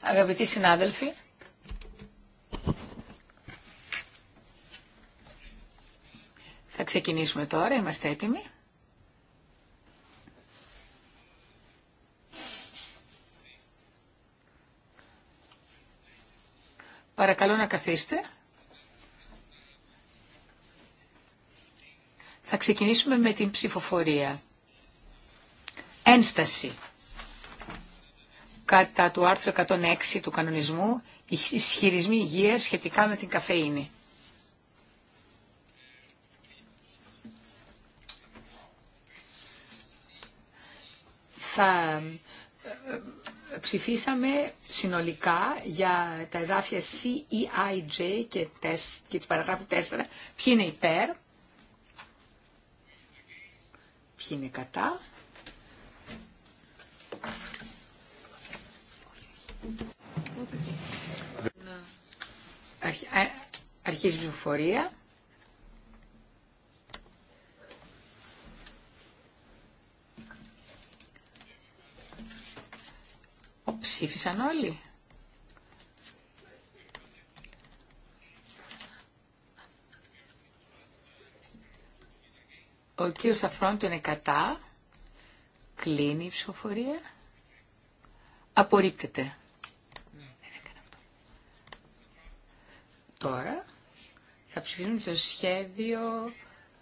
Αγαπητοί συνάδελφοι, θα ξεκινήσουμε τώρα, είμαστε έτοιμοι. Παρακαλώ να καθίστε. Θα ξεκινήσουμε με την ψηφοφορία ένσταση. Κατά του άρθρου 106 του κανονισμού, ισχυρισμοί υγείας σχετικά με την καφεΐνη. Θα ε, ψηφίσαμε συνολικά για τα εδάφια C, E, I, J και, τεσ, και παραγράφου 4. Ποιοι είναι υπέρ, ποιοι είναι κατά, Αρχίζει η ψηφοφορία. Ψήφισαν όλοι. Ο κύριος Αφρόντου είναι κατά. Κλείνει η ψηφοφορία. Απορρίπτεται. Τώρα θα ψηφίσουμε το σχέδιο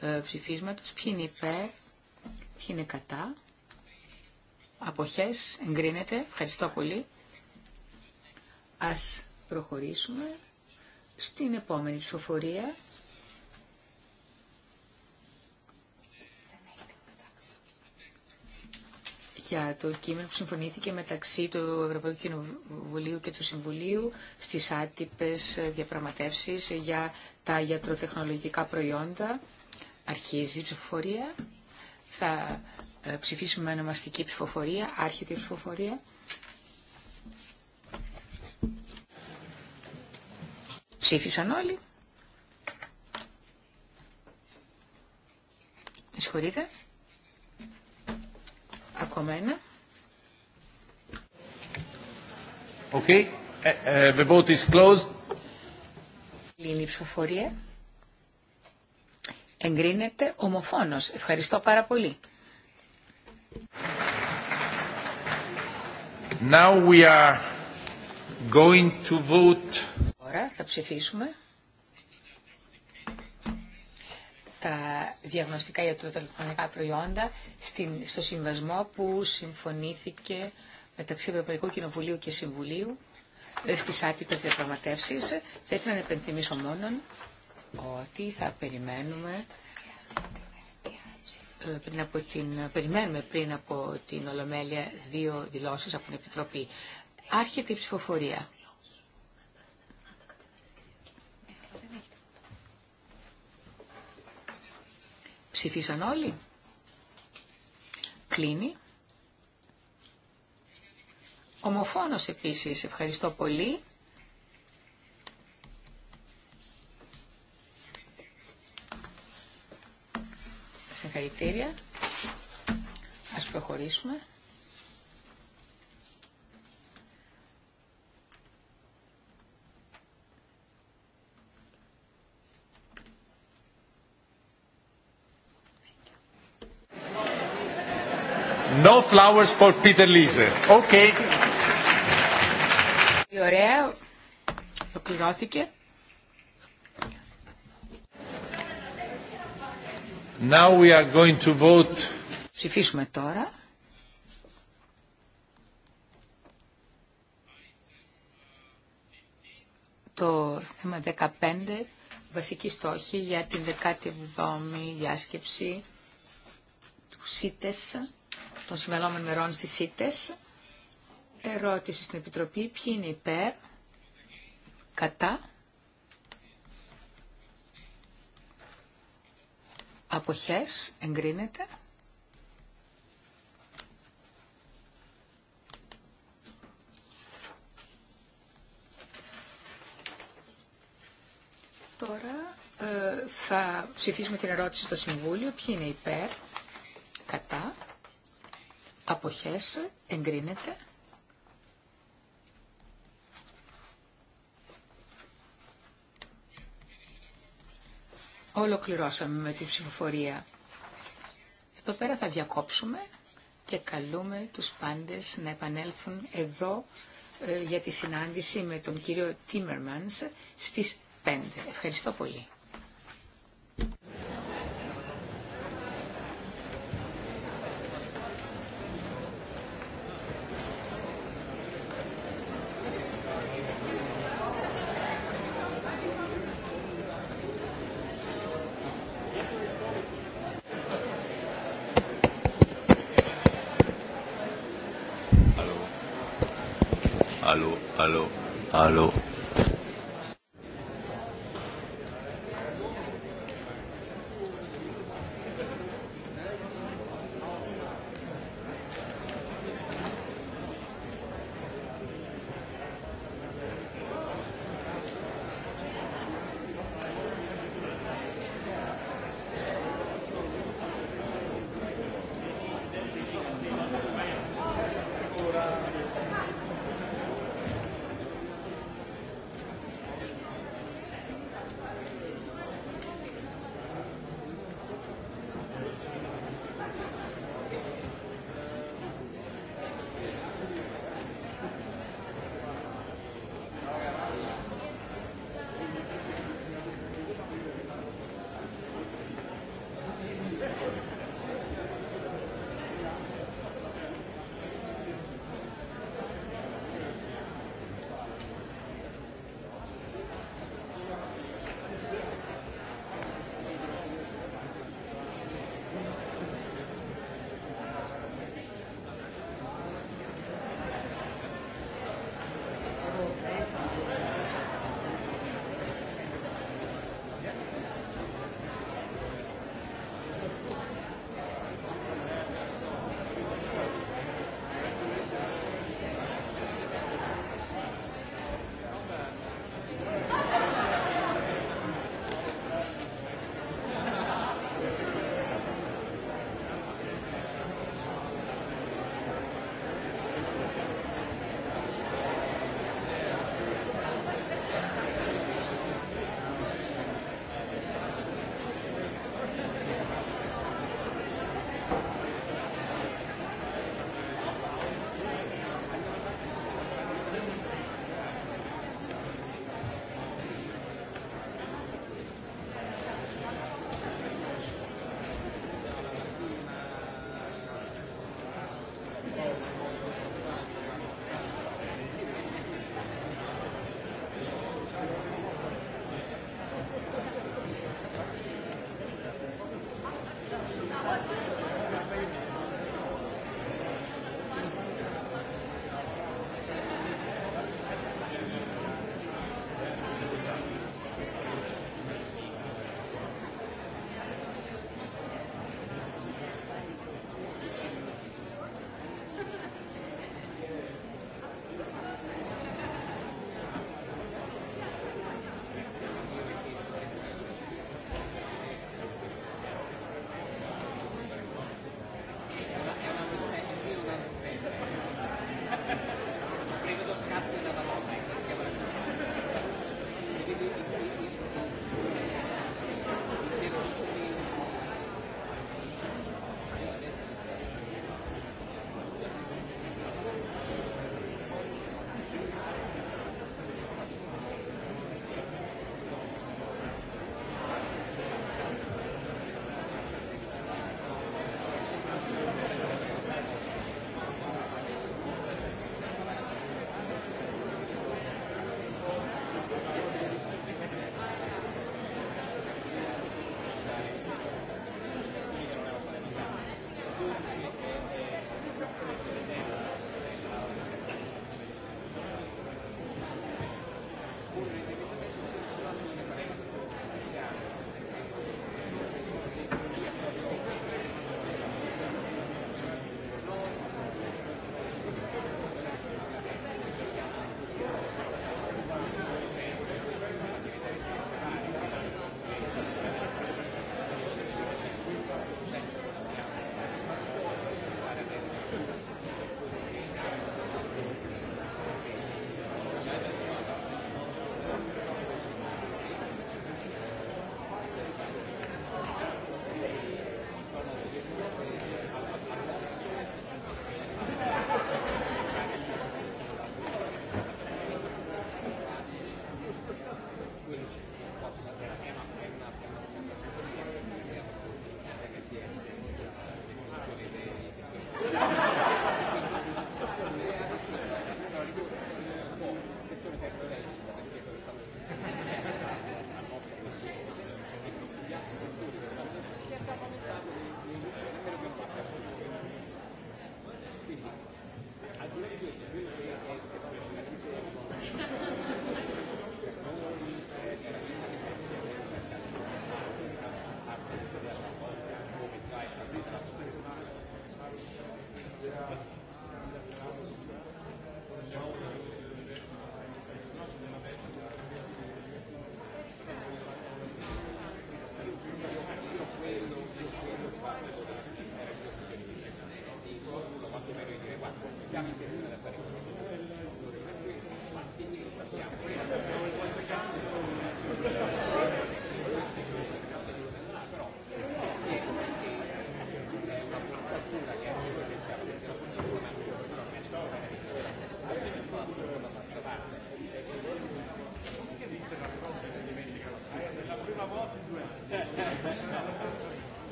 ε, ψηφίσματος. Ποιοι είναι υπέρ, ποιοι είναι κατά. Αποχές, εγκρίνεται. Ευχαριστώ πολύ. Ας προχωρήσουμε στην επόμενη ψηφοφορία. για το κείμενο που συμφωνήθηκε μεταξύ του Ευρωπαϊκού Κοινοβουλίου και του Συμβουλίου στις άτυπες διαπραγματεύσεις για τα γιατροτεχνολογικά προϊόντα. Αρχίζει η ψηφοφορία. Θα ε, ψηφίσουμε με ονομαστική ψηφοφορία. Άρχεται η ψηφοφορία. Ψήφισαν όλοι. Με συγχωρείτε. Ακόμα ένα. Okay. Ε, ε, the vote is closed. Λύνει η ψηφοφορία. Εγκρίνεται ομοφόνος. Ευχαριστώ πάρα πολύ. Now we are going to vote. Τώρα θα ψηφίσουμε. τα διαγνωστικά ιατροτελεφωνικά προϊόντα στην, στο συμβασμό που συμφωνήθηκε μεταξύ Ευρωπαϊκού Κοινοβουλίου και Συμβουλίου ε, στις άτυπες διαπραγματεύσεις. Θα ήθελα να επενθυμίσω μόνον ότι θα περιμένουμε ε, πριν από την, περιμένουμε πριν από την Ολομέλεια δύο δηλώσεις από την Επιτροπή. Άρχεται η ψηφοφορία. Ψηφίσαν όλοι. Κλείνει. Ομοφόνος επίσης. Ευχαριστώ πολύ. Συγχαρητήρια. Ας προχωρήσουμε. No flowers for Peter Lise. Okay. Ε, ωραία. Ολοκληρώθηκε. Now we are going to vote. Ψηφίσουμε τώρα. Το θέμα 15, βασική στόχη για την 17η διάσκεψη του ΣΥΤΕΣ των συμβαλόμενων μερών στι ΣΥΤΕΣ. Ερώτηση στην Επιτροπή. Ποιοι είναι υπέρ, κατά, αποχές, εγκρίνεται. Τώρα ε, θα ψηφίσουμε την ερώτηση στο Συμβούλιο. Ποιοι είναι υπέρ, κατά, αποχές εγκρίνεται. Ολοκληρώσαμε με την ψηφοφορία. Εδώ πέρα θα διακόψουμε και καλούμε τους πάντες να επανέλθουν εδώ ε, για τη συνάντηση με τον κύριο Τίμερμανς στις 5. Ευχαριστώ πολύ.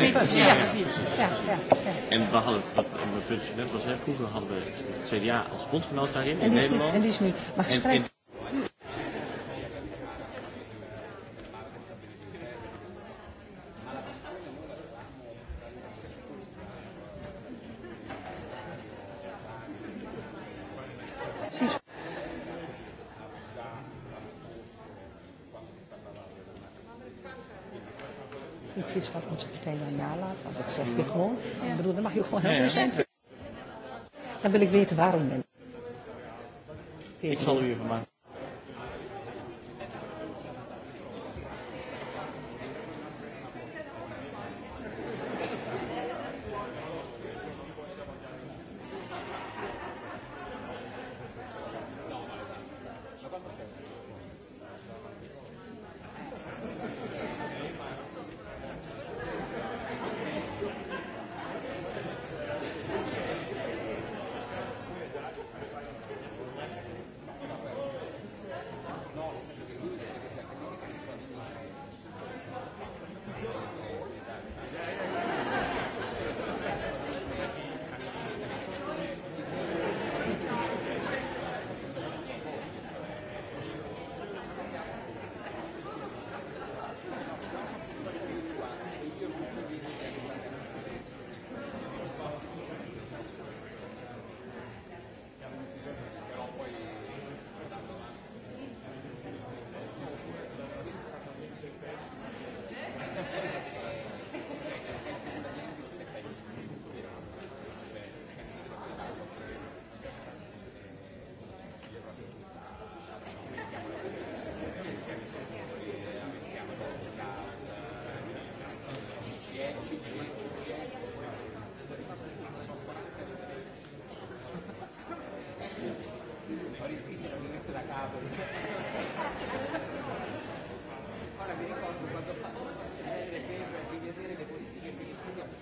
Ja, precies. Ja, ja, ja. En we hadden, wat punt was, hè, vroeger hadden we het CDA als bondgenoot daarin en in Nederland. en die is nu. Maar geschreven. Άρα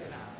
Εντάξει.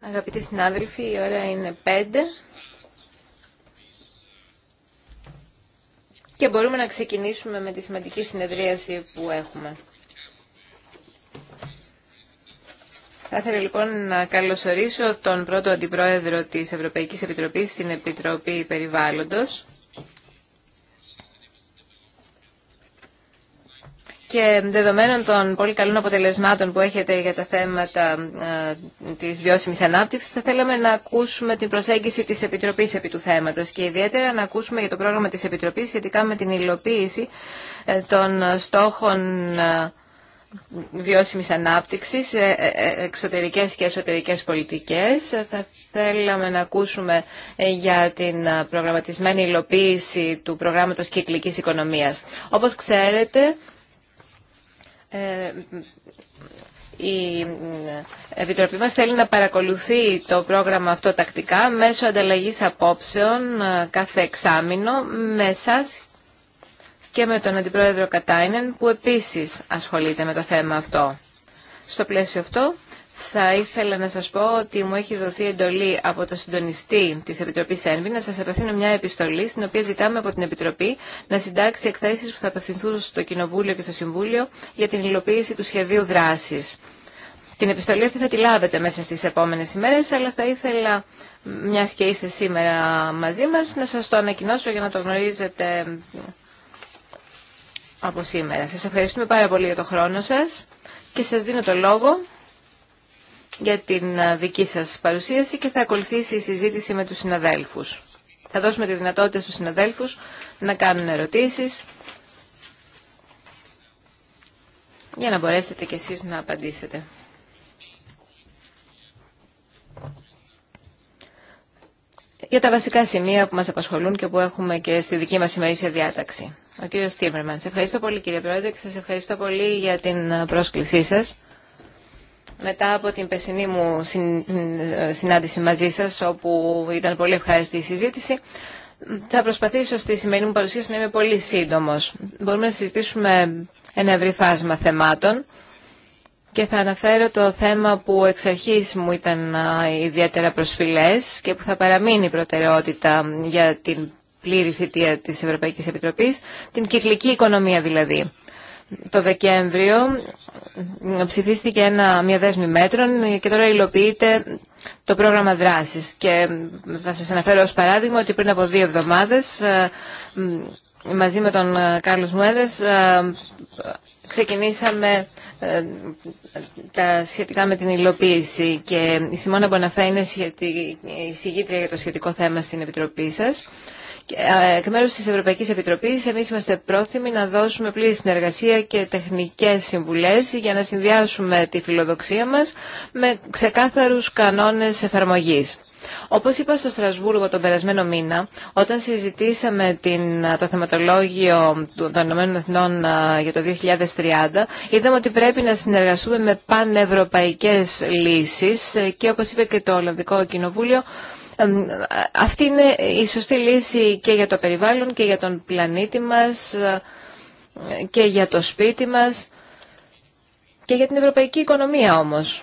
Αγαπητοί συνάδελφοι, η ώρα είναι 5 και μπορούμε να ξεκινήσουμε με τη σημαντική συνεδρίαση που έχουμε. Θα ήθελα λοιπόν να καλωσορίσω τον πρώτο αντιπρόεδρο της Ευρωπαϊκής Επιτροπής στην Επιτροπή Περιβάλλοντος και δεδομένων των πολύ καλών αποτελεσμάτων που έχετε για τα θέματα ε, της βιώσιμης ανάπτυξης θα θέλαμε να ακούσουμε την προσέγγιση της Επιτροπής επί του θέματος και ιδιαίτερα να ακούσουμε για το πρόγραμμα της Επιτροπής σχετικά με την υλοποίηση ε, των στόχων ε, βιώσιμης ανάπτυξης, εξωτερικές και εσωτερικές πολιτικές. Θα θέλαμε να ακούσουμε για την προγραμματισμένη υλοποίηση του προγράμματος κυκλικής οικονομίας. Όπως ξέρετε, ε, η Επιτροπή μας θέλει να παρακολουθεί το πρόγραμμα αυτό τακτικά μέσω ανταλλαγής απόψεων ε, κάθε εξάμεινο μέσα και με τον Αντιπρόεδρο Κατάινεν που επίσης ασχολείται με το θέμα αυτό. Στο πλαίσιο αυτό θα ήθελα να σας πω ότι μου έχει δοθεί εντολή από το συντονιστή της Επιτροπής ΕΝΒΗ να σας απευθύνω μια επιστολή στην οποία ζητάμε από την Επιτροπή να συντάξει εκθέσεις που θα απευθυνθούν στο Κοινοβούλιο και στο Συμβούλιο για την υλοποίηση του σχεδίου δράσης. Την επιστολή αυτή θα τη λάβετε μέσα στις επόμενες ημέρες, αλλά θα ήθελα, μια και είστε σήμερα μαζί μας, να σας το ανακοινώσω για να το γνωρίζετε από σήμερα. Σας ευχαριστούμε πάρα πολύ για το χρόνο σας και σας δίνω το λόγο για την ε, δική σας παρουσίαση και θα ακολουθήσει η συζήτηση με τους συναδέλφους. Θα δώσουμε τη δυνατότητα στους συναδέλφους να κάνουν ερωτήσεις για να μπορέσετε κι εσείς να απαντήσετε. Για τα βασικά σημεία που μας απασχολούν και που έχουμε και στη δική μας ημερήσια διάταξη. Ο κύριος Τίμερμαν, σε ευχαριστώ πολύ κύριε Πρόεδρε και σας ευχαριστώ πολύ για την ε, πρόσκλησή σας. Μετά από την πεσινή μου ε, συνάντηση μαζί σας, όπου ήταν πολύ ευχάριστη η συζήτηση, θα προσπαθήσω στη σημερινή μου παρουσίαση να είμαι πολύ σύντομος. Μπορούμε να συζητήσουμε ένα ευρύ φάσμα θεμάτων και θα αναφέρω το θέμα που εξ αρχής μου ήταν ιδιαίτερα προσφυλές και που θα παραμείνει προτεραιότητα για την πλήρη θητεία της Ευρωπαϊκής Επιτροπής, την κυκλική οικονομία δηλαδή το Δεκέμβριο ψηφίστηκε ένα, μια δέσμη μέτρων και τώρα υλοποιείται το πρόγραμμα δράσης. Και θα σας αναφέρω ως παράδειγμα ότι πριν από δύο εβδομάδες ε, μαζί με τον ε, Κάρλος Μουέδες ε, ξεκινήσαμε τα σχετικά με την υλοποίηση και η Σιμώνα Μποναφέ είναι η συγγήτρια για το σχετικό θέμα στην Επιτροπή σας. Ε, εκ μέρου της Ευρωπαϊκής Επιτροπής εμεί είμαστε πρόθυμοι να δώσουμε πλήρη συνεργασία και τεχνικές συμβουλές για να συνδυάσουμε τη φιλοδοξία μας με ξεκάθαρου κανόνες εφαρμογής. Όπως είπα στο Στρασβούργο τον περασμένο μήνα, όταν συζητήσαμε την, το θεματολόγιο των ΗΠΑ για το 2030, είδαμε ότι πρέπει να συνεργαστούμε με πανευρωπαϊκέ λύσει, ε, και όπω είπε και το Ολλανδικό Κοινοβούλιο, αυτή είναι η σωστή λύση και για το περιβάλλον και για τον πλανήτη μας ε, και για το σπίτι μας και για την ευρωπαϊκή οικονομία όμως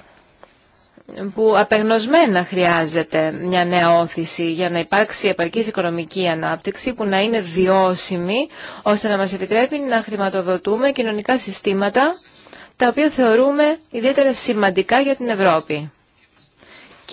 που απεγνωσμένα χρειάζεται μια νέα όθηση για να υπάρξει επαρκής οικονομική ανάπτυξη που να είναι βιώσιμη ώστε να μας επιτρέπει να χρηματοδοτούμε κοινωνικά συστήματα τα οποία θεωρούμε ιδιαίτερα σημαντικά για την Ευρώπη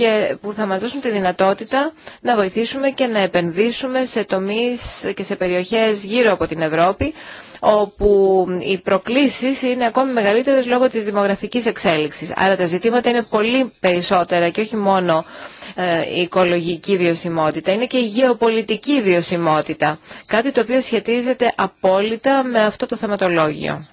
και που θα μας δώσουν τη δυνατότητα να βοηθήσουμε και να επενδύσουμε σε τομείς και σε περιοχές γύρω από την Ευρώπη όπου οι προκλήσεις είναι ακόμη μεγαλύτερες λόγω της δημογραφικής εξέλιξης. Άρα τα ζητήματα είναι πολύ περισσότερα και όχι μόνο ε, η οικολογική βιωσιμότητα, είναι και η γεωπολιτική βιωσιμότητα, κάτι το οποίο σχετίζεται απόλυτα με αυτό το θεματολόγιο.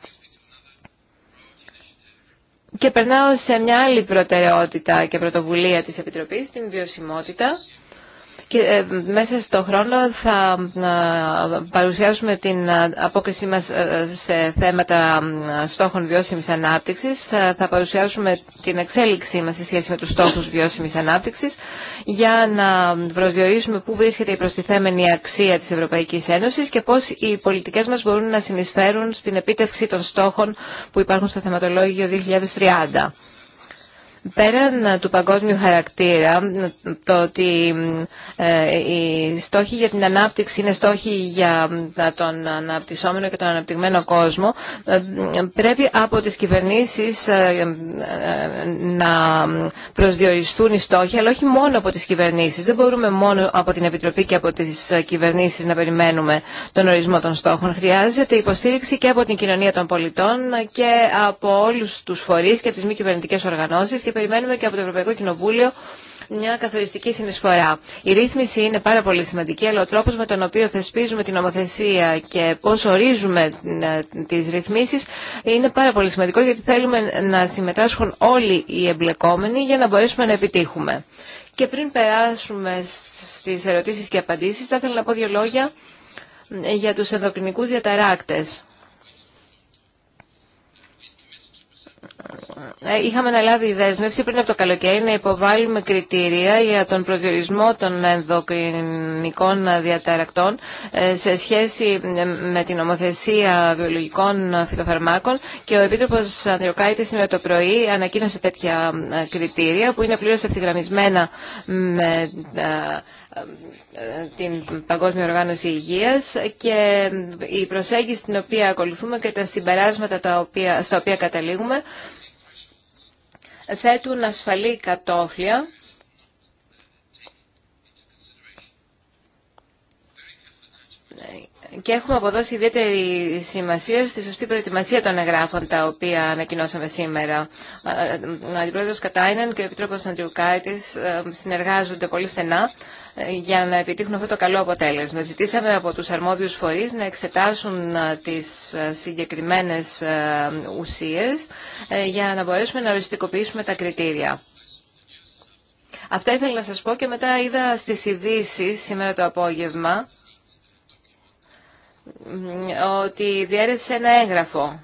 Και περνάω σε μια άλλη προτεραιότητα και πρωτοβουλία της Επιτροπής, την βιωσιμότητα. Ε, μέσα στον χρόνο θα ε, παρουσιάσουμε την ε, απόκρισή μας σε θέματα στόχων βιώσιμης ανάπτυξης. Θα παρουσιάσουμε την εξέλιξή μας σε σχέση με τους στόχους βιώσιμης ανάπτυξης για να προσδιορίσουμε πού βρίσκεται η προστιθέμενη αξία της Ευρωπαϊκής Ένωσης και πώς οι πολιτικές μας μπορούν να συνεισφέρουν στην επίτευξη των στόχων που υπάρχουν στο θεματολόγιο 2030. Πέραν ε, του παγκόσμιου χαρακτήρα, το ότι ε, οι στόχοι για την ανάπτυξη είναι στόχοι για ε, τον αναπτυσσόμενο και τον αναπτυγμένο κόσμο, πρέπει από τις κυβερνήσεις να προσδιοριστούν οι στόχοι, αλλά όχι μόνο από τις κυβερνήσεις. Δεν μπορούμε μόνο από την Επιτροπή και από τις κυβερνήσεις να περιμένουμε τον ορισμό των στόχων. Χρειάζεται υποστήριξη και από την κοινωνία των πολιτών και από όλους τους φορείς και από τις μη κυβερνητικές οργανώσεις περιμένουμε και από το Ευρωπαϊκό Κοινοβούλιο μια καθοριστική συνεισφορά. Η ρύθμιση είναι πάρα πολύ σημαντική, αλλά ο τρόπος με τον οποίο θεσπίζουμε την νομοθεσία και πώς ορίζουμε ε, τις ρυθμίσεις είναι πάρα πολύ σημαντικό γιατί θέλουμε να συμμετάσχουν όλοι οι εμπλεκόμενοι για να μπορέσουμε να επιτύχουμε. Και πριν περάσουμε στις ερωτήσεις και απαντήσεις, θα ήθελα να πω δύο λόγια ε, για τους ενδοκρινικούς διαταράκτες. Ε, είχαμε αναλάβει δέσμευση πριν από το καλοκαίρι να υποβάλουμε κριτήρια για τον προσδιορισμό των ενδοκρινικών διαταρακτών ε, σε σχέση ε, με την ομοθεσία βιολογικών φυτοφαρμάκων και ο Επίτροπος Ανδριοκάητη σήμερα το πρωί ανακοίνωσε τέτοια κριτήρια που είναι πλήρως ευθυγραμμισμένα με την Παγκόσμια Οργάνωση Υγείας και η προσέγγιση την οποία ακολουθούμε και τα συμπεράσματα τα οποία, στα οποία καταλήγουμε θέτουν ασφαλή κατόφλια και έχουμε αποδώσει ιδιαίτερη σημασία στη σωστή προετοιμασία των εγγράφων τα οποία ανακοινώσαμε σήμερα. Ο Αντιπρόεδρος Κατάινεν και ο Επιτρόπος Αντριουκάητης ε, συνεργάζονται πολύ στενά για να επιτύχουν αυτό το καλό αποτέλεσμα. Ζητήσαμε από τους αρμόδιους φορείς να εξετάσουν ε, τις ε, συγκεκριμένες ε, ουσίες για να μπορέσουμε να οριστικοποιήσουμε τα κριτήρια. Αυτά ήθελα να σας πω και μετά είδα στις ειδήσει σήμερα το απόγευμα ότι διέρευσε ένα έγγραφο.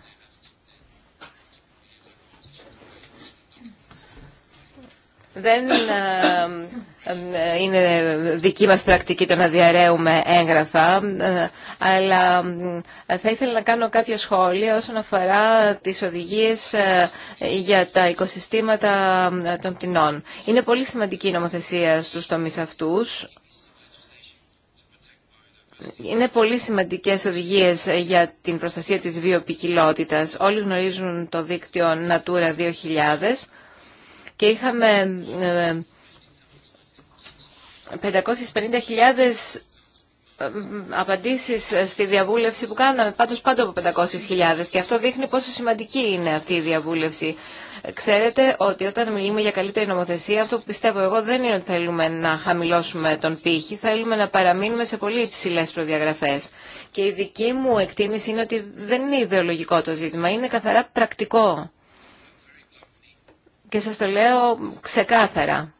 Δεν είναι δική μας πρακτική το να διαραίουμε έγγραφα, αλλά ε, θα ήθελα να κάνω κάποια σχόλια όσον αφορά τις οδηγίες ε, για τα οικοσυστήματα ε, των πτηνών. Είναι πολύ σημαντική η νομοθεσία στους τομείς αυτούς. Είναι πολύ σημαντικές οδηγίες για την προστασία της βιοποικιλότητας. Όλοι γνωρίζουν το δίκτυο Natura 2000 και είχαμε 550.000 ε, απαντήσεις ε, στη διαβούλευση που κάναμε, πάντως πάντω από 500.000 και αυτό δείχνει πόσο σημαντική είναι αυτή η διαβούλευση. Ξέρετε ότι όταν μιλούμε για καλύτερη νομοθεσία, αυτό που πιστεύω εγώ δεν είναι ότι θέλουμε να χαμηλώσουμε τον πύχη, θέλουμε να παραμείνουμε σε πολύ υψηλέ προδιαγραφέ. Και η δική μου εκτίμηση είναι ότι δεν είναι ιδεολογικό το ζήτημα, είναι καθαρά πρακτικό. Και σα το λέω ξεκάθαρα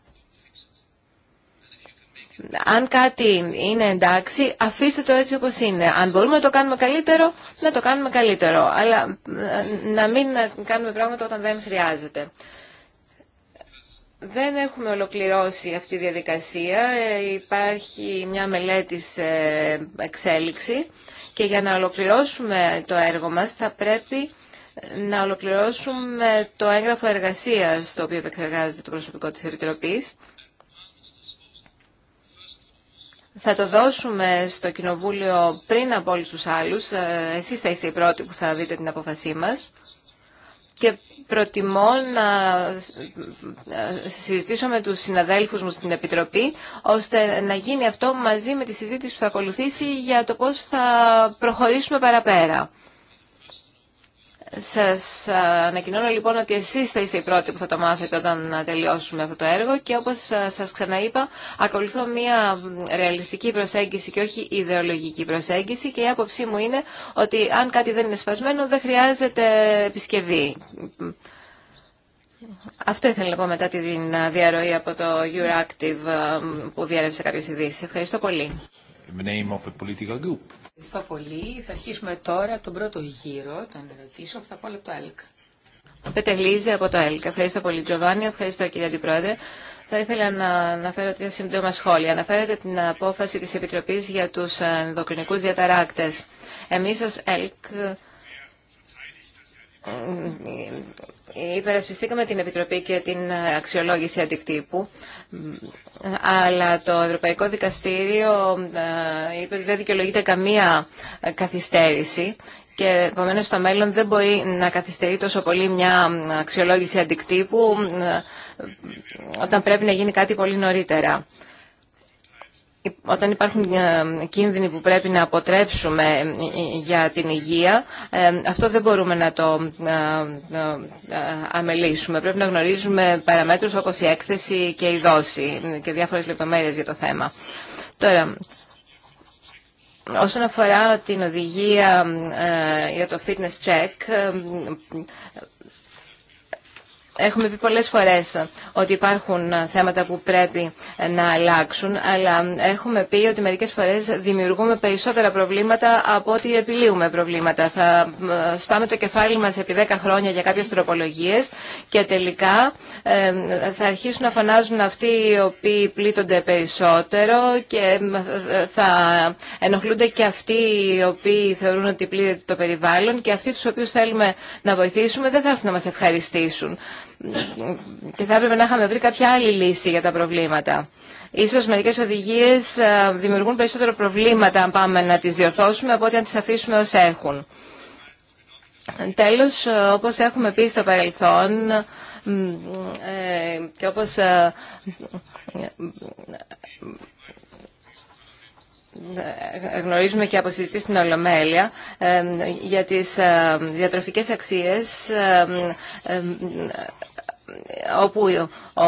αν κάτι είναι εντάξει, αφήστε το έτσι όπως είναι. Αν μπορούμε να το κάνουμε καλύτερο, να το κάνουμε καλύτερο. Αλλά ε, να μην κάνουμε πράγματα όταν δεν χρειάζεται. Δεν έχουμε ολοκληρώσει αυτή τη διαδικασία. Ε, υπάρχει μια μελέτη σε εξέλιξη και για να ολοκληρώσουμε το έργο μας θα πρέπει ε, να ολοκληρώσουμε το έγγραφο εργασίας το οποίο επεξεργάζεται το προσωπικό της Επιτροπής Θα το δώσουμε στο Κοινοβούλιο πριν από όλους τους άλλους. Ε, εσείς θα είστε οι πρώτοι που θα δείτε την απόφασή μας. Και προτιμώ να ε, συζητήσω με τους συναδέλφους μου στην Επιτροπή, ώστε να γίνει αυτό μαζί με τη συζήτηση που θα ακολουθήσει για το πώς θα προχωρήσουμε παραπέρα. Σας ανακοινώνω λοιπόν ότι εσείς θα είστε οι πρώτοι που θα το μάθετε όταν τελειώσουμε αυτό το έργο και όπως σας ξαναείπα ακολουθώ μια ρεαλιστική προσέγγιση και όχι ιδεολογική προσέγγιση και η άποψή μου είναι ότι αν κάτι δεν είναι σπασμένο δεν χρειάζεται επισκευή. Αυτό ήθελα να πω μετά τη διαρροή από το Euractiv ε, που διέρευσε κάποιες ειδήσεις. Ευχαριστώ πολύ the name of a political group. Ευχαριστώ πολύ. Θα αρχίσουμε τώρα τον πρώτο γύρο των ερωτήσεων από του ΕΛΚ. Πετελίζη από το ΕΛΚ. Ευχαριστώ πολύ, Τζοβάνι. Ευχαριστώ, κύριε Αντιπρόεδρε. Θα ήθελα να αναφέρω τρία σύντομα σχόλια. Αναφέρετε την απόφαση της Επιτροπής για τους ενδοκρινικούς διαταράκτες. Εμείς ως ΕΛΚ ε, υπερασπιστήκαμε την Επιτροπή και την αξιολόγηση αντικτύπου, αλλά το Ευρωπαϊκό Δικαστήριο ε, είπε ότι δεν δικαιολογείται καμία καθυστέρηση και επομένω στο μέλλον δεν μπορεί να καθυστερεί τόσο πολύ μια αξιολόγηση αντικτύπου ε, όταν πρέπει να γίνει κάτι πολύ νωρίτερα όταν υπάρχουν ε, κίνδυνοι που πρέπει να αποτρέψουμε ε, ε, για την υγεία, αυτό δεν μπορούμε να το αμελήσουμε. Πρέπει να γνωρίζουμε παραμέτρους όπως η έκθεση και η δόση και διάφορες λεπτομέρειες για το θέμα. Τώρα, όσον αφορά την οδηγία για το fitness check, Έχουμε πει πολλές φορές ότι υπάρχουν θέματα που πρέπει να αλλάξουν, αλλά έχουμε πει ότι μερικές φορές δημιουργούμε περισσότερα προβλήματα από ότι επιλύουμε προβλήματα. Θα ε, σπάμε το κεφάλι μας επί 10 χρόνια για κάποιες τροπολογίες και τελικά ε, θα αρχίσουν να φανάζουν αυτοί οι οποίοι πλήττονται περισσότερο και ε, θα ενοχλούνται και αυτοί οι οποίοι θεωρούν ότι πλήττεται το περιβάλλον και αυτοί τους οποίους θέλουμε να βοηθήσουμε δεν θα έρθουν να μας ευχαριστήσουν και θα έπρεπε να είχαμε βρει κάποια άλλη λύση για τα προβλήματα. Ίσως μερικές οδηγίες ε, δημιουργούν περισσότερο προβλήματα αν πάμε να τις διορθώσουμε από ότι αν τις αφήσουμε ως έχουν. Τέλος, ε, όπως έχουμε πει στο παρελθόν ε, και όπως γνωρίζουμε και από συζητήσεις στην Ολομέλεια για τις διατροφικές αξίες όπου ο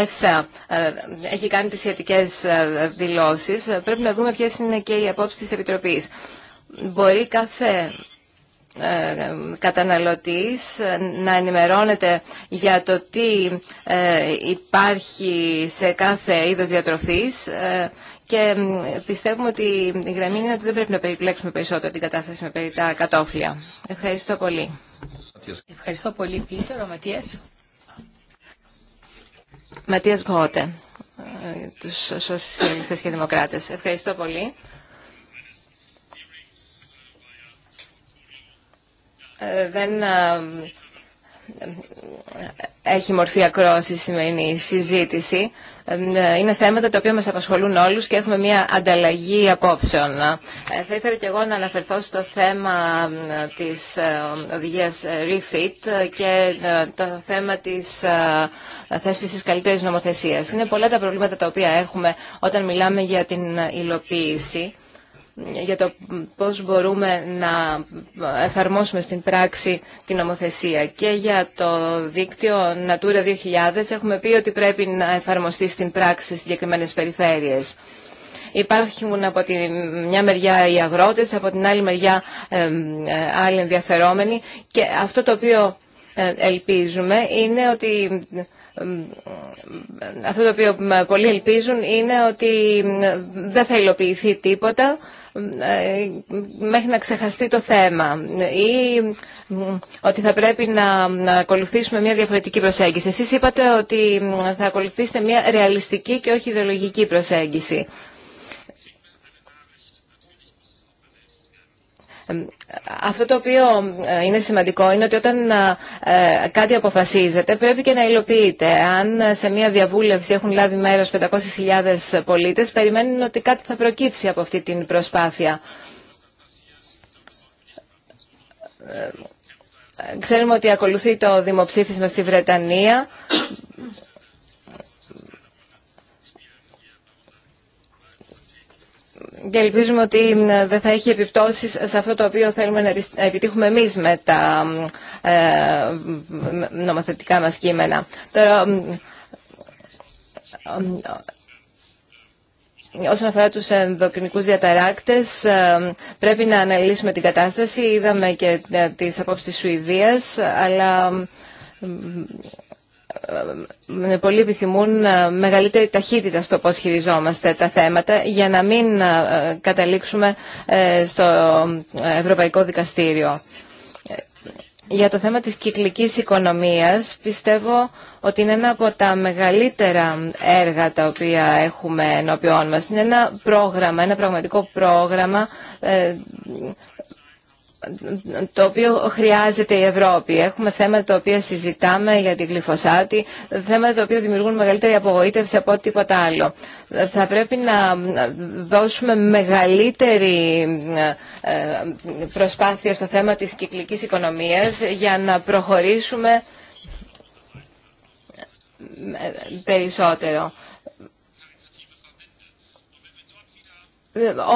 ΕΦΣΑ ε, έχει κάνει τις σχετικές ε, δηλώσεις, ε, πρέπει να δούμε ποιες είναι και οι απόψεις της Επιτροπής. Μπορεί κάθε καταναλωτής να ενημερώνεται για το τι υπάρχει σε κάθε είδος διατροφής και πιστεύουμε ότι η γραμμή είναι ότι δεν πρέπει να περιπλέξουμε περισσότερο την κατάσταση με περί τα κατόφλια. Ευχαριστώ πολύ. Ευχαριστώ πολύ, Πίτερ. Ο Ματίας. Ματίας Γκότε, ε, τους σοσιαλιστές και δημοκράτες. Ευχαριστώ πολύ. Ε, δεν ε, έχει μορφή ακρόαση η συζήτηση. Είναι θέματα τα οποία μας απασχολούν όλους και έχουμε μια ανταλλαγή απόψεων. Ε, θα ήθελα και εγώ να αναφερθώ στο θέμα ε, της ε, οδηγίας REFIT και το θέμα της θέσπισης καλύτερης νομοθεσίας. Είναι πολλά τα προβλήματα τα οποία έχουμε όταν μιλάμε για την υλοποίηση για το πώς μπορούμε να εφαρμόσουμε στην πράξη την νομοθεσία. Και για το δίκτυο Natura 2000 έχουμε πει ότι πρέπει να εφαρμοστεί στην πράξη στις συγκεκριμένες περιφέρειες. Υπάρχουν από τη μια μεριά οι αγρότες, από την άλλη μεριά ε, άλλοι ενδιαφερόμενοι και αυτό το οποίο ε, ελπίζουμε είναι ότι ε, αυτό το οποίο πολλοί ελπίζουν είναι ότι δεν θα υλοποιηθεί τίποτα ε, μέχρι να ξεχαστεί το θέμα ή ότι θα πρέπει να ακολουθήσουμε μια διαφορετική προσέγγιση. Εσείς είπατε ότι θα ακολουθήσετε μια ρεαλιστική και όχι ιδεολογική προσέγγιση. Αυτό το οποίο ε, είναι σημαντικό είναι ότι όταν ε, ε, κάτι αποφασίζεται πρέπει και να υλοποιείται. Αν σε μια διαβούλευση έχουν λάβει μέρος 500.000 πολίτες, περιμένουν ότι κάτι θα προκύψει από αυτή την προσπάθεια. Ξέρουμε ότι ακολουθεί το δημοψήφισμα στη Βρετανία Και ελπίζουμε ότι δεν θα έχει επιπτώσεις σε αυτό το οποίο θέλουμε να επιτύχουμε εμείς με τα ε, νομοθετικά μας κείμενα. Τώρα, Όσον αφορά τους ενδοκρινικούς διαταράκτες, ε, πρέπει να αναλύσουμε την κατάσταση. Είδαμε και ε, τις απόψεις της Σουηδίας, αλλά ε, ε, πολλοί επιθυμούν ε, μεγαλύτερη ταχύτητα στο πώς χειριζόμαστε τα θέματα για να μην καταλήξουμε στο Ευρωπαϊκό Δικαστήριο. Για το θέμα της κυκλικής οικονομίας πιστεύω ότι είναι ένα από τα μεγαλύτερα έργα τα οποία έχουμε ενώπιόν μας. Είναι ένα πρόγραμμα, ένα πραγματικό πρόγραμμα το οποίο χρειάζεται η Ευρώπη. Έχουμε θέματα τα οποία συζητάμε για την γλυφοσάτη, θέματα τα οποία δημιουργούν μεγαλύτερη απογοήτευση από τίποτα άλλο. Θα πρέπει να δώσουμε μεγαλύτερη ε, προσπάθεια στο θέμα της κυκλικής οικονομίας για να προχωρήσουμε ε, περισσότερο.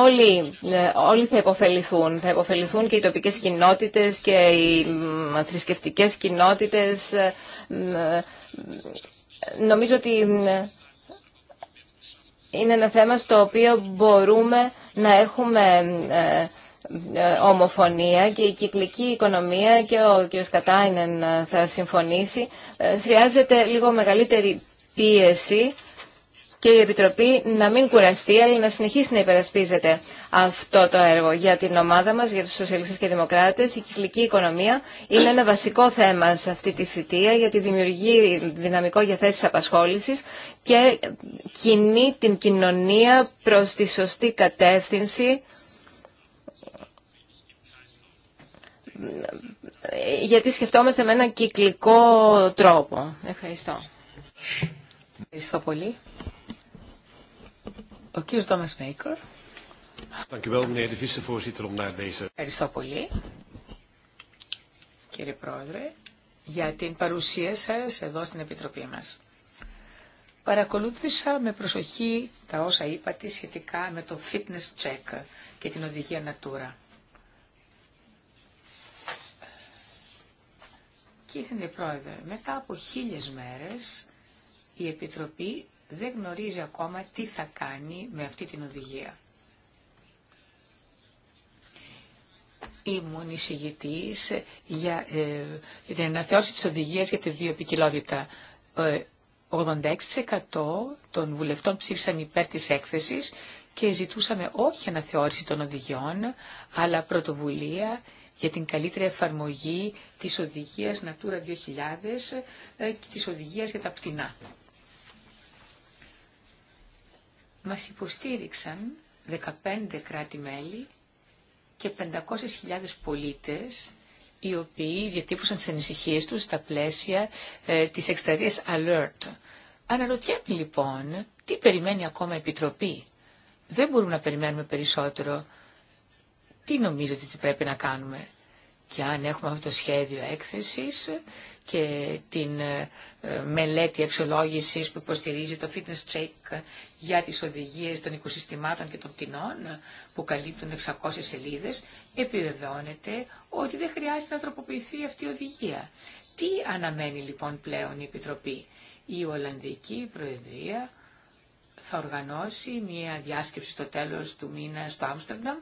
Όλοι, ε, όλοι θα υποφεληθούν. Θα υποφεληθούν και οι τοπικές κοινότητες και οι θρησκευτικέ κοινότητες. Ε, νομίζω ότι είναι ένα θέμα στο οποίο μπορούμε να έχουμε ε, ομοφωνία και η κυκλική οικονομία και ο κ. Κατάινεν θα συμφωνήσει. Χρειάζεται λίγο μεγαλύτερη πίεση και η Επιτροπή να μην κουραστεί αλλά να συνεχίσει να υπερασπίζεται αυτό το έργο για την ομάδα μας, για τους σοσιαλιστές και δημοκράτες. Η κυκλική οικονομία είναι ένα βασικό θέμα σε αυτή τη θητεία γιατί δημιουργεί δυναμικό για θέσεις απασχόλησης και κινεί την κοινωνία προς τη σωστή κατεύθυνση γιατί σκεφτόμαστε με έναν κυκλικό τρόπο. Ευχαριστώ. Ευχαριστώ πολύ. Ο κύριος Τόμας Μέικορ. Ευχαριστώ πολύ, κύριε Πρόεδρε, για την παρουσία σας εδώ στην Επιτροπή μας. Παρακολούθησα με προσοχή τα όσα είπατε σχετικά με το fitness check και την οδηγία Natura. Κύριε Πρόεδρε, μετά από χίλιες μέρες η Επιτροπή δεν γνωρίζει ακόμα τι θα κάνει με αυτή την οδηγία. Ήμουν εισηγητής για, ε, για την αναθεώρηση της οδηγίας για τη βιοπικιλότητα. 86% ε, των βουλευτών ψήφισαν υπέρ της έκθεσης και ζητούσαμε όχι αναθεώρηση των οδηγιών, αλλά πρωτοβουλία για την καλύτερη εφαρμογή της οδηγίας Natura 2000 ε, και της οδηγίας για τα πτηνά. Μας υποστήριξαν 15 κράτη-μέλη και 500.000 πολίτες οι οποίοι διατύπωσαν τις ανησυχίες τους στα πλαίσια ε, της εκστρατείας alert. Αναρωτιέμαι λοιπόν τι περιμένει ακόμα η Επιτροπή. Δεν μπορούμε να περιμένουμε περισσότερο. Τι νομίζετε ότι πρέπει να κάνουμε. Και αν έχουμε αυτό το σχέδιο έκθεσης, και την ε, ε, μελέτη αξιολόγηση που υποστηρίζει το fitness check για τις οδηγίες των οικοσυστημάτων και των πτηνών που καλύπτουν 600 σελίδες, επιβεβαιώνεται ότι δεν χρειάζεται να τροποποιηθεί αυτή η οδηγία. Τι αναμένει λοιπόν πλέον η Επιτροπή. Η Ολλανδική Προεδρία θα οργανώσει μια διάσκεψη στο τέλος του μήνα στο Άμστερνταμ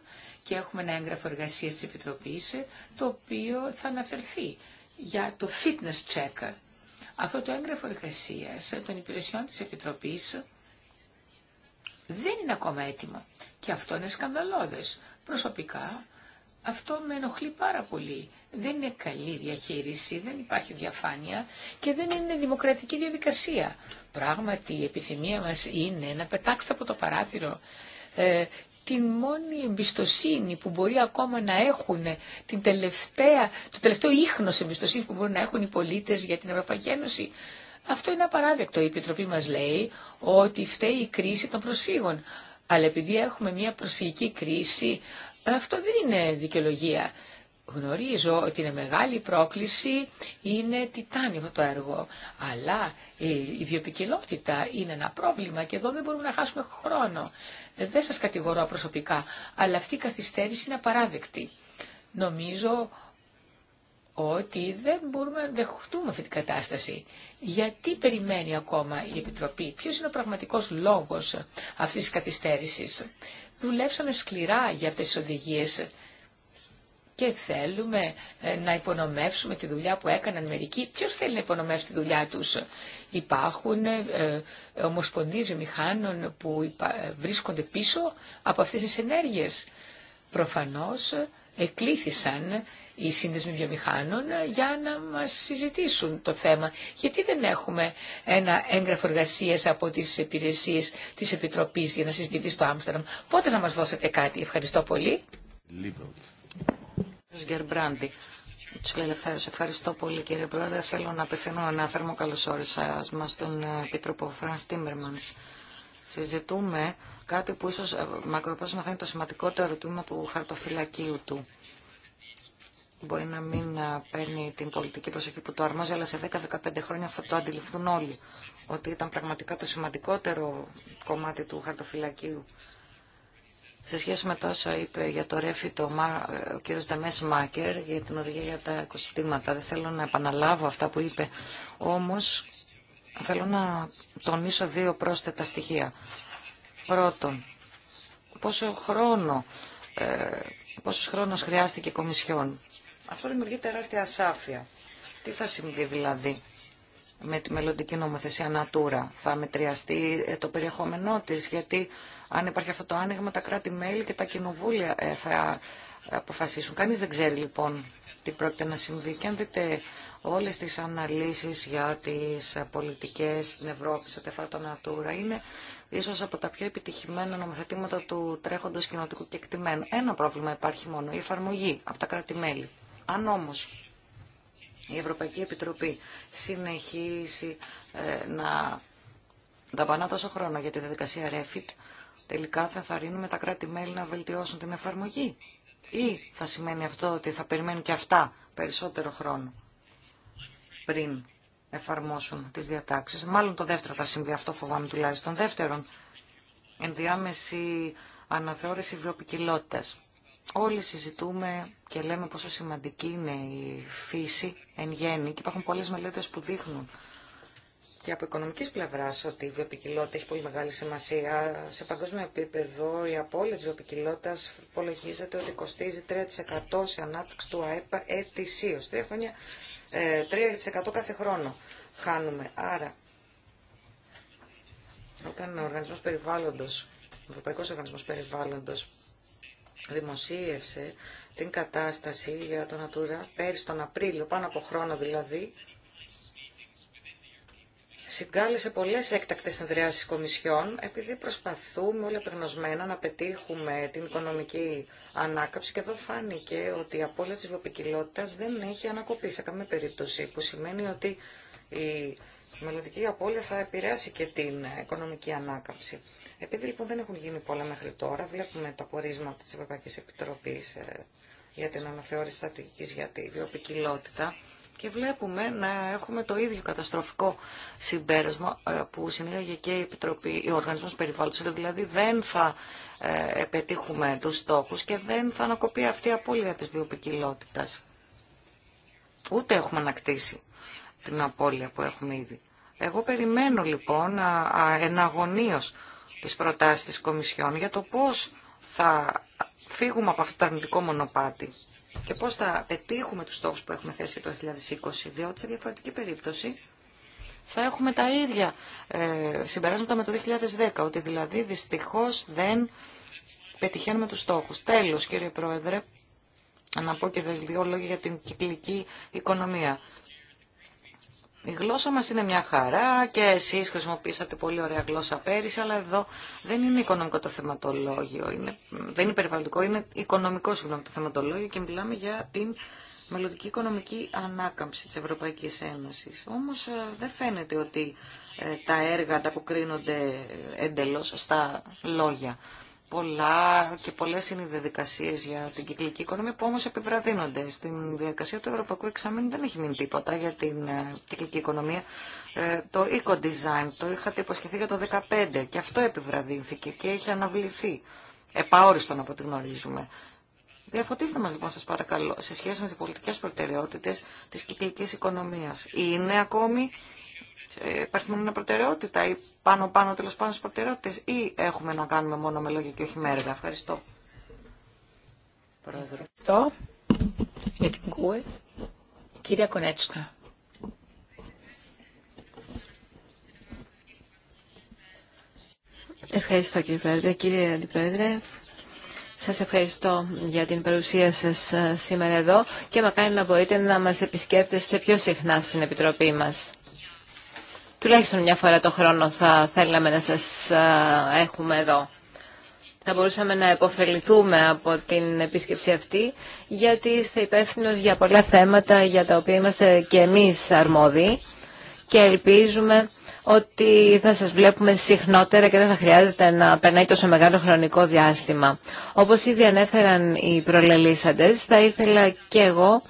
και έχουμε ένα έγγραφο εργασίας της Επιτροπής το οποίο θα αναφερθεί για το fitness check. Αυτό το έγγραφο εργασία των υπηρεσιών της Επιτροπής δεν είναι ακόμα έτοιμο. Και αυτό είναι σκανδαλώδες. Προσωπικά αυτό με ενοχλεί πάρα πολύ. Δεν είναι καλή διαχείριση, δεν υπάρχει διαφάνεια και δεν είναι δημοκρατική διαδικασία. Πράγματι η επιθυμία μας είναι να πετάξετε από το παράθυρο ε, την μόνη εμπιστοσύνη που μπορεί ακόμα να έχουν, την τελευταία, το τελευταίο ίχνος εμπιστοσύνη που μπορεί να έχουν οι πολίτες για την Ευρωπαϊκή Ένωση. Αυτό είναι απαράδεκτο. Η Επιτροπή μας λέει ότι φταίει η κρίση των προσφύγων. Αλλά επειδή έχουμε μια προσφυγική κρίση, αυτό δεν είναι δικαιολογία. Γνωρίζω ότι είναι μεγάλη πρόκληση, είναι τιτάνιο το έργο, αλλά η βιοπικιλότητα είναι ένα πρόβλημα και εδώ δεν μπορούμε να χάσουμε χρόνο. Ε, δεν σας κατηγορώ προσωπικά, αλλά αυτή η καθυστέρηση είναι απαράδεκτη. Νομίζω ότι δεν μπορούμε να δεχτούμε αυτή την κατάσταση. Γιατί περιμένει ακόμα η Επιτροπή, ποιος είναι ο πραγματικός λόγος αυτής της καθυστέρησης. Δουλέψαμε σκληρά για αυτές τις οδηγίες και θέλουμε ε, να υπονομεύσουμε τη δουλειά που έκαναν μερικοί. Ποιος θέλει να υπονομεύσει τη δουλειά τους. Υπάρχουν ε, ε, ομοσπονδίες μηχάνων που βρίσκονται πίσω από αυτές τις ενέργειες. Προφανώς εκλήθησαν οι σύνδεσμοι βιομηχάνων για να μας συζητήσουν το θέμα. Γιατί δεν έχουμε ένα έγγραφο εργασία από τις υπηρεσίες της Επιτροπής για να συζητηθεί το Άμστερνταμ. Πότε να μας δώσετε κάτι. Ευχαριστώ πολύ. Γκερμπράντι. ευχαριστώ πολύ κύριε Πρόεδρε. Θέλω να απευθύνω ένα θερμό καλώ όρισα μα στον ε, Επίτροπο Φραν Τίμερμαν. Συζητούμε κάτι που ίσω ε, μακροπρόθεσμα θα είναι το σημαντικότερο ερωτήμα του χαρτοφυλακίου του. Μπορεί να μην ε, παίρνει την πολιτική προσοχή που το αρμόζει, αλλά σε 10-15 χρόνια θα το αντιληφθούν όλοι ότι ήταν πραγματικά το σημαντικότερο κομμάτι του χαρτοφυλακίου σε σχέση με το όσα είπε για το μά ο κύριο δεμές Μάκερ για την οργή για τα οικοσυστήματα, δεν θέλω να επαναλάβω αυτά που είπε, όμως θέλω να τονίσω δύο πρόσθετα στοιχεία. Πρώτον, πόσο χρόνο, ε, πόσος χρόνος χρειάστηκε η Κομισιόν. Αυτό δημιουργεί τεράστια ασάφεια. Τι θα συμβεί δηλαδή με τη μελλοντική νομοθεσία Natura. Θα μετριαστεί ε, το περιεχόμενό της, γιατί αν υπάρχει αυτό το άνοιγμα, τα κράτη-μέλη και τα κοινοβούλια ε, θα ε, αποφασίσουν. Κανείς δεν ξέρει λοιπόν τι πρόκειται να συμβεί. Και αν δείτε όλες τις αναλύσεις για τις πολιτικές στην Ευρώπη, σε αφορά το Natura, είναι ίσως από τα πιο επιτυχημένα νομοθετήματα του τρέχοντος κοινοτικού κεκτημένου. Ένα πρόβλημα υπάρχει μόνο, η εφαρμογή από τα κράτη-μέλη. Αν όμως η Ευρωπαϊκή Επιτροπή συνεχίσει ε, να δαπανά τόσο χρόνο για τη διαδικασία REFIT, τελικά θα ενθαρρύνουμε τα κράτη-μέλη να βελτιώσουν την εφαρμογή. Ή θα σημαίνει αυτό ότι θα περιμένουν και αυτά περισσότερο χρόνο πριν εφαρμόσουν τις διατάξεις. Μάλλον το δεύτερο θα συμβεί αυτό φοβάμαι τουλάχιστον. Δεύτερον, ενδιάμεση αναθεώρηση βιοπικιλότητας. Όλοι συζητούμε και λέμε πόσο σημαντική είναι η φύση εν γέννη και υπάρχουν πολλές μελέτες που δείχνουν και από οικονομική πλευρά ότι η βιοπικιλότητα έχει πολύ μεγάλη σημασία. Σε παγκόσμιο επίπεδο η απόλυτη τη βιοπικιλότητα υπολογίζεται ότι κοστίζει 3% σε ανάπτυξη του ΑΕΠΑ ετησίω. Τρία χρόνια, 3% ε, κάθε χρόνο χάνουμε. Άρα, όταν ο Οργανισμό Περιβάλλοντο, ο Ευρωπαϊκό Οργανισμό Περιβάλλοντο, δημοσίευσε την κατάσταση για το Natura πέρυσι τον Απρίλιο, πάνω από χρόνο δηλαδή, συγκάλεσε πολλές έκτακτες συνδριάσεις κομισιών, επειδή προσπαθούμε όλα περνοσμένα να πετύχουμε την οικονομική ανάκαψη και εδώ φάνηκε ότι η απώλεια της βιοπικιλότητας δεν έχει ανακοπεί σε καμία περίπτωση, που σημαίνει ότι η η μελλοντική απώλεια θα επηρεάσει και την οικονομική ανάκαμψη. Επειδή λοιπόν δεν έχουν γίνει πολλά μέχρι τώρα, βλέπουμε τα πορίσματα της Ευρωπαϊκής Επιτροπής ε, για την αναθεώρηση στρατηγικής για τη βιοπικιλότητα και βλέπουμε να έχουμε το ίδιο καταστροφικό συμπέρασμα ε, που συνήγαγε και η Επιτροπή, ο Οργανισμός Περιβάλλοντος, δηλαδή δεν θα ε, πετύχουμε τους στόχους και δεν θα ανακοπεί αυτή η απώλεια της βιοπικιλότητας. Ούτε έχουμε ανακτήσει την απώλεια που έχουμε ήδη. Εγώ περιμένω λοιπόν εναγωνίως τις προτάσεις της Κομισιόν για το πώς θα φύγουμε από αυτό το αρνητικό μονοπάτι και πώς θα πετύχουμε τους στόχους που έχουμε θέσει το 2020, διότι σε διαφορετική περίπτωση θα έχουμε τα ίδια ε, συμπεράσματα με το 2010, ότι δηλαδή δυστυχώς δεν πετυχαίνουμε τους στόχους. Τέλος, κύριε Πρόεδρε, να πω και δύο λόγια για την κυκλική οικονομία. Η γλώσσα μας είναι μια χαρά και εσείς χρησιμοποίησατε πολύ ωραία γλώσσα πέρυσι, αλλά εδώ δεν είναι οικονομικό το θεματολόγιο, είναι, δεν είναι περιβαλλοντικό, είναι οικονομικό συγγνώμη το θεματολόγιο και μιλάμε για την μελλοντική οικονομική ανάκαμψη της Ευρωπαϊκής Ένωσης. Όμως ε, δεν φαίνεται ότι ε, τα έργα τα αποκρίνονται ε, εντελώς στα λόγια πολλά και πολλές είναι οι διαδικασίες για την κυκλική οικονομία που όμως επιβραδύνονται. Στην διαδικασία του Ευρωπαϊκού Εξάμεινου δεν έχει μείνει τίποτα για την ε, κυκλική οικονομία. Ε, το eco-design το είχατε υποσχεθεί για το 2015 και αυτό επιβραδύνθηκε και έχει αναβληθεί. Επαόριστον από ό,τι γνωρίζουμε. Διαφωτίστε μας λοιπόν σας παρακαλώ σε σχέση με τις πολιτικές προτεραιότητες της κυκλικής οικονομίας. Είναι ακόμη μόνο μια ένα προτεραιότητα ή πάνω-πάνω τέλο πάνω στι προτεραιότητε, ή έχουμε να κάνουμε μόνο με λόγια και όχι με έργα. Ευχαριστώ. Ευχαριστώ για την ΚΟΕ. Κύρια Κονέτσνα. Ευχαριστώ κύριε Πρόεδρε. Κύριε Αντιπρόεδρε, σας ευχαριστώ για την παρουσία σας ε, σήμερα εδώ και μακάρι να μπορείτε να μας επισκέπτεστε πιο συχνά στην Επιτροπή μας τουλάχιστον μια φορά το χρόνο θα θέλαμε να σας έχουμε εδώ. Θα μπορούσαμε να επωφεληθούμε από την επίσκεψη αυτή, γιατί είστε υπεύθυνο για πολλά θέματα για τα οποία είμαστε και εμείς αρμόδιοι και ελπίζουμε ότι θα σας βλέπουμε συχνότερα και δεν θα χρειάζεται να περνάει τόσο μεγάλο χρονικό διάστημα. Όπως ήδη ανέφεραν οι προλελήσαντες, θα ήθελα και εγώ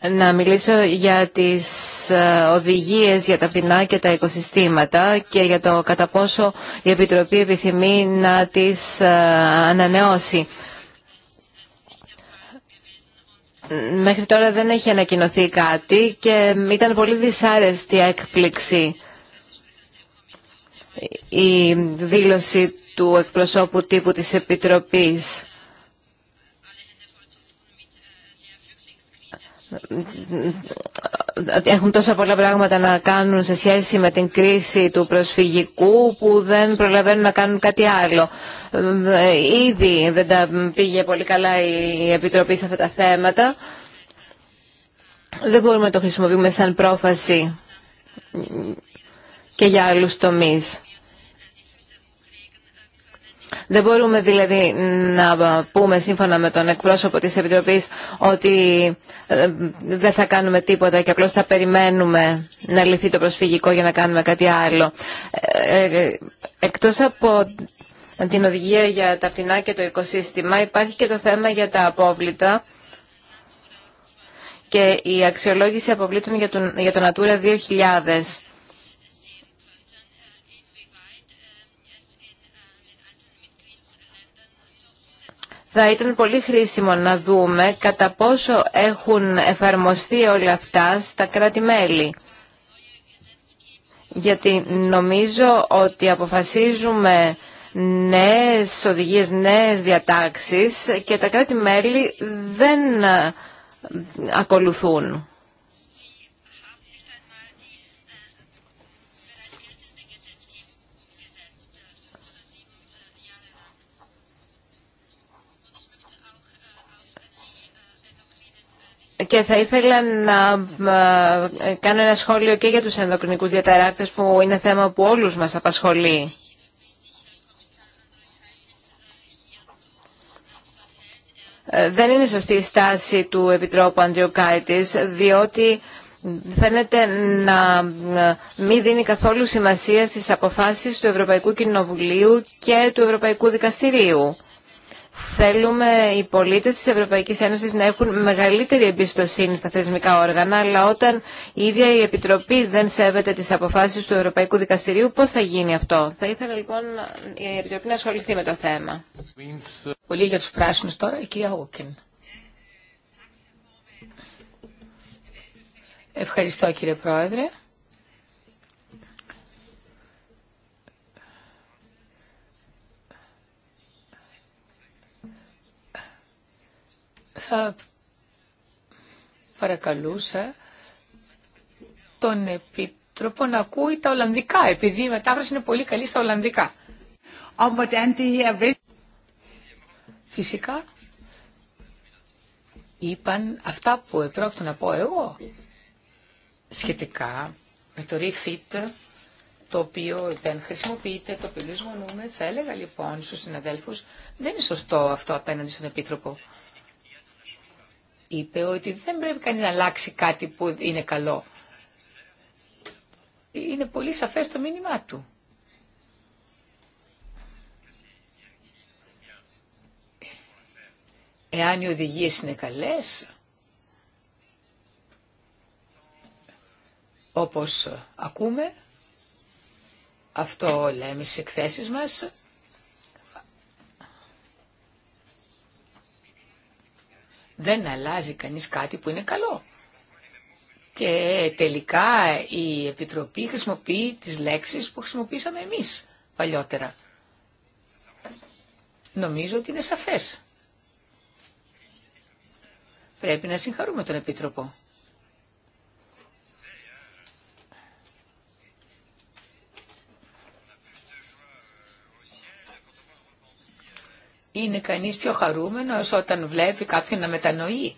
να μιλήσω για τις ε, οδηγίες για τα πτηνά και τα οικοσυστήματα και για το κατά πόσο η Επιτροπή επιθυμεί να τις ε, ανανεώσει. Μέχρι τώρα δεν έχει ανακοινωθεί κάτι και ήταν πολύ δυσάρεστη έκπληξη η δήλωση του εκπροσώπου τύπου της Επιτροπής. έχουν τόσα πολλά πράγματα να κάνουν σε σχέση με την κρίση του προσφυγικού που δεν προλαβαίνουν να κάνουν κάτι άλλο. Ήδη δεν τα πήγε πολύ καλά η Επιτροπή σε αυτά τα θέματα. Δεν μπορούμε να το χρησιμοποιούμε σαν πρόφαση και για άλλους τομείς. Δεν μπορούμε δηλαδή να πούμε σύμφωνα με τον εκπρόσωπο της Επιτροπής ότι ε, δεν θα κάνουμε τίποτα και απλώς θα περιμένουμε να λυθεί το προσφυγικό για να κάνουμε κάτι άλλο. Ε, ε, εκτός από την οδηγία για τα πτηνά και το οικοσύστημα υπάρχει και το θέμα για τα απόβλητα και η αξιολόγηση αποβλήτων για τον Natura 2000. Θα ήταν πολύ χρήσιμο να δούμε κατά πόσο έχουν εφαρμοστεί όλα αυτά στα κράτη-μέλη. Γιατί νομίζω ότι αποφασίζουμε νέες οδηγίες, νέες διατάξεις και τα κράτη-μέλη δεν ε, ακολουθούν. Και θα ήθελα να ε, κάνω ένα σχόλιο και για τους ενδοκρινικούς διαταράκτες που είναι θέμα που όλους μας απασχολεί. Ε, δεν είναι σωστή η στάση του Επιτρόπου Αντριοκάητης, διότι φαίνεται να ε, μην δίνει καθόλου σημασία στις αποφάσεις του Ευρωπαϊκού Κοινοβουλίου και του Ευρωπαϊκού Δικαστηρίου. Θέλουμε οι πολίτες της Ευρωπαϊκής Ένωσης να έχουν μεγαλύτερη εμπιστοσύνη στα θεσμικά όργανα, αλλά όταν η ίδια η Επιτροπή δεν σέβεται τις αποφάσεις του Ευρωπαϊκού Δικαστηρίου, πώς θα γίνει αυτό. Θα ήθελα λοιπόν η Επιτροπή να ασχοληθεί με το θέμα. Πολύ για τους πράσινους τώρα, η κυρία Οούκεν. Ευχαριστώ κύριε Πρόεδρε. θα παρακαλούσα τον Επίτροπο να ακούει τα Ολλανδικά, επειδή η μετάφραση είναι πολύ καλή στα Ολλανδικά. Φυσικά, είπαν αυτά που επρόκειτο να πω εγώ σχετικά με το refit το οποίο δεν χρησιμοποιείται, το οποίο λυσμονούμε. Θα έλεγα λοιπόν στους συναδέλφους, δεν είναι σωστό αυτό απέναντι στον Επίτροπο είπε ότι δεν πρέπει κανείς να αλλάξει κάτι που είναι καλό. Είναι πολύ σαφές το μήνυμά του. Εάν οι οδηγίες είναι καλές, όπως ακούμε, αυτό λέμε στις εκθέσεις μας, δεν αλλάζει κανείς κάτι που είναι καλό. Και τελικά η Επιτροπή χρησιμοποιεί τις λέξεις που χρησιμοποίησαμε εμείς παλιότερα. Νομίζω ότι είναι σαφές. Πρέπει να συγχαρούμε τον Επίτροπο. είναι κανείς πιο χαρούμενος όταν βλέπει κάποιον να μετανοεί.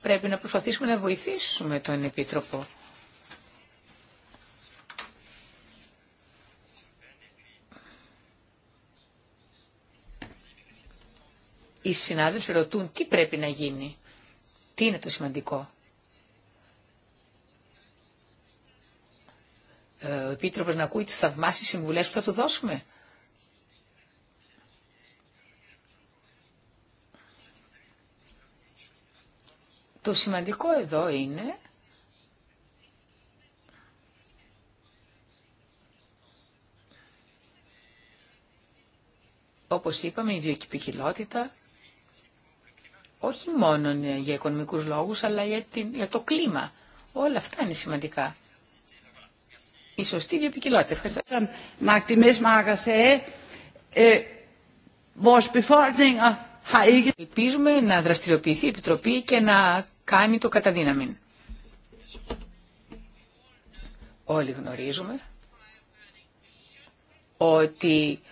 Πρέπει να προσπαθήσουμε να βοηθήσουμε τον Επίτροπο οι συνάδελφοι ρωτούν τι πρέπει να γίνει, τι είναι το σημαντικό. Ε, ο Επίτροπος να ακούει τις θαυμάσεις συμβουλές που θα του δώσουμε. Το σημαντικό εδώ είναι όπως είπαμε η βιοκυπηχηλότητα, όχι μόνο για οικονομικούς λόγους, αλλά για, την, για το κλίμα. Όλα αυτά είναι σημαντικά. Η σωστή βιοπικιλότητα. Ευχαριστώ. Ε, ε, Ελπίζουμε να δραστηριοποιηθεί η Επιτροπή και να κάνει το καταδύναμη. Όλοι γνωρίζουμε ότι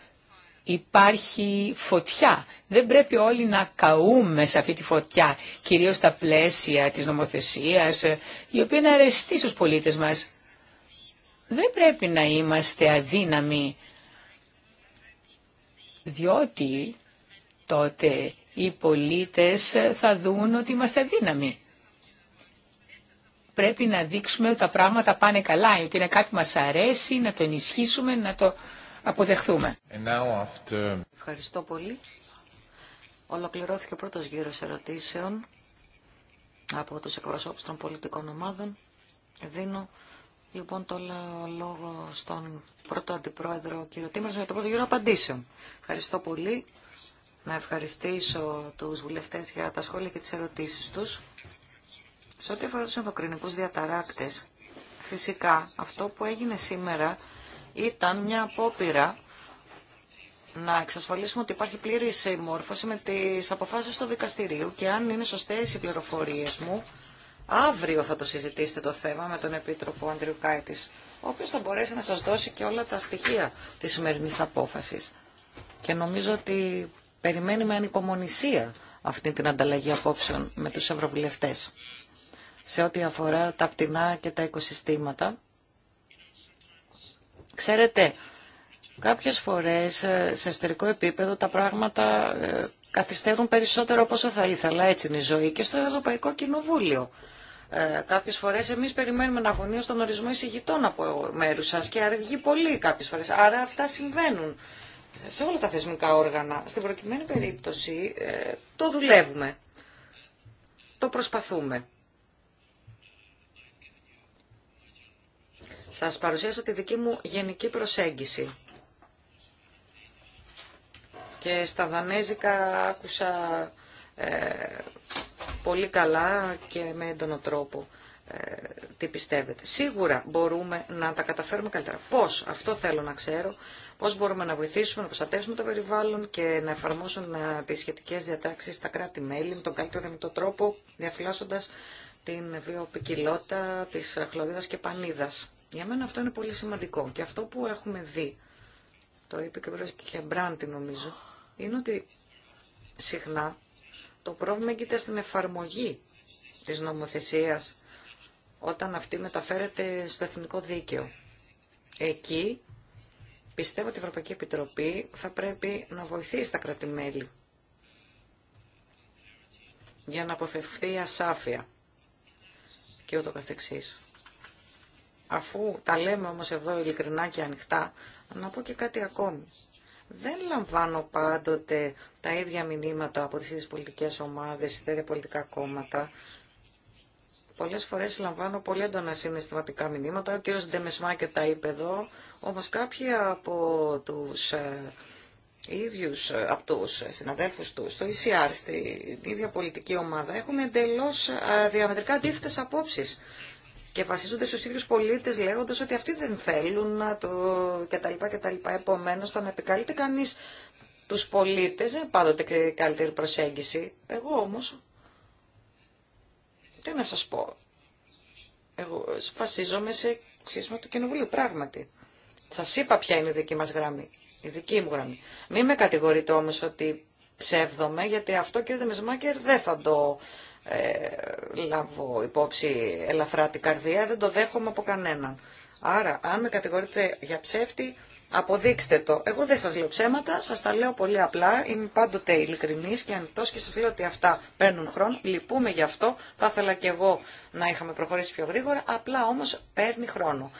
υπάρχει φωτιά. Δεν πρέπει όλοι να καούμε σε αυτή τη φωτιά, κυρίως στα πλαίσια της νομοθεσίας, ε, η οποία είναι αρεστή στους πολίτες μας. Δεν πρέπει να είμαστε αδύναμοι, διότι τότε οι πολίτες θα δουν ότι είμαστε αδύναμοι. Πρέπει να δείξουμε ότι τα πράγματα πάνε καλά, ότι είναι κάτι που μας αρέσει, να το ενισχύσουμε, να το αποδεχθούμε. Ευχαριστώ πολύ. Ολοκληρώθηκε ο πρώτος γύρος ερωτήσεων από τους εκπροσώπους των πολιτικών ομάδων. Δίνω λοιπόν το λόγο στον πρώτο αντιπρόεδρο κύριο Τίμας για το πρώτο γύρο απαντήσεων. Ευχαριστώ πολύ. Να ευχαριστήσω τους βουλευτές για τα σχόλια και τις ερωτήσεις τους. Σε ό,τι αφορά τους ενδοκρινικούς διαταράκτες, φυσικά αυτό που έγινε σήμερα ήταν μια απόπειρα να εξασφαλίσουμε ότι υπάρχει πλήρη συμμόρφωση με τι αποφάσει του δικαστηρίου και αν είναι σωστέ οι πληροφορίες μου, αύριο θα το συζητήσετε το θέμα με τον Επίτροπο Άντριου Κάιτης, ο οποίος θα μπορέσει να σας δώσει και όλα τα στοιχεία της σημερινή απόφαση. Και νομίζω ότι περιμένει με ανυπομονησία αυτή την ανταλλαγή απόψεων με τους ευρωβουλευτές σε ό,τι αφορά τα πτηνά και τα οικοσυστήματα. Ξέρετε, κάποιες φορές ε, σε εσωτερικό επίπεδο τα πράγματα ε, καθυστερούν περισσότερο από όσο θα ήθελα. Έτσι είναι η ζωή και στο Ευρωπαϊκό Κοινοβούλιο. Ε, κάποιες φορές εμείς περιμένουμε να αγωνίω στον ορισμό εισηγητών από μέρους σας και αργεί πολύ κάποιες φορές. Άρα αυτά συμβαίνουν σε όλα τα θεσμικά όργανα. Στην προκειμένη περίπτωση ε, το δουλεύουμε, το προσπαθούμε. Σας παρουσίασα τη δική μου γενική προσέγγιση. Και στα Δανέζικα άκουσα ε, πολύ καλά και με έντονο τρόπο ε, τι πιστεύετε. Σίγουρα μπορούμε να τα καταφέρουμε καλύτερα. Πώς, αυτό θέλω να ξέρω, πώς μπορούμε να βοηθήσουμε, να προστατεύσουμε το περιβάλλον και να εφαρμόσουν ε, τις σχετικές διατάξεις στα κράτη-μέλη με τον καλύτερο δυνατό τρόπο, διαφυλάσσοντας την βιοπικιλότητα της χλωρίδας και πανίδας. Για μένα αυτό είναι πολύ σημαντικό και αυτό που έχουμε δει, το είπε και ο και Μπράντι νομίζω, είναι ότι συχνά το πρόβλημα έγκυται στην εφαρμογή της νομοθεσίας όταν αυτή μεταφέρεται στο εθνικό δίκαιο. Εκεί πιστεύω ότι η Ευρωπαϊκή Επιτροπή θα πρέπει να βοηθήσει τα κρατημέλη για να αποφευχθεί η ασάφεια και ούτω καθεξής. Αφού τα λέμε όμως εδώ ειλικρινά και ανοιχτά, να πω και κάτι ακόμη. Δεν λαμβάνω πάντοτε τα ίδια μηνύματα από τις ίδιες πολιτικές ομάδες, τα ίδια πολιτικά κόμματα. Πολλές φορές λαμβάνω πολύ έντονα συναισθηματικά μηνύματα. Ο κύριος Ντεμεσμάκερ τα είπε εδώ, όμως κάποιοι από τους ε, ίδιους ε, από τους συναδέλφους του στο ECR, στην ίδια πολιτική ομάδα, έχουν εντελώς ε, διαμετρικά αντίθετες απόψεις και βασίζονται στους ίδιους πολίτες λέγοντας ότι αυτοί δεν θέλουν να το κτλ. κτλ. Επομένως, το να επικαλείται κανείς τους πολίτες δεν πάντοτε καλύτερη προσέγγιση. Εγώ όμως, τι να σας πω, εγώ βασίζομαι σε ξύσμα του κοινοβουλίου, πράγματι. Σας είπα ποια είναι η δική μας γραμμή, η δική μου γραμμή. Μην με κατηγορείτε όμως ότι ψεύδομαι, γιατί αυτό κύριε Δεμεσμάκερ δεν θα το ε, λάβω υπόψη ελαφρά την καρδία, δεν το δέχομαι από κανέναν. Άρα, αν με κατηγορείτε για ψεύτη, αποδείξτε το. Εγώ δεν σας λέω ψέματα, σας τα λέω πολύ απλά, είμαι πάντοτε ειλικρινής και ανοιχτός και σας λέω ότι αυτά παίρνουν χρόνο, λυπούμε γι' αυτό, θα ήθελα και εγώ να είχαμε προχωρήσει πιο γρήγορα, απλά όμως παίρνει χρόνο.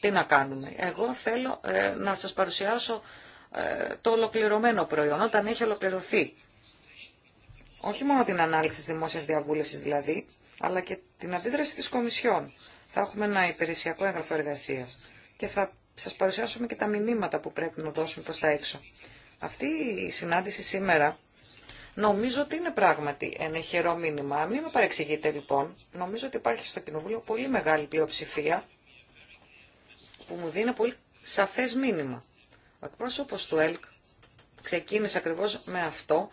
Τι να κάνουμε. Εγώ θέλω ε, να σας παρουσιάσω ε, το ολοκληρωμένο προϊόν, όταν έχει ολοκληρωθεί όχι μόνο την ανάλυση της δημόσιας διαβούλευσης δηλαδή, αλλά και την αντίδραση της Κομισιόν. Θα έχουμε ένα υπηρεσιακό έγγραφο εργασία. και θα σας παρουσιάσουμε και τα μηνύματα που πρέπει να δώσουμε προς τα έξω. Αυτή η συνάντηση σήμερα νομίζω ότι είναι πράγματι ένα χερό μήνυμα. Μην με παρεξηγείτε λοιπόν. Νομίζω ότι υπάρχει στο Κοινοβούλιο πολύ μεγάλη πλειοψηφία που μου δίνει πολύ σαφές μήνυμα. Ο εκπρόσωπος του ΕΛΚ ξεκίνησε ακριβώς με αυτό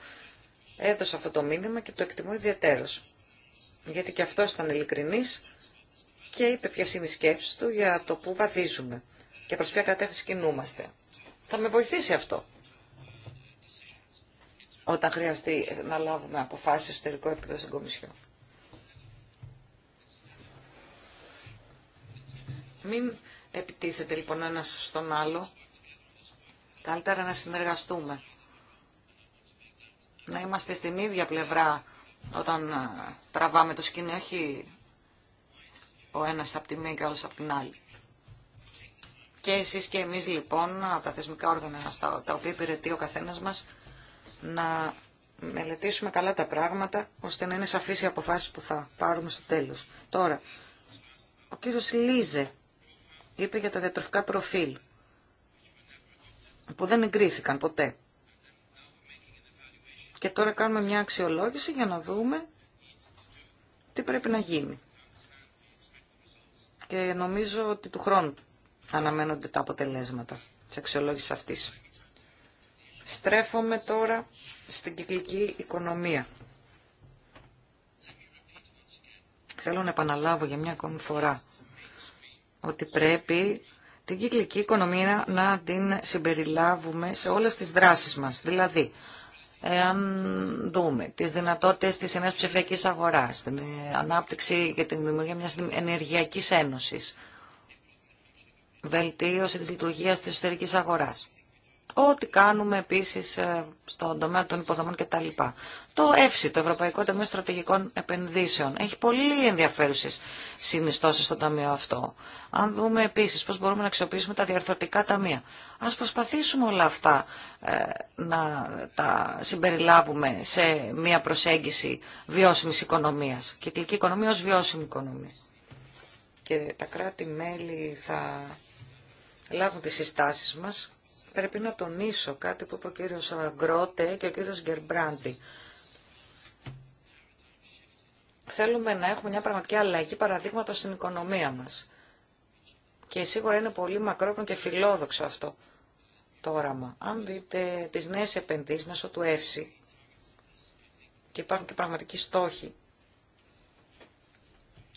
έδωσε αυτό το μήνυμα και το εκτιμώ ιδιαίτερο. Γιατί και αυτό ήταν ειλικρινή και είπε ποιε είναι οι του για το που βαδίζουμε και προ ποια κατεύθυνση κινούμαστε. Θα με βοηθήσει αυτό όταν χρειαστεί να λάβουμε αποφάσεις εσωτερικό επίπεδο στην Κομισιόν. Μην επιτίθεται λοιπόν ένας στον άλλο. Καλύτερα να συνεργαστούμε να είμαστε στην ίδια πλευρά όταν ε, τραβάμε το σκηνή, όχι ο ένας από τη μία και ο από την άλλη. Και εσείς και εμείς λοιπόν, από τα θεσμικά όργανα τα οποία υπηρετεί ο καθένας μας, να μελετήσουμε καλά τα πράγματα, ώστε να είναι σαφείς οι αποφάσεις που θα πάρουμε στο τέλος. Τώρα, ο κύριος Λίζε είπε για τα διατροφικά προφίλ, που δεν εγκρίθηκαν ποτέ. Και τώρα κάνουμε μια αξιολόγηση για να δούμε τι πρέπει να γίνει. Και νομίζω ότι του χρόνου αναμένονται τα αποτελέσματα της αξιολόγησης αυτής. Στρέφομαι τώρα στην κυκλική οικονομία. Θέλω να επαναλάβω για μια ακόμη φορά ότι πρέπει την κυκλική οικονομία να την συμπεριλάβουμε σε όλες τις δράσεις μας. Δηλαδή, αν δούμε τις δυνατότητες της ενέργειας ψηφιακής αγοράς, την ε, ανάπτυξη και την δημιουργία μιας ενεργειακής ένωσης, βελτίωση της λειτουργίας της εσωτερικής αγοράς ό,τι κάνουμε επίσης ε, στον τομέα των υποδομών κτλ. Το ΕΦΣΙ, το Ευρωπαϊκό Ταμείο Στρατηγικών Επενδύσεων, έχει πολύ ενδιαφέρουσε συνιστώσει στο ταμείο αυτό. Αν δούμε επίσης πώς μπορούμε να αξιοποιήσουμε τα διαρθρωτικά ταμεία. Α προσπαθήσουμε όλα αυτά ε, να τα συμπεριλάβουμε σε μια προσέγγιση βιώσιμης οικονομίας, κυκλική οικονομία ω βιώσιμη οικονομία. Και τα κράτη-μέλη θα λάβουν τις συστάσεις μας πρέπει να τονίσω κάτι που είπε ο κύριος Γκρότε και ο κύριος Γκερμπράντι. Θέλουμε να έχουμε μια πραγματική αλλαγή παραδείγματο στην οικονομία μας. Και σίγουρα είναι πολύ μακρόπνο και φιλόδοξο αυτό το όραμα. Αν δείτε τις νέες επενδύσεις μέσω του ΕΦΣΥ και υπάρχουν και πραγματικοί στόχοι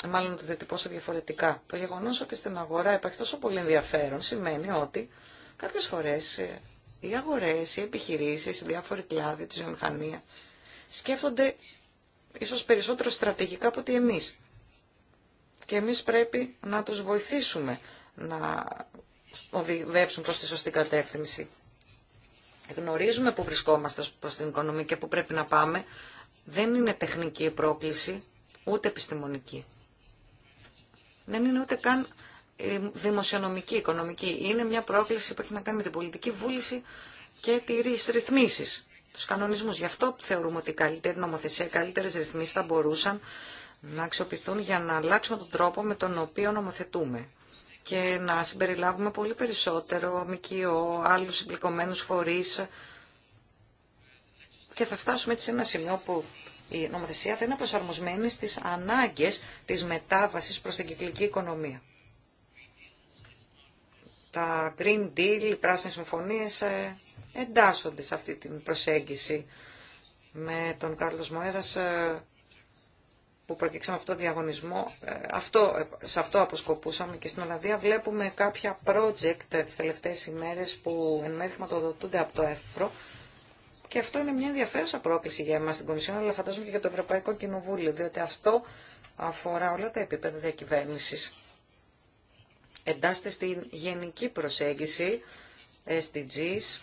μάλλον το πόσο διαφορετικά. Το γεγονό ότι στην αγορά υπάρχει τόσο πολύ ενδιαφέρον σημαίνει ότι Κάποιες φορές ε, οι αγορές, οι επιχειρήσεις, οι διάφοροι κλάδοι της βιομηχανία σκέφτονται ίσως περισσότερο στρατηγικά από ότι εμείς. Και εμείς πρέπει να τους βοηθήσουμε να οδηγεύσουν προς τη σωστή κατεύθυνση. Γνωρίζουμε που βρισκόμαστε προς την οικονομία και που πρέπει να πάμε. Δεν είναι τεχνική η πρόκληση, ούτε επιστημονική. Δεν είναι ούτε καν ε, δημοσιονομική, οικονομική. Είναι μια πρόκληση που έχει να κάνει με την πολιτική βούληση και τι ρυθμίσει, του κανονισμού. Γι' αυτό θεωρούμε ότι η καλύτερη νομοθεσία, οι καλύτερες ρυθμίσεις θα μπορούσαν να αξιοποιηθούν για να αλλάξουμε τον τρόπο με τον οποίο νομοθετούμε και να συμπεριλάβουμε πολύ περισσότερο ΜΚΟ, άλλους συμπληκωμένους φορείς και θα φτάσουμε έτσι σε ένα σημείο που η νομοθεσία θα είναι προσαρμοσμένη στις ανάγκε τη μετάβαση προ την κυκλική οικονομία. Τα Green Deal, οι πράσινες συμφωνίες ε, εντάσσονται σε αυτή την προσέγγιση με τον Κάρλος Μοέδας ε, που προκύξαμε αυτό το διαγωνισμό, ε, αυτό, σε αυτό αποσκοπούσαμε και στην Ολλανδία βλέπουμε κάποια project τις τελευταίες ημέρες που εν μέρει χρηματοδοτούνται από το ΕΦΡΟ και αυτό είναι μια ενδιαφέρουσα πρόκληση για εμάς στην Κομισιόν αλλά φαντάζομαι και για το Ευρωπαϊκό Κοινοβούλιο διότι αυτό αφορά όλα τα επίπεδα διακυβέρνησης εντάσσεται στην γενική προσέγγιση SDGs,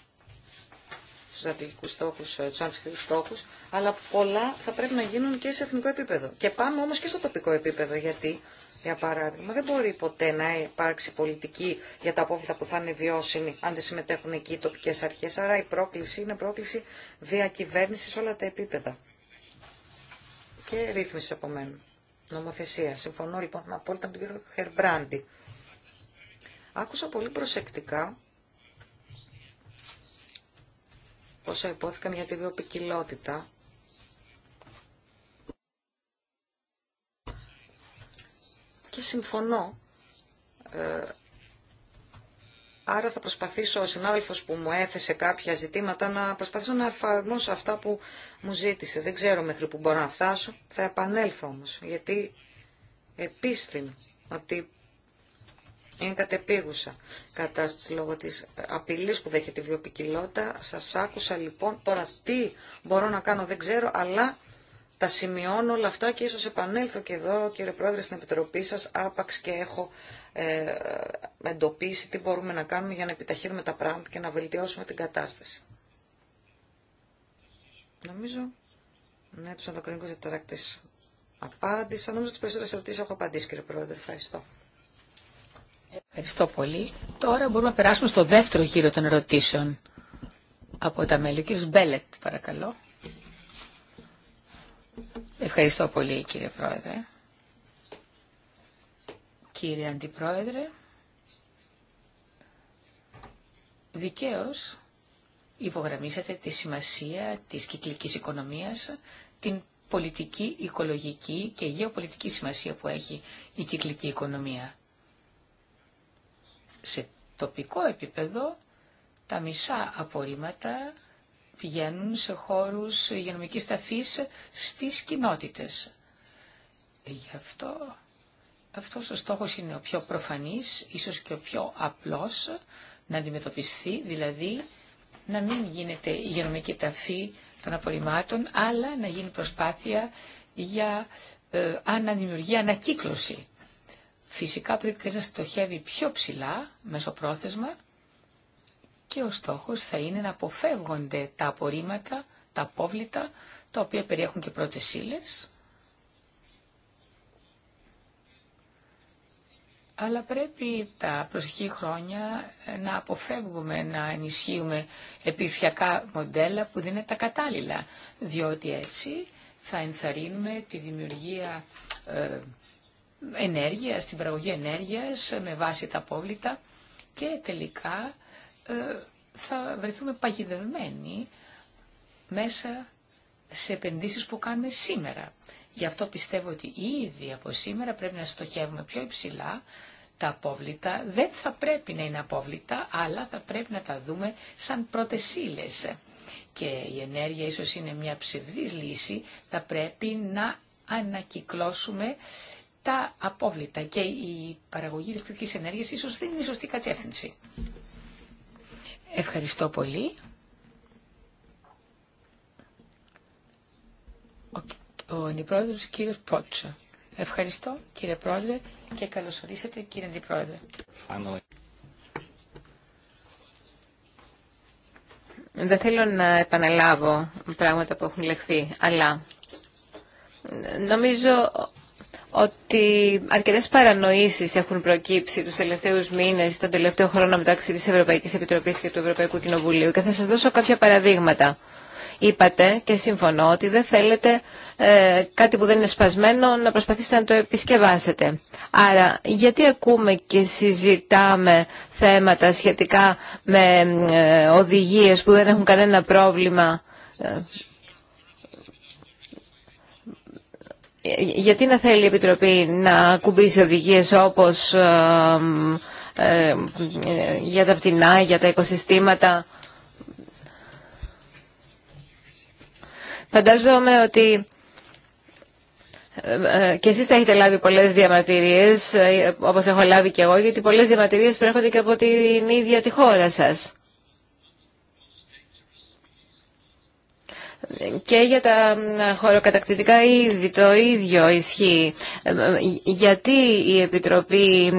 στους αθλητικούς στόχους, στους ε, στόχους, αλλά πολλά θα πρέπει να γίνουν και σε εθνικό επίπεδο. Και πάμε όμως και στο τοπικό επίπεδο, γιατί, για παράδειγμα, δεν μπορεί ποτέ να υπάρξει πολιτική για τα απόβλητα που θα είναι βιώσιμη, αν δεν συμμετέχουν εκεί οι τοπικές αρχές. Άρα η πρόκληση είναι πρόκληση διακυβέρνηση σε όλα τα επίπεδα. Και ρύθμιση επομένου. Νομοθεσία. Συμφωνώ λοιπόν απόλυτα με τον κύριο Χερμπράντη. Άκουσα πολύ προσεκτικά όσα υπόθηκαν για τη βιοπικιλότητα. Και συμφωνώ. Ε, άρα θα προσπαθήσω, ο συνάδελφος που μου έθεσε κάποια ζητήματα, να προσπαθήσω να εφαρμόσω αυτά που μου ζήτησε. Δεν ξέρω μέχρι που μπορώ να φτάσω. Θα επανέλθω όμως, γιατί επίστην ότι είναι κατεπίγουσα κατάσταση λόγω της απειλής που δέχεται η βιοπικιλότητα. Σας άκουσα λοιπόν τώρα τι μπορώ να κάνω δεν ξέρω, αλλά τα σημειώνω όλα αυτά και ίσως επανέλθω και εδώ κύριε Πρόεδρε στην Επιτροπή σας άπαξ και έχω ε, εντοπίσει τι μπορούμε να κάνουμε για να επιταχύνουμε τα πράγματα και να βελτιώσουμε την κατάσταση. Νομίζω, ναι, τους ενδοκρινικούς διαταράκτες απάντησα. Νομίζω τις περισσότερες ερωτήσεις έχω απαντήσει κύριε Πρόεδρε. Ευχαριστώ. Ευχαριστώ πολύ. Τώρα μπορούμε να περάσουμε στο δεύτερο γύρο των ερωτήσεων από τα μέλη. Ο κύριος Μπέλετ, παρακαλώ. Ευχαριστώ πολύ, κύριε Πρόεδρε. Κύριε Αντιπρόεδρε, δικαίως υπογραμμίσατε τη σημασία της κυκλικής οικονομίας, την πολιτική, οικολογική και γεωπολιτική σημασία που έχει η κυκλική οικονομία σε τοπικό επίπεδο τα μισά απορρίμματα πηγαίνουν σε χώρους υγειονομικής ταφής στις κοινότητες. Γι' αυτό αυτός ο στόχος είναι ο πιο προφανής, ίσως και ο πιο απλός να αντιμετωπιστεί, δηλαδή να μην γίνεται υγειονομική ταφή των απορριμμάτων, αλλά να γίνει προσπάθεια για ε, αναδημιουργία, ανακύκλωση Φυσικά πρέπει και να στοχεύει πιο ψηλά, μεσοπρόθεσμα, και ο στόχος θα είναι να αποφεύγονται τα απορρίμματα, τα απόβλητα, τα οποία περιέχουν και πρώτες ύλε. αλλά πρέπει τα προσεχή χρόνια ε, να αποφεύγουμε να ενισχύουμε επιφυακά μοντέλα που δεν είναι τα κατάλληλα, διότι έτσι θα ενθαρρύνουμε τη δημιουργία ε, ενέργειας, στην παραγωγή ενέργειας με βάση τα απόβλητα και τελικά ε, θα βρεθούμε παγιδευμένοι μέσα σε επενδύσεις που κάνουμε σήμερα. Γι' αυτό πιστεύω ότι ήδη από σήμερα πρέπει να στοχεύουμε πιο υψηλά τα απόβλητα. Δεν θα πρέπει να είναι απόβλητα, αλλά θα πρέπει να τα δούμε σαν πρώτες Και η ενέργεια ίσως είναι μια ψευδής λύση, θα πρέπει να ανακυκλώσουμε τα απόβλητα και η παραγωγή ηλεκτρικής ενέργειας ίσως δεν είναι η σωστή κατεύθυνση. Ευχαριστώ πολύ. Ο, ο Αντιπρόεδρος κύριος Πρότσο. Ευχαριστώ κύριε Πρόεδρε και καλωσορίσατε κύριε Αντιπρόεδρε. Finally. Δεν θέλω να επαναλάβω πράγματα που έχουν λεχθεί, αλλά νομίζω ότι αρκετέ παρανοήσει έχουν προκύψει τους τελευταίους μήνες, τον τελευταίο χρόνο μεταξύ τη Ευρωπαϊκής Επιτροπής και του Ευρωπαϊκού Κοινοβουλίου και θα σα δώσω κάποια παραδείγματα. Είπατε και συμφωνώ ότι δεν θέλετε ε, κάτι που δεν είναι σπασμένο να προσπαθήσετε να το επισκευάσετε. Άρα γιατί ακούμε και συζητάμε θέματα σχετικά με ε, οδηγίες που δεν έχουν κανένα πρόβλημα ε, γιατί να θέλει η Επιτροπή να κουμπίσει οδηγίες όπως ε, για τα πτηνά, για τα οικοσυστήματα. Φαντάζομαι ότι ε, ε, και εσείς θα έχετε λάβει πολλές διαμαρτυρίες, ε, όπως έχω λάβει και εγώ, γιατί πολλές διαμαρτυρίες προέρχονται και από την ίδια τη χώρα σας. και για τα χωροκατακτητικά είδη το ίδιο ισχύει. Ε, γιατί η Επιτροπή,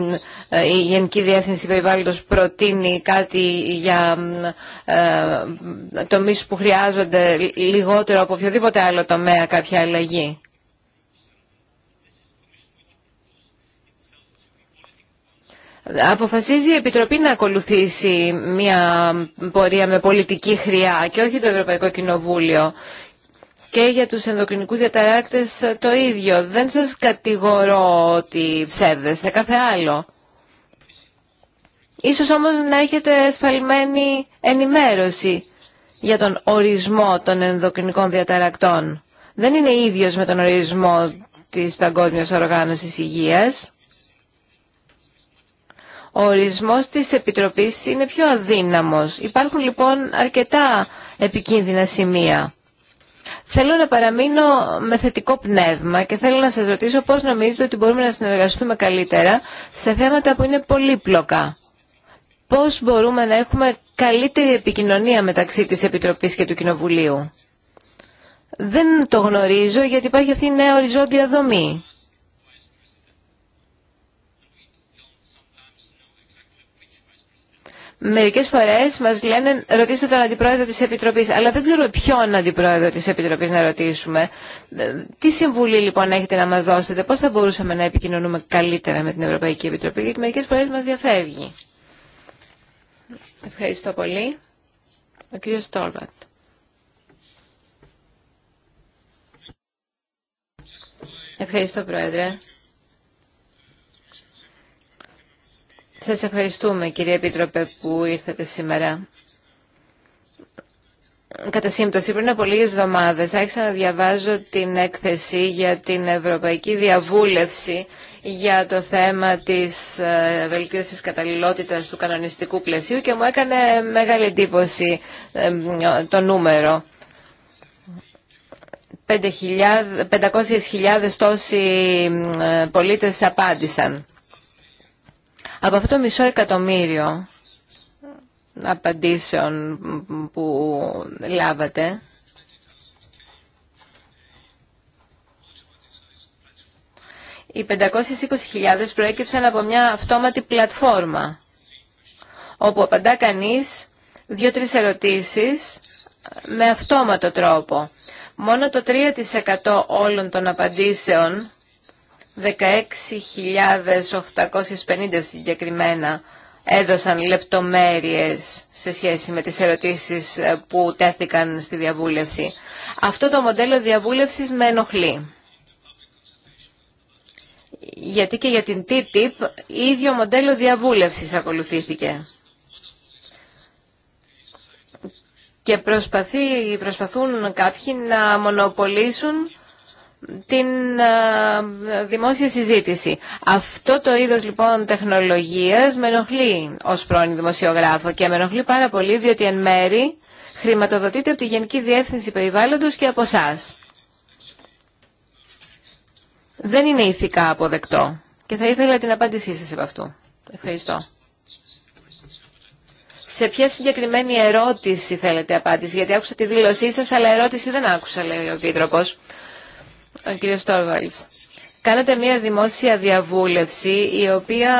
ε, η Γενική Διεύθυνση Περιβάλλοντος προτείνει κάτι για ε, τομείς που χρειάζονται λιγότερο από οποιοδήποτε άλλο τομέα κάποια αλλαγή. Αποφασίζει η Επιτροπή να ακολουθήσει μια πορεία με πολιτική χρειά και όχι το Ευρωπαϊκό Κοινοβούλιο. Και για τους ενδοκρινικούς διαταράκτες το ίδιο. Δεν σας κατηγορώ ότι ψεύδεστε, κάθε άλλο. Ίσως όμως να έχετε εσφαλμένη ενημέρωση για τον ορισμό των ενδοκρινικών διαταρακτών. Δεν είναι ίδιος με τον ορισμό της Παγκόσμιας Οργάνωσης Υγείας. Ο ορισμός της Επιτροπής είναι πιο αδύναμος. Υπάρχουν λοιπόν αρκετά επικίνδυνα σημεία. Θέλω να παραμείνω με θετικό πνεύμα και θέλω να σας ρωτήσω πώς νομίζετε ότι μπορούμε να συνεργαστούμε καλύτερα σε θέματα που είναι πολύπλοκα. Πώς μπορούμε να έχουμε καλύτερη επικοινωνία μεταξύ της Επιτροπής και του Κοινοβουλίου. Δεν το γνωρίζω γιατί υπάρχει αυτή η νέα οριζόντια δομή. Μερικές φορές μας λένε ρωτήστε τον αντιπρόεδρο της Επιτροπής, αλλά δεν ξέρουμε ποιον αντιπρόεδρο της Επιτροπής να ρωτήσουμε. Ε, τι συμβουλή λοιπόν έχετε να μας δώσετε, πώς θα μπορούσαμε να επικοινωνούμε καλύτερα με την Ευρωπαϊκή Επιτροπή, γιατί μερικέ φορέ μα διαφεύγει. Ευχαριστώ πολύ. Ο κύριο Ευχαριστώ, Πρόεδρε. Σας ευχαριστούμε κύριε Επίτροπε που ήρθατε σήμερα. Κατά σύμπτωση, πριν από λίγες εβδομάδες άρχισα να διαβάζω την έκθεση για την Ευρωπαϊκή Διαβούλευση για το θέμα της ε, βελτίωσης καταλληλότητας του κανονιστικού πλαισίου και μου έκανε μεγάλη εντύπωση το νούμερο. 500.000 τόσοι πολίτες απάντησαν. Από αυτό το μισό εκατομμύριο απαντήσεων που λάβατε, οι 520.000 προέκυψαν από μια αυτόματη πλατφόρμα, όπου απαντά κανείς δύο-τρεις ερωτήσεις με αυτόματο τρόπο. Μόνο το 3% όλων των απαντήσεων 16.850 συγκεκριμένα έδωσαν λεπτομέρειες σε σχέση με τις ερωτήσεις ε, που τέθηκαν στη διαβούλευση. Αυτό το μοντέλο διαβούλευσης με ενοχλεί. Γιατί και για την TTIP ίδιο μοντέλο διαβούλευσης ακολουθήθηκε. Και προσπαθεί, προσπαθούν κάποιοι να μονοπολίσουν την ε, δημόσια συζήτηση. Αυτό το είδος λοιπόν τεχνολογίας με ενοχλεί ως πρώην δημοσιογράφο και με ενοχλεί πάρα πολύ διότι εν μέρη χρηματοδοτείται από τη Γενική Διεύθυνση Περιβάλλοντος και από εσά. Δεν είναι ηθικά αποδεκτό και θα ήθελα την απάντησή σας από αυτού. Ευχαριστώ. Σε ποια συγκεκριμένη ερώτηση θέλετε απάντηση, γιατί άκουσα τη δήλωσή σας, αλλά ερώτηση δεν άκουσα, λέει ο Επίτροπος. Ο κύριος Κάνατε μια δημόσια διαβούλευση η οποία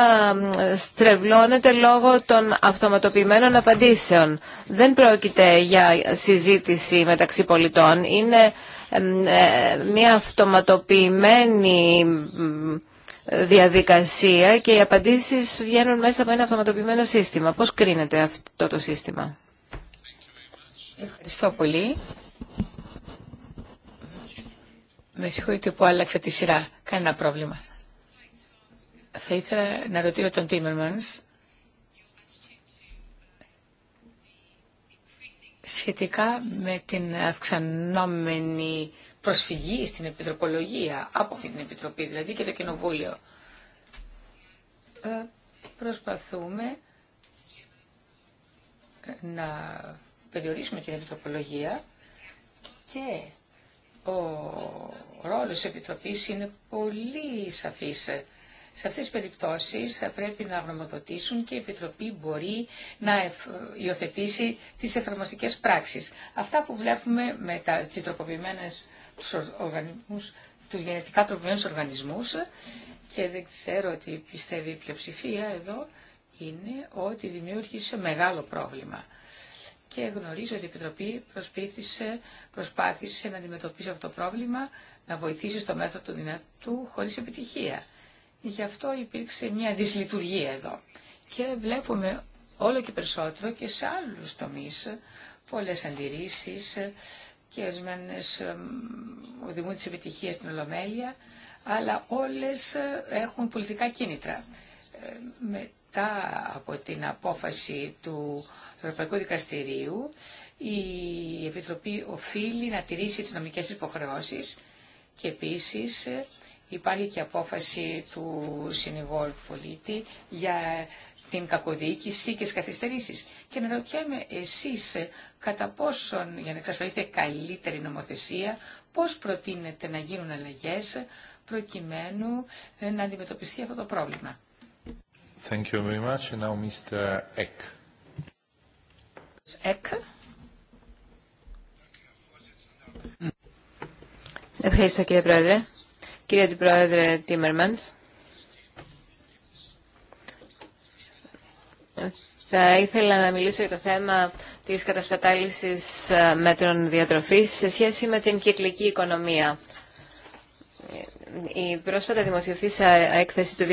στρεβλώνεται λόγω των αυτοματοποιημένων απαντήσεων. Δεν πρόκειται για συζήτηση μεταξύ πολιτών. Είναι μια ε, αυτοματοποιημένη διαδικασία και οι απαντήσεις βγαίνουν μέσα από ένα αυτοματοποιημένο σύστημα. Πώς κρίνεται αυτό το σύστημα. Ευχαριστώ πολύ. Με συγχωρείτε που άλλαξα τη σειρά. Κανένα πρόβλημα. Θα ήθελα να ρωτήσω τον Τίμερμανς σχετικά με την αυξανόμενη προσφυγή στην επιτροπολογία από αυτή την επιτροπή, δηλαδή και το κοινοβούλιο. Ε, προσπαθούμε να περιορίσουμε την επιτροπολογία και ο ρόλος τη Επιτροπής είναι πολύ σαφής. Σε αυτές τις περιπτώσεις θα πρέπει να γνωμοδοτήσουν και η Επιτροπή μπορεί να υιοθετήσει τις εφαρμοστικές πράξεις. Αυτά που βλέπουμε με τα, τους οργανισμούς, τους γενετικά τροποποιημένους οργανισμούς και δεν ξέρω ότι πιστεύει η πλειοψηφία εδώ είναι ότι δημιούργησε μεγάλο πρόβλημα. Και γνωρίζω ότι η Επιτροπή προσπάθησε να αντιμετωπίσει αυτό το πρόβλημα να βοηθήσει στο μέθοδο του δυνατού χωρίς επιτυχία. Γι' αυτό υπήρξε μια δυσλειτουργία εδώ. Και βλέπουμε όλο και περισσότερο και σε άλλους τομείς πολλές αντιρρήσεις και ορισμένε ε, οδηγούν τις επιτυχίες στην Ολομέλεια, αλλά όλες ε, έχουν πολιτικά κίνητρα. Ε, μετά από την απόφαση του Ευρωπαϊκού Δικαστηρίου, η Επιτροπή οφείλει να τηρήσει τις νομικές υποχρεώσεις και επίσης ε, υπάρχει και απόφαση του συνηγόρου πολίτη για την κακοδιοίκηση και τις καθυστερήσεις. Και να ρωτιέμαι εσείς ε, κατά πόσον, για να εξασφαλίσετε καλύτερη νομοθεσία, πώς προτείνετε να γίνουν αλλαγές προκειμένου ε, να αντιμετωπιστεί αυτό το πρόβλημα. Thank you very much. Now, Mr. Eck. Eck. Ευχαριστώ κύριε Πρόεδρε. Κύριε Αντιπρόεδρε Τίμερμανς, θα ήθελα να μιλήσω για το θέμα της κατασπατάλησης ε, μέτρων διατροφής σε σχέση με την κυκλική οικονομία. Η πρόσφατα δημοσιευθήσα έκθεση του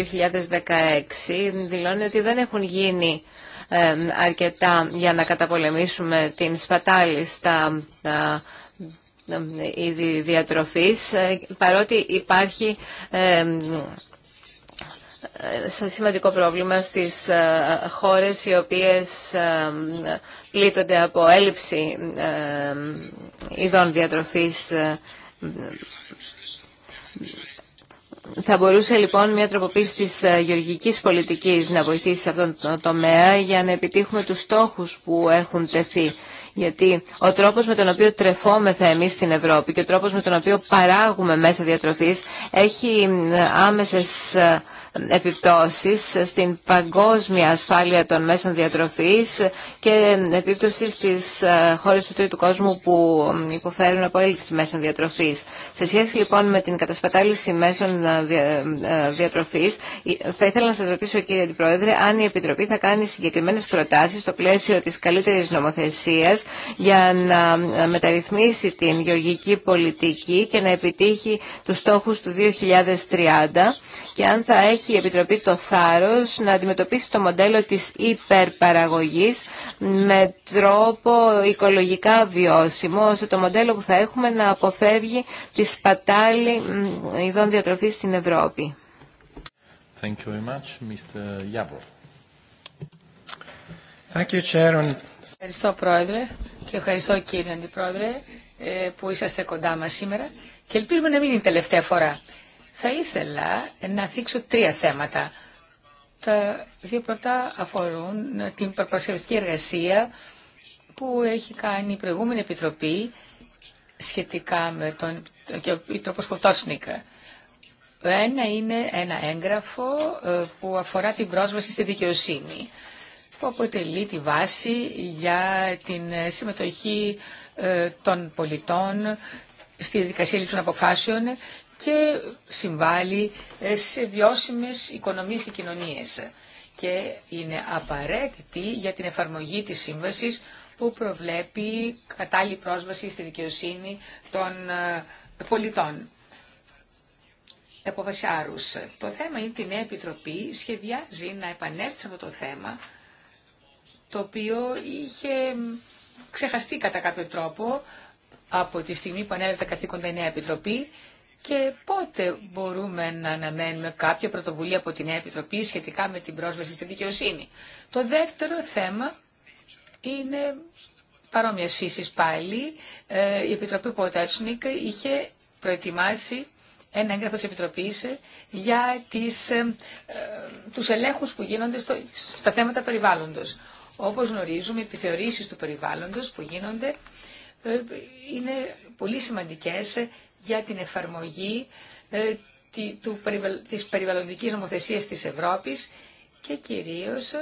2016 δηλώνει ότι δεν έχουν γίνει ε, αρκετά για να καταπολεμήσουμε την σπατάλη στα ε, είδη διατροφής, ε, παρότι υπάρχει ε, ε, σημαντικό πρόβλημα στις χώρες οι οποίες πλήττονται από έλλειψη ειδών διατροφής θα μπορούσε λοιπόν μια τροποποίηση της γεωργικής πολιτικής να βοηθήσει σε αυτόν τον τομέα για να επιτύχουμε τους στόχους που έχουν τεθεί γιατί ο τρόπο με τον οποίο τρεφόμεθα εμεί στην Ευρώπη και ο τρόπο με τον οποίο παράγουμε μέσα διατροφή έχει ε, άμεσε ε, επιπτώσεις στην παγκόσμια ασφάλεια των μέσων διατροφής και ε, επίπτωση στις χώρες του τρίτου κόσμου που υποφέρουν από έλλειψη μέσων διατροφής. Σε σχέση λοιπόν με την κατασπατάληση μέσων διατροφής, θα ήθελα να σας ρωτήσω κύριε Αντιπρόεδρε αν η Επιτροπή θα κάνει συγκεκριμένες προτάσεις στο πλαίσιο της καλύτερης νομοθεσίας για να ε, μεταρρυθμίσει την γεωργική πολιτική και να επιτύχει τους στόχους του 2030 και αν θα έχει η Επιτροπή το θάρρος να αντιμετωπίσει το μοντέλο της υπερπαραγωγής με τρόπο οικολογικά βιώσιμο, ώστε το μοντέλο που θα έχουμε να αποφεύγει τη σπατάλη ειδών διατροφής στην Ευρώπη. Ευχαριστώ Πρόεδρε και ευχαριστώ κύριε Αντιπρόεδρε ε, που είσαστε κοντά μας σήμερα και ελπίζουμε να μην είναι η τελευταία φορά. Θα ήθελα να θίξω τρία θέματα. Τα δύο πρώτα αφορούν ε, την προσευχική εργασία που έχει κάνει η προηγούμενη Επιτροπή σχετικά με τον Επιτροπό Σκοτώσνικα. Ένα είναι ένα έγγραφο ε, που αφορά την πρόσβαση στη δικαιοσύνη που αποτελεί τη βάση για την συμμετοχή ε, των πολιτών στη δικασία λήψης αποφάσεων και συμβάλλει ε, σε βιώσιμες οικονομίες και κοινωνίες και είναι απαραίτητη για την εφαρμογή της σύμβασης που προβλέπει κατάλληλη πρόσβαση στη δικαιοσύνη των ε, πολιτών. Το θέμα είναι ότι η Νέα Επιτροπή σχεδιάζει να επανέλθει σε αυτό το θέμα το οποίο είχε ξεχαστεί κατά κάποιο τρόπο από τη στιγμή που ανέλαβε τα καθήκοντα η Νέα Επιτροπή και πότε μπορούμε να αναμένουμε κάποια πρωτοβουλία από τη Νέα Επιτροπή σχετικά με την πρόσβαση στη δικαιοσύνη. Το δεύτερο θέμα είναι παρόμοια φύση πάλι. Ε, η Επιτροπή Ποτάτσνικ είχε προετοιμάσει ένα έγγραφο της για τις, ε, ε, τους ελέγχους που γίνονται στα θέματα περιβάλλοντος. Όπως γνωρίζουμε, οι επιθεωρήσεις του περιβάλλοντος που γίνονται ε, είναι πολύ σημαντικές για την εφαρμογή ε, της περιβαλλοντικής νομοθεσίας της Ευρώπης και κυρίως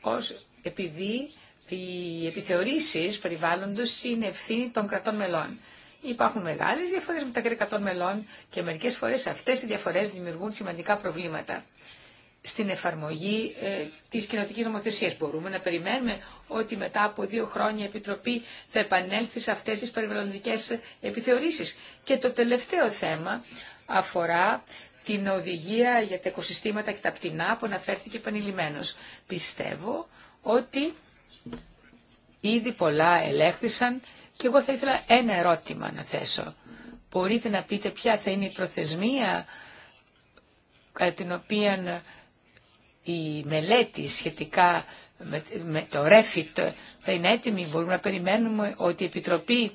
ως επειδή οι επιθεωρήσεις περιβάλλοντος είναι ευθύνη των κρατών μελών. Υπάρχουν μεγάλες διαφορές μεταξύ κρατών μελών και μερικές φορές αυτές οι διαφορές δημιουργούν σημαντικά προβλήματα στην εφαρμογή ε, της κοινοτικής νομοθεσίας. Μπορούμε να περιμένουμε ότι μετά από δύο χρόνια η Επιτροπή θα επανέλθει σε αυτές τις περιβαλλοντικές επιθεωρήσεις. Και το τελευταίο θέμα αφορά την οδηγία για τα οικοσυστήματα και τα πτηνά που αναφέρθηκε επανειλημμένος. Πιστεύω ότι ήδη πολλά ελέγχθησαν και εγώ θα ήθελα ένα ερώτημα να θέσω. Μπορείτε να πείτε ποια θα είναι η προθεσμία την οποία η μελέτη σχετικά με το REFIT θα είναι έτοιμη. Μπορούμε να περιμένουμε ότι η Επιτροπή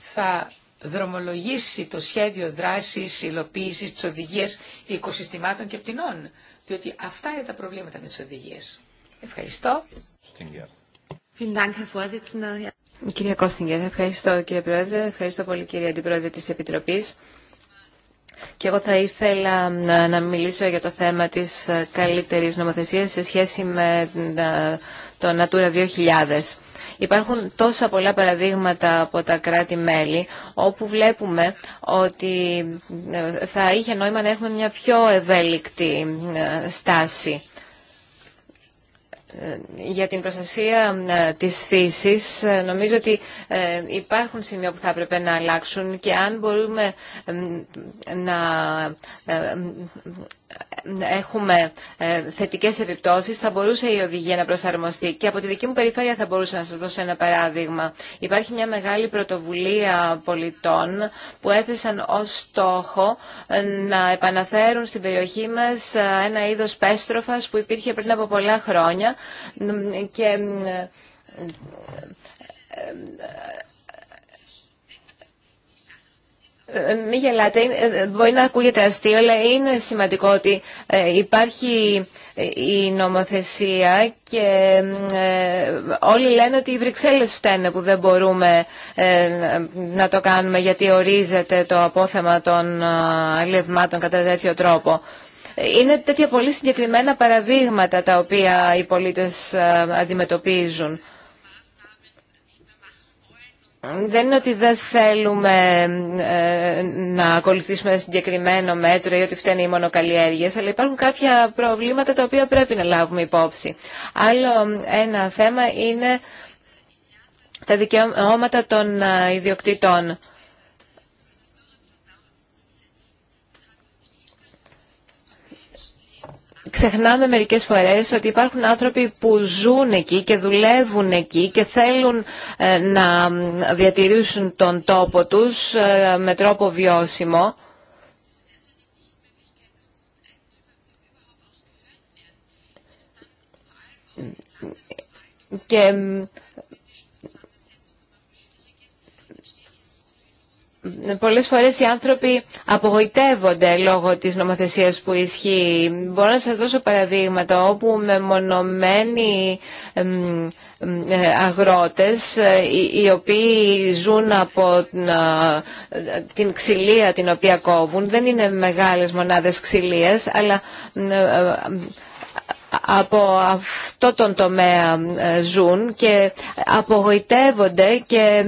θα δρομολογήσει το σχέδιο δράσης, υλοποίησης της οδηγίας οικοσυστημάτων και πτηνών. Διότι αυτά είναι τα προβλήματα με τις οδηγίες. Ευχαριστώ. Κυρία Κώστιγκερ, ευχαριστώ κύριε Πρόεδρε, ευχαριστώ πολύ κύριε Αντιπρόεδρε της Επιτροπής. Και εγώ θα ήθελα να μιλήσω για το θέμα της ε, καλύτερης νομοθεσίας σε σχέση με ε, το Natura 2000. Υπάρχουν τόσα πολλά παραδείγματα από τα κράτη-μέλη όπου βλέπουμε ότι ε, θα είχε νόημα να έχουμε μια πιο ευέλικτη στάση για την προστασία ε, της φύσης ε, νομίζω ότι ε, υπάρχουν σημεία που θα έπρεπε να αλλάξουν και αν μπορούμε να έχουμε θετικές επιπτώσεις θα μπορούσε η οδηγία να προσαρμοστεί και από τη δική μου περιφέρεια θα μπορούσα να σας δώσω ένα παράδειγμα. Υπάρχει μια μεγάλη πρωτοβουλία πολιτών που έθεσαν ως στόχο να επαναφέρουν στην περιοχή μας ένα είδος πέστροφας που υπήρχε πριν από πολλά χρόνια και μην γελάτε, μπορεί να ακούγεται αστείο, αλλά είναι σημαντικό ότι ε, υπάρχει η νομοθεσία και ε, όλοι λένε ότι οι Βρυξέλλες φταίνε που δεν μπορούμε ε, να το κάνουμε γιατί ορίζεται το απόθεμα των αλευμάτων κατά τέτοιο τρόπο. Είναι τέτοια πολύ συγκεκριμένα παραδείγματα τα οποία οι πολίτες ε, αντιμετωπίζουν. Δεν είναι ότι δεν θέλουμε ε, να ακολουθήσουμε ένα συγκεκριμένο μέτρο ή ότι φταίνε οι μονοκαλλιέργειες, αλλά υπάρχουν κάποια προβλήματα τα οποία πρέπει να λάβουμε υπόψη. Άλλο ένα θέμα είναι τα δικαιώματα των ε, ιδιοκτητών. ξεχνάμε μερικές φορές ότι υπάρχουν άνθρωποι που ζουν εκεί και δουλεύουν εκεί και θέλουν ε, να διατηρήσουν τον τόπο τους ε, με τρόπο βιώσιμο. Και πολλές φορές οι άνθρωποι απογοητεύονται λόγω της νομοθεσίας που ισχύει. Μπορώ να σας δώσω παραδείγματα όπου με μονομένοι ε, αγρότες ε, οι οποίοι ζουν από ε, την ξυλία την οποία κόβουν. Δεν είναι μεγάλες μονάδες ξυλίας, αλλά από αυτό τον τομέα ε, ζουν και απογοητεύονται και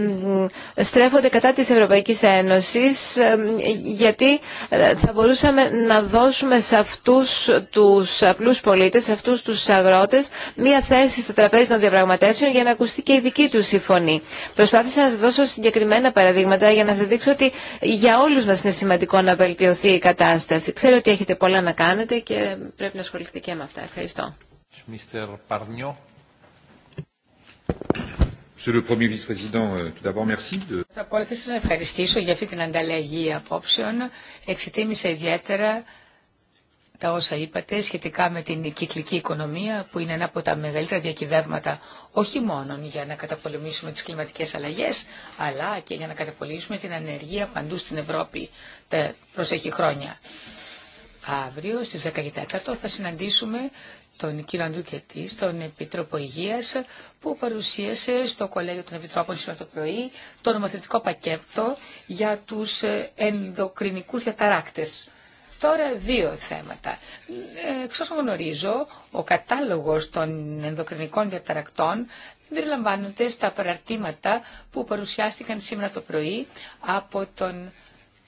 στρέφονται κατά της Ευρωπαϊκής Ένωσης ε, γιατί ε, θα μπορούσαμε να δώσουμε σε αυτούς τους απλούς πολίτες, σε αυτούς τους αγρότες μία θέση στο τραπέζι των διαπραγματεύσεων για να ακουστεί και η δική του η φωνή. Προσπάθησα να σας δώσω συγκεκριμένα παραδείγματα για να σας δείξω ότι για όλους μας είναι σημαντικό να βελτιωθεί η κατάσταση. Ξέρω ότι έχετε πολλά να κάνετε και πρέπει να ασχοληθείτε και με αυτά. Ευχαριστώ. Ευχαριστώ. Euh, θα πω ότι σας ευχαριστήσω για αυτή την ανταλλαγή απόψεων. Εξετίμησα ιδιαίτερα τα όσα είπατε σχετικά με την κυκλική οικονομία που είναι ένα από τα μεγαλύτερα διακυβεύματα όχι μόνο για να καταπολεμήσουμε τις κλιματικές αλλαγές αλλά και για να καταπολεμήσουμε την ανεργία παντού στην Ευρώπη τα προσεχή χρόνια. Αύριο στις 14 θα συναντήσουμε τον κύριο Αντρουκετή, τον Επίτροπο Υγείας, που παρουσίασε στο Κολέγιο των Επιτρόπων σήμερα το πρωί το νομοθετικό πακέτο για τους ε, ενδοκρινικούς διαταράκτες. Τώρα δύο θέματα. Εξ όσων γνωρίζω, ο κατάλογος των ενδοκρινικών διαταρακτών περιλαμβάνονται στα παραρτήματα που παρουσιάστηκαν σήμερα το πρωί από τον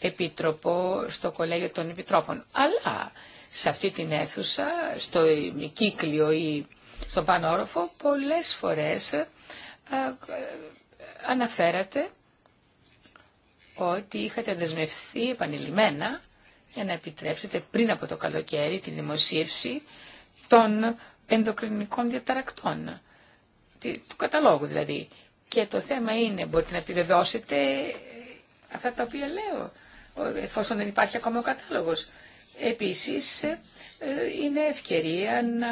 Επίτροπο στο Κολέγιο των Επιτρόπων. Αλλά σε αυτή την αίθουσα, στο κύκλιο ή στον πανόροφο, πολλές φορές ε, αναφέρατε ότι είχατε δεσμευθεί επανειλημμένα για να επιτρέψετε πριν από το καλοκαίρι τη δημοσίευση των ενδοκρινικών διαταρακτών, του καταλόγου δηλαδή. Και το θέμα είναι, μπορείτε να επιβεβαιώσετε αυτά τα οποία λέω, εφόσον δεν υπάρχει ακόμα ο κατάλογος. Επίσης, ε, είναι ευκαιρία να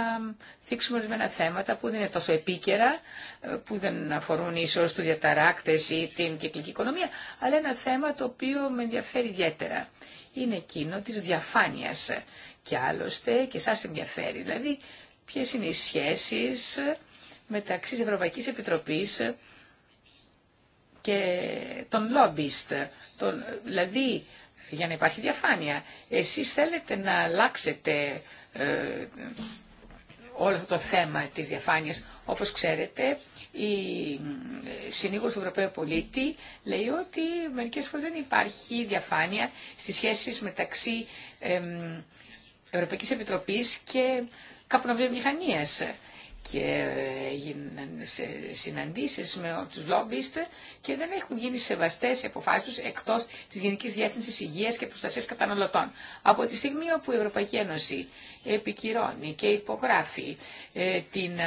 δείξουμε ορισμένα θέματα που δεν είναι τόσο επίκαιρα, ε, που δεν αφορούν ίσως του διαταράκτες ή την κυκλική οικονομία, αλλά ένα θέμα το οποίο με ενδιαφέρει ιδιαίτερα. Είναι εκείνο της διαφάνειας και άλλωστε και σας ενδιαφέρει. Δηλαδή, ποιες είναι οι σχέσεις μεταξύ της Ευρωπαϊκής Επιτροπής και των λόμπιστ, δηλαδή για να υπάρχει διαφάνεια. Εσείς θέλετε να αλλάξετε ε, όλο το θέμα της διαφάνειας. Όπως ξέρετε, η ε, συνήγορος του Ευρωπαίου Πολίτη λέει ότι μερικές φορές δεν υπάρχει διαφάνεια στις σχέσεις μεταξύ ε, Ευρωπαϊκής Επιτροπής και καπνοβιομηχανίας και ε, συναντήσεις με τους λόμπιστε και δεν έχουν γίνει σεβαστές οι αποφάσεις τους εκτός της Γενικής Διεύθυνσης Υγείας και Προστασίας Καταναλωτών. Από τη στιγμή όπου η Ευρωπαϊκή Ένωση επικυρώνει και υπογράφει ε, την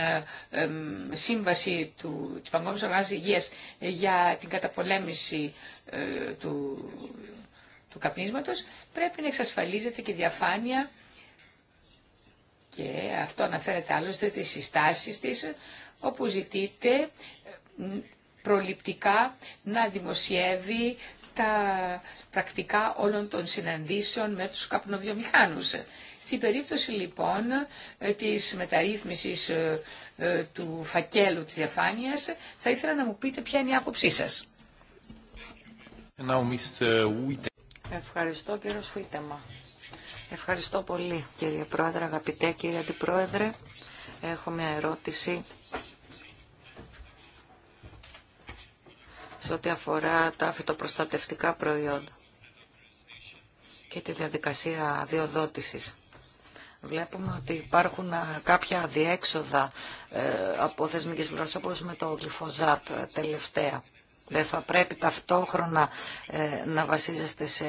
ε, σύμβαση του, της Παγκόσμιας Οργάνωσης Υγείας για την καταπολέμηση του, του καπνίσματος, πρέπει να εξασφαλίζεται και διαφάνεια και αυτό αναφέρεται άλλωστε τις συστάσεις της, όπου ζητείται προληπτικά να δημοσιεύει τα πρακτικά όλων των συναντήσεων με τους καπνοβιομηχάνους. Στην περίπτωση λοιπόν ε, της μεταρρύθμισης ε, ε, του φακέλου της διαφάνειας, θα ήθελα να μου πείτε ποια είναι η άποψή σας. Ευχαριστώ κύριο Σουίτεμα. Ευχαριστώ πολύ κύριε Πρόεδρε, αγαπητέ κύριε Αντιπρόεδρε. Έχω μια ερώτηση σε ό,τι αφορά τα φυτοπροστατευτικά προϊόντα και τη διαδικασία διοδότησης. Βλέπουμε ότι υπάρχουν κάποια διέξοδα ε, από θεσμικές με το γλυφοζάτ ε, τελευταία. Δεν θα πρέπει ταυτόχρονα ε, να βασίζεστε σε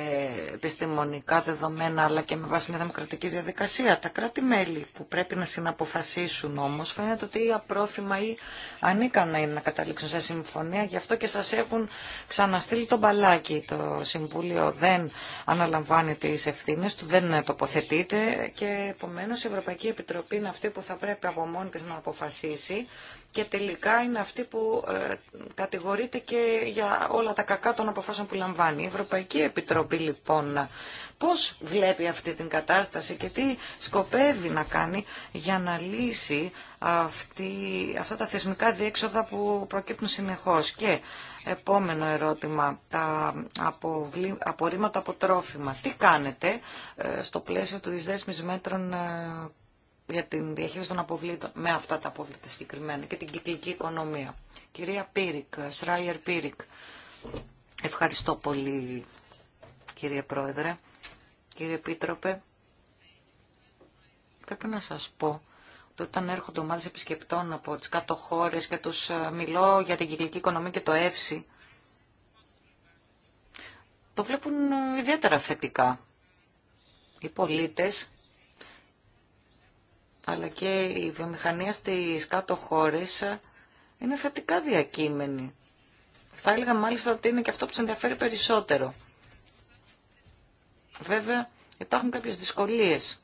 επιστημονικά δεδομένα αλλά και με βάση μια δημοκρατική διαδικασία. Τα κράτη-μέλη που πρέπει να συναποφασίσουν όμως φαίνεται ότι η απρόθυμα ή ανίκανα είναι να καταλήξουν σε συμφωνία. Γι' αυτό και σας έχουν ξαναστείλει τον μπαλάκι. Το Συμβούλιο δεν αναλαμβάνει τις ευθύνε του, δεν τοποθετείται και επομένως η Ευρωπαϊκή Επιτροπή είναι αυτή που θα πρέπει από μόνη της να αποφασίσει και τελικά είναι αυτή που ε, κατηγορείται και για όλα τα κακά των αποφάσεων που λαμβάνει. Η Ευρωπαϊκή Επιτροπή λοιπόν πώς βλέπει αυτή την κατάσταση και τι σκοπεύει να κάνει για να λύσει αυτή, αυτά τα θεσμικά διέξοδα που προκύπτουν συνεχώς. Και επόμενο ερώτημα, τα απορρίμματα από τρόφιμα. Τι κάνετε ε, στο πλαίσιο του δέσμης μέτρων ε, για την διαχείριση των αποβλήτων με αυτά τα αποβλήτα συγκεκριμένα και την κυκλική οικονομία. Κυρία Πύρικ, Σράιερ Πύρικ, ευχαριστώ πολύ κύριε Πρόεδρε, κύριε Επίτροπε. Πρέπει να σας πω ότι όταν έρχονται ομάδες επισκεπτών από τις κάτω χώρες και τους ε, μιλώ για την κυκλική οικονομία και το ΕΦΣΥ, το βλέπουν ε, ιδιαίτερα θετικά. Οι πολίτες αλλά και η βιομηχανία στις κάτω χώρες είναι θετικά διακείμενη. Θα έλεγα μάλιστα ότι είναι και αυτό που σε ενδιαφέρει περισσότερο. Βέβαια υπάρχουν κάποιες δυσκολίες.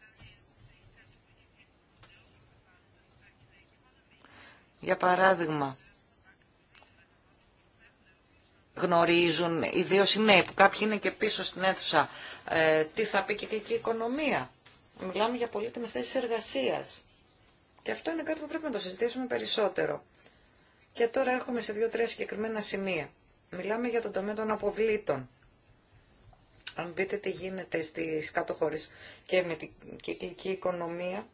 Για παράδειγμα, γνωρίζουν, οι δύο νέοι που κάποιοι είναι και πίσω στην αίθουσα, ε, τι θα πει κυκλική οικονομία. Μιλάμε για πολύτιμε θέσει εργασία. Και αυτό είναι κάτι που πρέπει να το συζητήσουμε περισσότερο. Και τώρα έρχομαι σε δύο-τρία συγκεκριμένα σημεία. Μιλάμε για τον τομέα των αποβλήτων. Αν δείτε τι γίνεται στι κάτω χώρε και με την κυκλική οικονομία,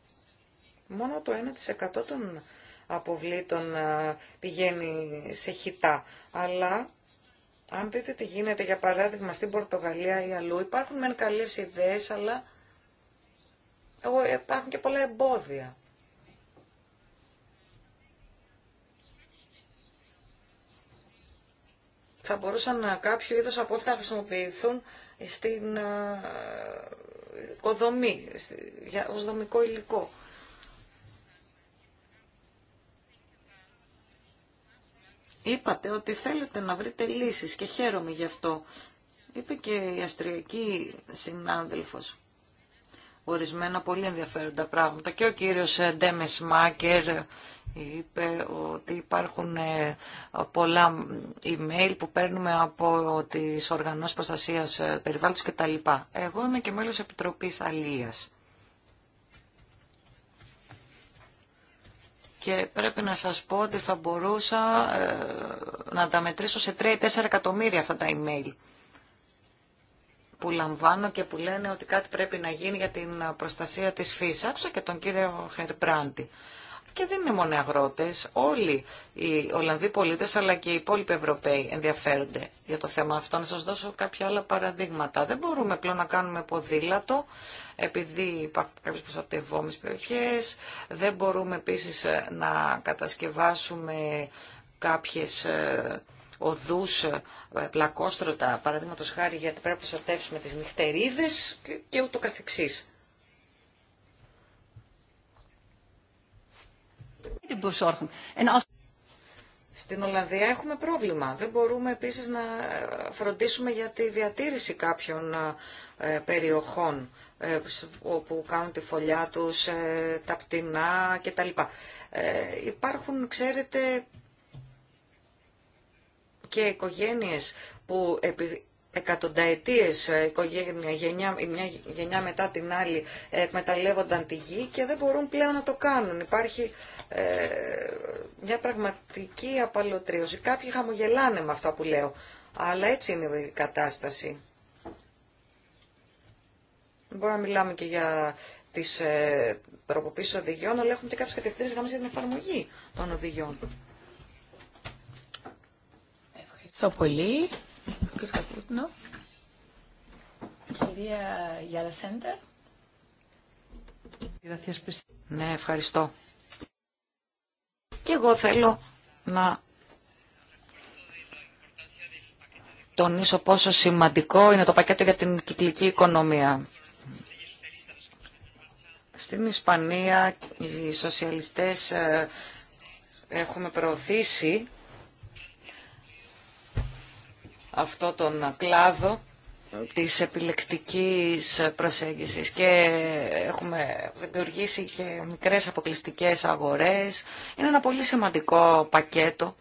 μόνο το 1% των αποβλήτων ε, πηγαίνει σε χιτά. Αλλά αν δείτε τι γίνεται, για παράδειγμα, στην Πορτογαλία ή αλλού, υπάρχουν μεν καλές ιδέες, αλλά υπάρχουν και πολλά εμπόδια. Θα μπορούσαν ε, κάποιο είδος απόλυτα να χρησιμοποιηθούν στην ε, οικοδομή, ως δομικό υλικό. Είπατε ότι θέλετε να βρείτε λύσεις και χαίρομαι γι' αυτό. Είπε και η αυστριακή συνάδελφος ορισμένα πολύ ενδιαφέροντα πράγματα. Και ο κύριος ε, Ντέμες Μάκερ είπε ότι υπάρχουν ε, πολλά email που παίρνουμε από τις οργανώσεις προστασίας ε, περιβάλλοντος κτλ. Εγώ είμαι και μέλος Επιτροπής Αλίας. Και πρέπει να σας πω ότι θα μπορούσα να τα μετρήσω σε 3-4 εκατομμύρια αυτά τα email που λαμβάνω και που λένε ότι κάτι πρέπει να γίνει για την προστασία της φύσης. Άκουσα και τον κύριο Χερμπράντη. Και δεν είναι μόνο οι αγρότες, όλοι οι Ολλανδοί πολίτες αλλά και οι υπόλοιποι Ευρωπαίοι ενδιαφέρονται για το θέμα αυτό. Να σας δώσω κάποια άλλα παραδείγματα. Δεν μπορούμε πλέον να κάνουμε ποδήλατο επειδή υπάρχουν κάποιε προστατευόμενες περιοχές. Δεν μπορούμε επίσης να κατασκευάσουμε κάποιες ε, οδούς ε, πλακόστρωτα, παραδείγματος χάρη γιατί πρέπει να προστατεύσουμε τις νυχτερίδες και ούτω καθεξής. Στην Ολλανδία έχουμε πρόβλημα. Δεν μπορούμε επίσης να φροντίσουμε για τη διατήρηση κάποιων ε, περιοχών ε, όπου κάνουν τη φωλιά τους, τα πτηνά κτλ. Υπάρχουν, ξέρετε, και οικογένειες που επί εκατονταετίες ε, οικογένεια, γενιά, μια γενιά μετά την άλλη ε, εκμεταλλεύονταν τη γη και δεν μπορούν πλέον να το κάνουν. Υπάρχει ε, μια πραγματική απαλωτρίωση. Κάποιοι χαμογελάνε με αυτά που λέω, αλλά έτσι είναι η κατάσταση. Μπορούμε να μιλάμε και για τις ε, τροποποίησεις οδηγιών, αλλά έχουμε και κάποιες κατευθύνσεις για την εφαρμογή των οδηγιών. Ευχαριστώ πολύ. Κυρία Γιάλα Σέντερ. Ναι, ευχαριστώ. Και εγώ θέλω να τονίσω πόσο σημαντικό είναι το πακέτο για την κυκλική οικονομία. Στην Ισπανία οι σοσιαλιστές ε, έχουμε προωθήσει αυτό τον κλάδο της επιλεκτικής προσέγγισης και έχουμε δημιουργήσει και μικρές αποκλειστικές αγορές. Είναι ένα πολύ σημαντικό πακέτο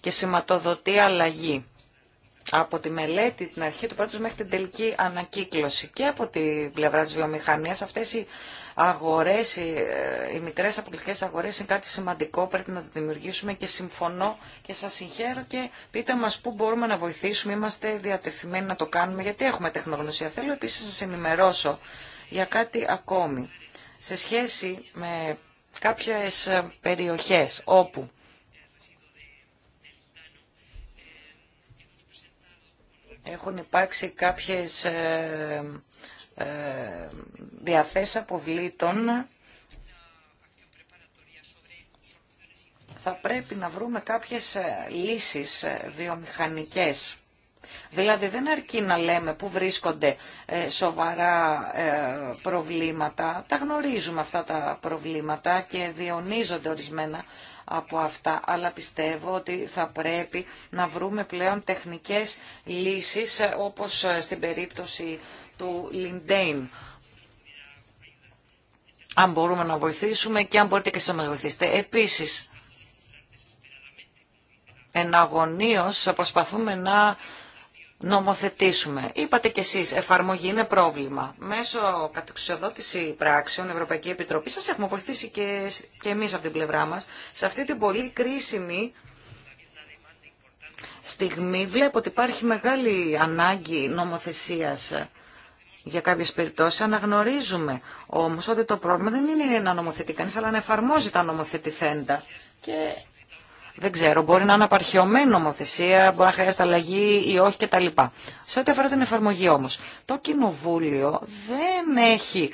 και σηματοδοτεί αλλαγή από τη μελέτη, την αρχή του πρώτου μέχρι την τελική ανακύκλωση και από τη πλευρά της βιομηχανίας αυτές οι αγορές, ε, οι μικρές αποκλειστικές αγορές είναι κάτι σημαντικό, πρέπει να το δημιουργήσουμε και συμφωνώ και σας συγχαίρω και πείτε μας πού μπορούμε να βοηθήσουμε, είμαστε διατεθειμένοι να το κάνουμε γιατί έχουμε τεχνογνωσία. Θέλω επίσης να σας ενημερώσω για κάτι ακόμη. Σε σχέση με κάποιες ε, περιοχές όπου έχουν υπάρξει κάποιες ε, ε, διαθέσει αποβλήτων θα πρέπει να βρούμε κάποιες ε, λύσεις ε, βιομηχανικές. Δηλαδή δεν αρκεί να λέμε που βρίσκονται σοβαρά προβλήματα. Τα γνωρίζουμε αυτά τα προβλήματα και διονίζονται ορισμένα από αυτά. Αλλά πιστεύω ότι θα πρέπει να βρούμε πλέον τεχνικές λύσεις όπως στην περίπτωση του Λιντέιν. Αν μπορούμε να βοηθήσουμε και αν μπορείτε και εσείς να μας βοηθήσετε. Επίσης, εναγωνίως προσπαθούμε να νομοθετήσουμε. Είπατε κι εσείς, εφαρμογή είναι πρόβλημα. Μέσω κατεξοδότηση πράξεων, Ευρωπαϊκή Επιτροπή, σας έχουμε βοηθήσει και, και εμείς από την πλευρά μας, σε αυτή την πολύ κρίσιμη στιγμή βλέπω ότι υπάρχει μεγάλη ανάγκη νομοθεσίας για κάποιε περιπτώσει, Αναγνωρίζουμε όμω ότι το πρόβλημα δεν είναι να νομοθετεί κανεί, αλλά να εφαρμόζει τα νομοθετηθέντα. Και δεν ξέρω, μπορεί να είναι απαρχαιωμένη νομοθεσία, μπορεί να χρειάζεται αλλαγή ή όχι κτλ. Σε ό,τι αφορά την εφαρμογή όμω, το Κοινοβούλιο δεν έχει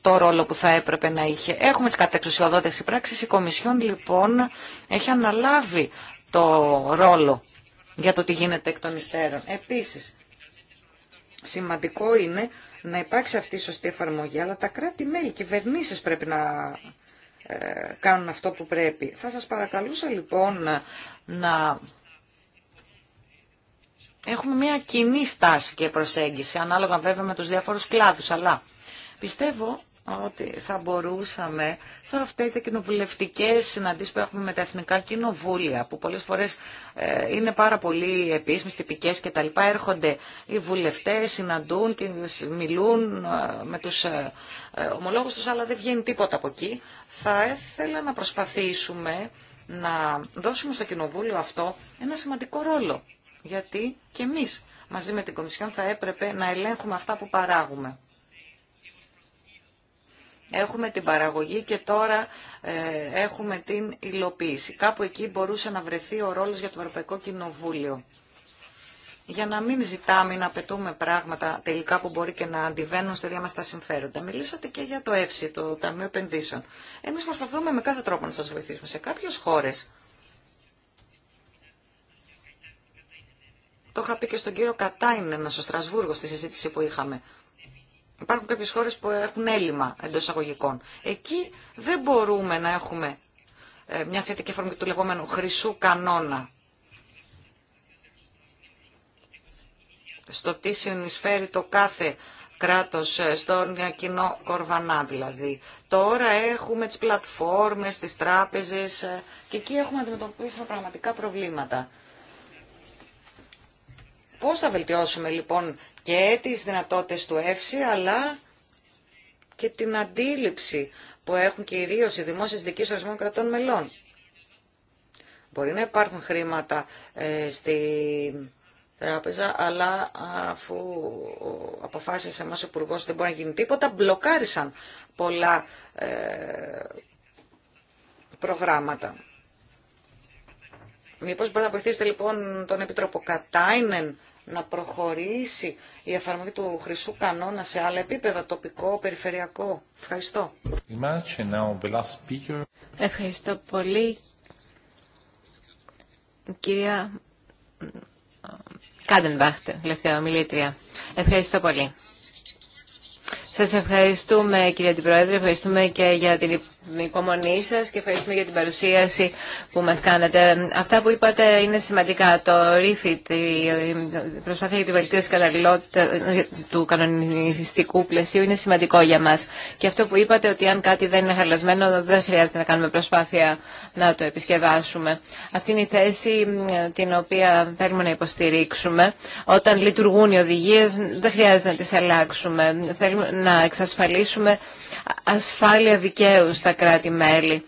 το ρόλο που θα έπρεπε να είχε. Έχουμε τι κατεξουσιοδότε πράξει. Η Κομισιόν λοιπόν έχει αναλάβει το ρόλο για το τι γίνεται εκ των υστέρων. Επίση, Σημαντικό είναι να υπάρξει αυτή η σωστή εφαρμογή, αλλά τα κράτη-μέλη, κυβερνήσεις πρέπει να ε, κάνουν αυτό που πρέπει. Θα σας παρακαλούσα λοιπόν να, να έχουμε μια κοινή στάση και προσέγγιση, ανάλογα βέβαια με τους διάφορους κλάδους, αλλά πιστεύω ότι θα μπορούσαμε σε αυτές τις κοινοβουλευτικέ συναντήσεις που έχουμε με τα εθνικά κοινοβούλια, που πολλές φορές ε, είναι πάρα πολύ επίσημες, τυπικές κτλ. Έρχονται οι βουλευτές, συναντούν και μιλούν ε, με τους ε, ομολόγους τους, αλλά δεν βγαίνει τίποτα από εκεί. Θα ήθελα να προσπαθήσουμε να δώσουμε στο κοινοβούλιο αυτό ένα σημαντικό ρόλο. Γιατί και εμείς μαζί με την Κομισιόν θα έπρεπε να ελέγχουμε αυτά που παράγουμε. Έχουμε την παραγωγή και τώρα ε, έχουμε την υλοποίηση. Κάπου εκεί μπορούσε να βρεθεί ο ρόλος για το Ευρωπαϊκό Κοινοβούλιο. Για να μην ζητάμε ή να απαιτούμε πράγματα τελικά που μπορεί και να αντιβαίνουν στη διάμεσα τα συμφέροντα. Μιλήσατε και για το ΕΦΣΙ, το Ταμείο Επενδύσεων. Εμείς προσπαθούμε με κάθε τρόπο να σας βοηθήσουμε. Σε κάποιες χώρες Το είχα πει και στον κύριο Κατάινεν στο Στρασβούργο στη συζήτηση που είχαμε υπάρχουν κάποιες χώρες που έχουν έλλειμμα εντό εισαγωγικών. Εκεί δεν μπορούμε να έχουμε ε, μια θετική εφαρμογή του λεγόμενου χρυσού κανόνα. Στο τι συνεισφέρει το κάθε κράτος ε, στον κοινό κορβανά δηλαδή. Τώρα έχουμε τις πλατφόρμες, τις τράπεζες ε, και εκεί έχουμε αντιμετωπίσει πραγματικά προβλήματα. Πώς θα βελτιώσουμε λοιπόν και τις δυνατότητες του ΕΦΣΙ αλλά και την αντίληψη που έχουν κυρίως οι δημόσιες δικής ορισμών κρατών μελών. Μπορεί να υπάρχουν χρήματα ε, στην τράπεζα, αλλά αφού αποφάσισε εμάς ο Υπουργός ότι δεν μπορεί να γίνει τίποτα, μπλοκάρισαν πολλά ε, προγράμματα. Μήπως μπορεί να βοηθήσετε λοιπόν τον Επιτρόπο Κατάινεν να προχωρήσει η εφαρμογή του χρυσού κανόνα σε άλλο επίπεδα, τοπικό, περιφερειακό. Ευχαριστώ. Ευχαριστώ πολύ. Κυρία ε, Κάντενβάχτε, τελευταία ομιλήτρια. Ευχαριστώ πολύ. Σας ευχαριστούμε κύριε Αντιπρόεδρε, ευχαριστούμε και για την υπομονή σα και ευχαριστούμε για την παρουσίαση που μα κάνατε. Αυτά που είπατε είναι σημαντικά. Το REFIT, η προσπάθεια για τη βελτίωση του κανονιστικού πλαισίου είναι σημαντικό για μα. Και αυτό που είπατε ότι αν κάτι δεν είναι χαλασμένο δεν χρειάζεται να κάνουμε προσπάθεια να το επισκευάσουμε. Αυτή είναι η θέση ε, την οποία θέλουμε να υποστηρίξουμε. Όταν λειτουργούν οι οδηγίε, δεν χρειάζεται να τι αλλάξουμε. Θέλουμε να εξασφαλίσουμε ασφάλεια δικαίου στα κράτη-μέλη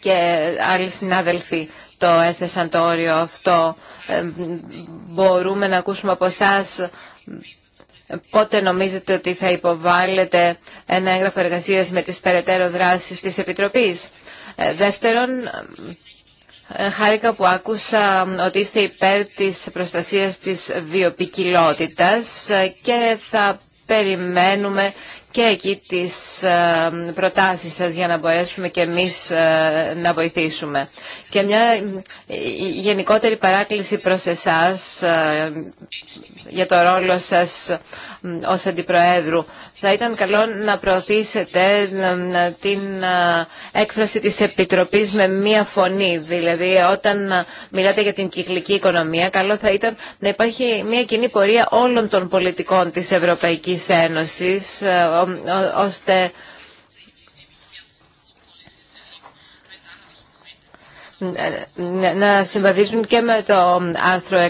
και άλλοι συνάδελφοι το έθεσαν το όριο αυτό. Ε, μπορούμε να ακούσουμε από εσά πότε νομίζετε ότι θα υποβάλλετε ένα έγγραφο εργασίας με τις περαιτέρω δράσεις της Επιτροπής. Ε, δεύτερον, ε, Χάρηκα που άκουσα ότι είστε υπέρ της προστασίας της βιοπικιλότητας και θα περιμένουμε και εκεί τις ε, προτάσεις σας για να μπορέσουμε και εμείς ε, να βοηθήσουμε. Και μια ε, γενικότερη παράκληση προς εσάς για το ρόλο σας ως Αντιπροέδρου. Θα ήταν καλό να προωθήσετε την έκφραση της Επιτροπής με μία φωνή. Δηλαδή, όταν μιλάτε για την κυκλική οικονομία, καλό θα ήταν να υπάρχει μία κοινή πορεία όλων των πολιτικών της Ευρωπαϊκής Ένωσης, ώστε να συμβαδίζουν και με το άρθρο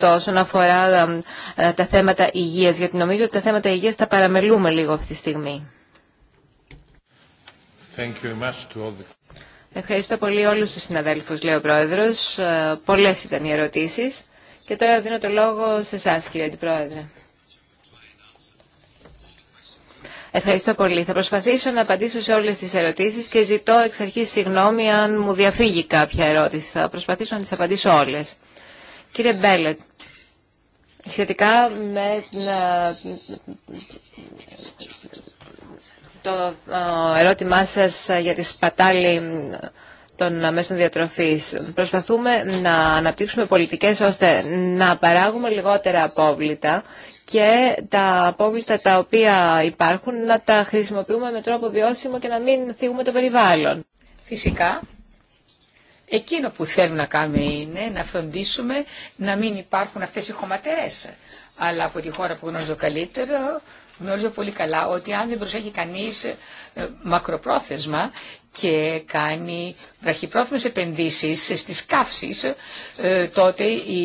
168 όσον αφορά ε, τα θέματα υγείας, γιατί νομίζω ότι τα θέματα υγείας τα παραμελούμε λίγο αυτή τη στιγμή. Ευχαριστώ πολύ όλους τους συναδέλφους, λέει ο Πρόεδρος. Ε, πολλές ήταν οι ερωτήσεις. Και τώρα δίνω το λόγο σε εσά, κύριε Αντιπρόεδρε. Ευχαριστώ πολύ. Θα προσπαθήσω να απαντήσω σε όλες τις ερωτήσεις και ζητώ εξ αρχής συγγνώμη αν μου διαφύγει κάποια ερώτηση. Θα προσπαθήσω να τις απαντήσω όλες. Κύριε Μπέλετ, σχετικά με ε, το ε, ερώτημά σας για τη σπατάλη των μέσων διατροφής. Προσπαθούμε να αναπτύξουμε πολιτικές ώστε να παράγουμε λιγότερα απόβλητα και τα απόβλητα τα οποία υπάρχουν να τα χρησιμοποιούμε με τρόπο βιώσιμο και να μην θίγουμε το περιβάλλον. Φυσικά, εκείνο που θέλουμε να κάνουμε είναι να φροντίσουμε να μην υπάρχουν αυτές οι χωματερές. Αλλά από τη χώρα που γνωρίζω καλύτερα, γνωρίζω πολύ καλά ότι αν δεν προσέχει κανείς ε, μακροπρόθεσμα και κάνει βραχυπρόθεσμες επενδύσεις στις καύσεις, ε, τότε η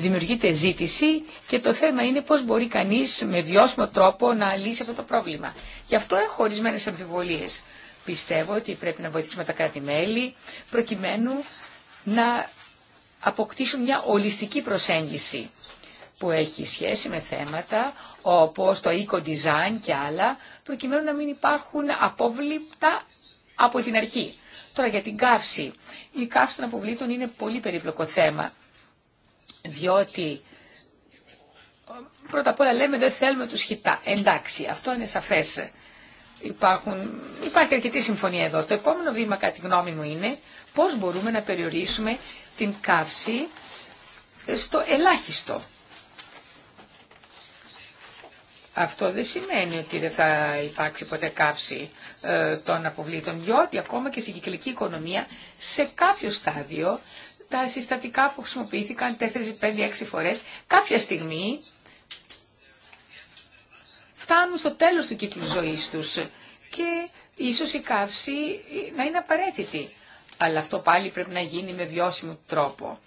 δημιουργείται ζήτηση και το θέμα είναι πώς μπορεί κανείς με βιώσιμο τρόπο να λύσει αυτό το πρόβλημα. Γι' αυτό έχω ορισμένε αμφιβολίες. Πιστεύω ότι πρέπει να βοηθήσουμε τα κράτη-μέλη προκειμένου να αποκτήσουν μια ολιστική προσέγγιση που έχει σχέση με θέματα όπως το eco-design και άλλα, προκειμένου να μην υπάρχουν απόβλητα από την αρχή. Τώρα για την καύση. Η καύση των αποβλήτων είναι πολύ περίπλοκο θέμα. Διότι πρώτα απ' όλα λέμε δεν θέλουμε τους χιτά. Εντάξει, αυτό είναι σαφές. Υπάρχουν, υπάρχει αρκετή συμφωνία εδώ. Το επόμενο βήμα, κατά τη γνώμη μου, είναι πώς μπορούμε να περιορίσουμε την καύση στο ελάχιστο. Αυτό δεν σημαίνει ότι δεν θα υπάρξει ποτέ κάψη ε, των αποβλήτων, διότι ακόμα και στην κυκλική οικονομία σε κάποιο στάδιο τα συστατικά που χρησιμοποιήθηκαν 4, 5, 6 φορές κάποια στιγμή φτάνουν στο τέλος του κύκλου ζωής τους και ίσως η καύση να είναι απαραίτητη. Αλλά αυτό πάλι πρέπει να γίνει με βιώσιμο τρόπο.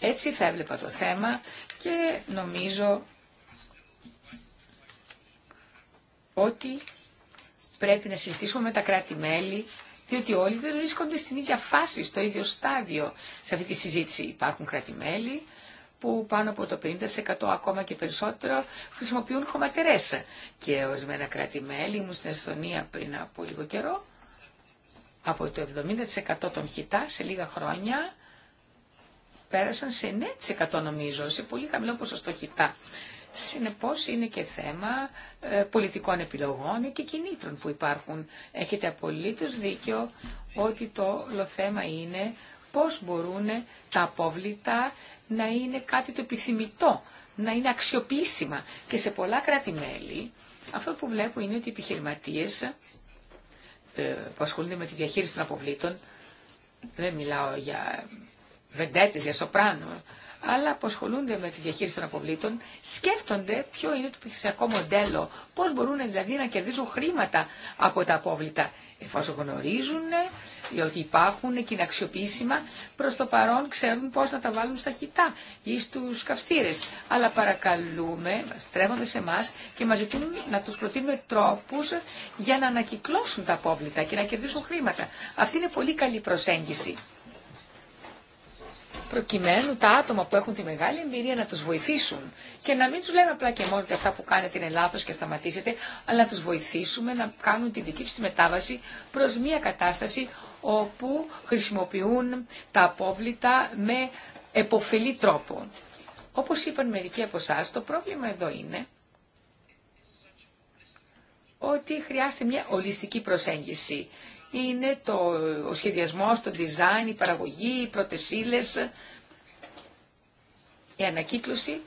Έτσι θα έβλεπα το θέμα και νομίζω ότι πρέπει να συζητήσουμε με τα κράτη-μέλη διότι όλοι δεν βρίσκονται στην ίδια φάση, στο ίδιο στάδιο σε αυτή τη συζήτηση. Υπάρχουν κρατημέλη που πάνω από το 50% ακόμα και περισσότερο χρησιμοποιούν χωματερές. Και ορισμενα κρατημέλη, ήμουν στην Εσθονία πριν από λίγο καιρό, από το 70% των χιτά σε λίγα χρόνια πέρασαν σε 9% νομίζω, σε πολύ χαμηλό ποσοστό χιτά. Συνεπώς είναι και θέμα ε, πολιτικών επιλογών και κινήτρων που υπάρχουν. Έχετε απολύτως δίκιο ότι το όλο θέμα είναι πώς μπορούν τα απόβλητα να είναι κάτι το επιθυμητό, να είναι αξιοποιήσιμα. Και σε πολλά κράτη-μέλη αυτό που βλέπω είναι ότι οι επιχειρηματίες ε, που ασχολούνται με τη διαχείριση των αποβλήτων, δεν μιλάω για βεντέτες, για σοπράνο, αλλά που με τη διαχείριση των αποβλήτων, σκέφτονται ποιο είναι το επιχειρησιακό μοντέλο, πώ μπορούν δηλαδή να κερδίζουν χρήματα από τα απόβλητα, εφόσον γνωρίζουν ε, ότι υπάρχουν και είναι αξιοποιήσιμα, προ το παρόν ξέρουν πώ να τα βάλουν στα χιτά ή στου καυστήρε. Αλλά παρακαλούμε, στρέφονται σε εμά και μα ζητούν να του προτείνουμε τρόπου ε, για να ανακυκλώσουν τα απόβλητα και να κερδίσουν χρήματα. Αυτή είναι πολύ καλή προσέγγιση προκειμένου τα άτομα που έχουν τη μεγάλη εμπειρία να τους βοηθήσουν και να μην τους λέμε απλά και μόνο ότι αυτά που κάνετε είναι λάθος και σταματήσετε, αλλά να τους βοηθήσουμε να κάνουν τη δική τους τη μετάβαση προς μια κατάσταση όπου χρησιμοποιούν τα απόβλητα με εποφελή τρόπο. Όπως είπαν μερικοί από εσά, το πρόβλημα εδώ είναι ότι χρειάζεται μια ολιστική προσέγγιση είναι το, ο σχεδιασμός, το design, η παραγωγή, οι πρώτες η ανακύκλωση.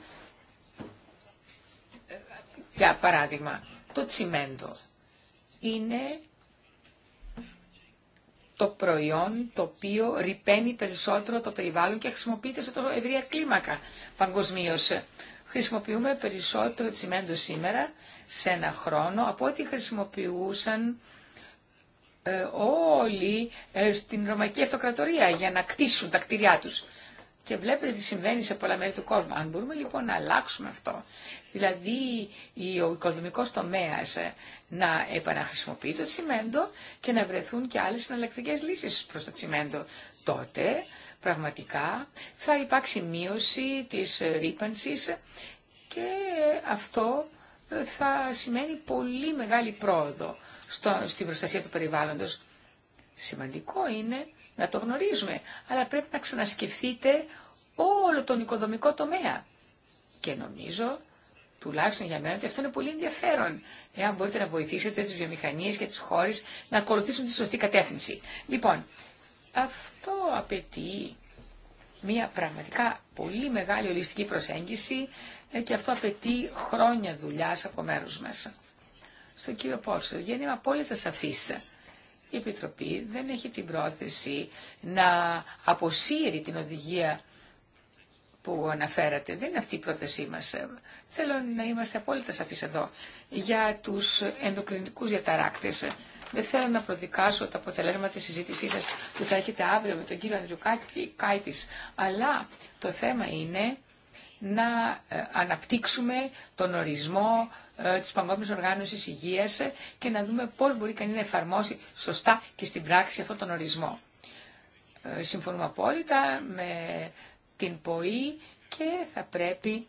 Για παράδειγμα, το τσιμέντο είναι το προϊόν το οποίο ρηπαίνει περισσότερο το περιβάλλον και χρησιμοποιείται σε τόσο ευρεία κλίμακα παγκοσμίω. Χρησιμοποιούμε περισσότερο τσιμέντο σήμερα σε ένα χρόνο από ό,τι χρησιμοποιούσαν ε, όλοι ε, στην Ρωμαϊκή Αυτοκρατορία για να κτίσουν τα κτίρια τους. Και βλέπετε τι συμβαίνει σε πολλά μέρη του κόσμου. Αν μπορούμε λοιπόν να αλλάξουμε αυτό, δηλαδή ο οικοδομικός τομέας ε, να επαναχρησιμοποιεί το τσιμέντο και να βρεθούν και άλλες συναλλακτικέ λύσεις προς το τσιμέντο, τότε πραγματικά θα υπάρξει μείωση της ρήπανσης και αυτό θα σημαίνει πολύ μεγάλη πρόοδο στο, στην προστασία του περιβάλλοντος. Σημαντικό είναι να το γνωρίζουμε, αλλά πρέπει να ξανασκεφτείτε όλο τον οικοδομικό τομέα. Και νομίζω, τουλάχιστον για μένα, ότι αυτό είναι πολύ ενδιαφέρον, εάν μπορείτε να βοηθήσετε τις βιομηχανίες και τις χώρες να ακολουθήσουν τη σωστή κατεύθυνση. Λοιπόν, αυτό απαιτεί μια πραγματικά πολύ μεγάλη ολιστική προσέγγιση ε, και αυτό απαιτεί χρόνια δουλειά από μέρου μας. Στον κύριο Πόρσο, είμαι απόλυτα σαφής. Η Επιτροπή δεν έχει την πρόθεση να αποσύρει την οδηγία που αναφέρατε. Δεν είναι αυτή η πρόθεσή μας. Θέλω να είμαστε απόλυτα σαφείς εδώ. Για τους ενδοκρινικούς διαταράκτες. Δεν θέλω να προδικάσω τα αποτελέσματα της συζήτησής σας που θα έχετε αύριο με τον κύριο Ανδριουκάκη Αλλά το θέμα είναι να ε, αναπτύξουμε τον ορισμό ε, της Παγκόσμιας Οργάνωσης Υγείας και να δούμε πώς μπορεί κανείς να εφαρμόσει σωστά και στην πράξη αυτόν τον ορισμό. Ε, συμφωνούμε απόλυτα με την ΠΟΗ και θα πρέπει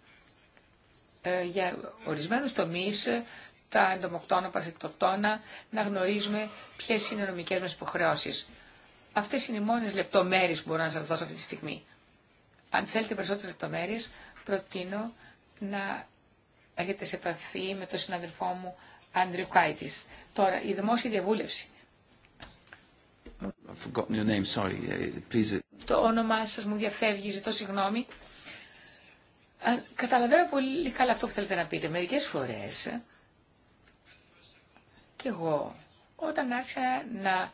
για ορισμένους τομείς τα εντομοκτώνα, παρασυντοκτώνα, να γνωρίζουμε ποιες είναι οι νομικές μας υποχρεώσεις. Αυτές είναι οι μόνες λεπτομέρειες που μπορώ να σας δώσω αυτή τη στιγμή. Αν θέλετε περισσότερες λεπτομέρειε προτείνω να έχετε σε επαφή με τον συναδελφό μου Άντριου Κάιτης. Τώρα, η δημόσια διαβούλευση. Το όνομά σας μου διαφεύγει, ζητώ συγγνώμη. Καταλαβαίνω πολύ καλά αυτό που θέλετε να πείτε. Μερικές φορές και εγώ όταν άρχισα να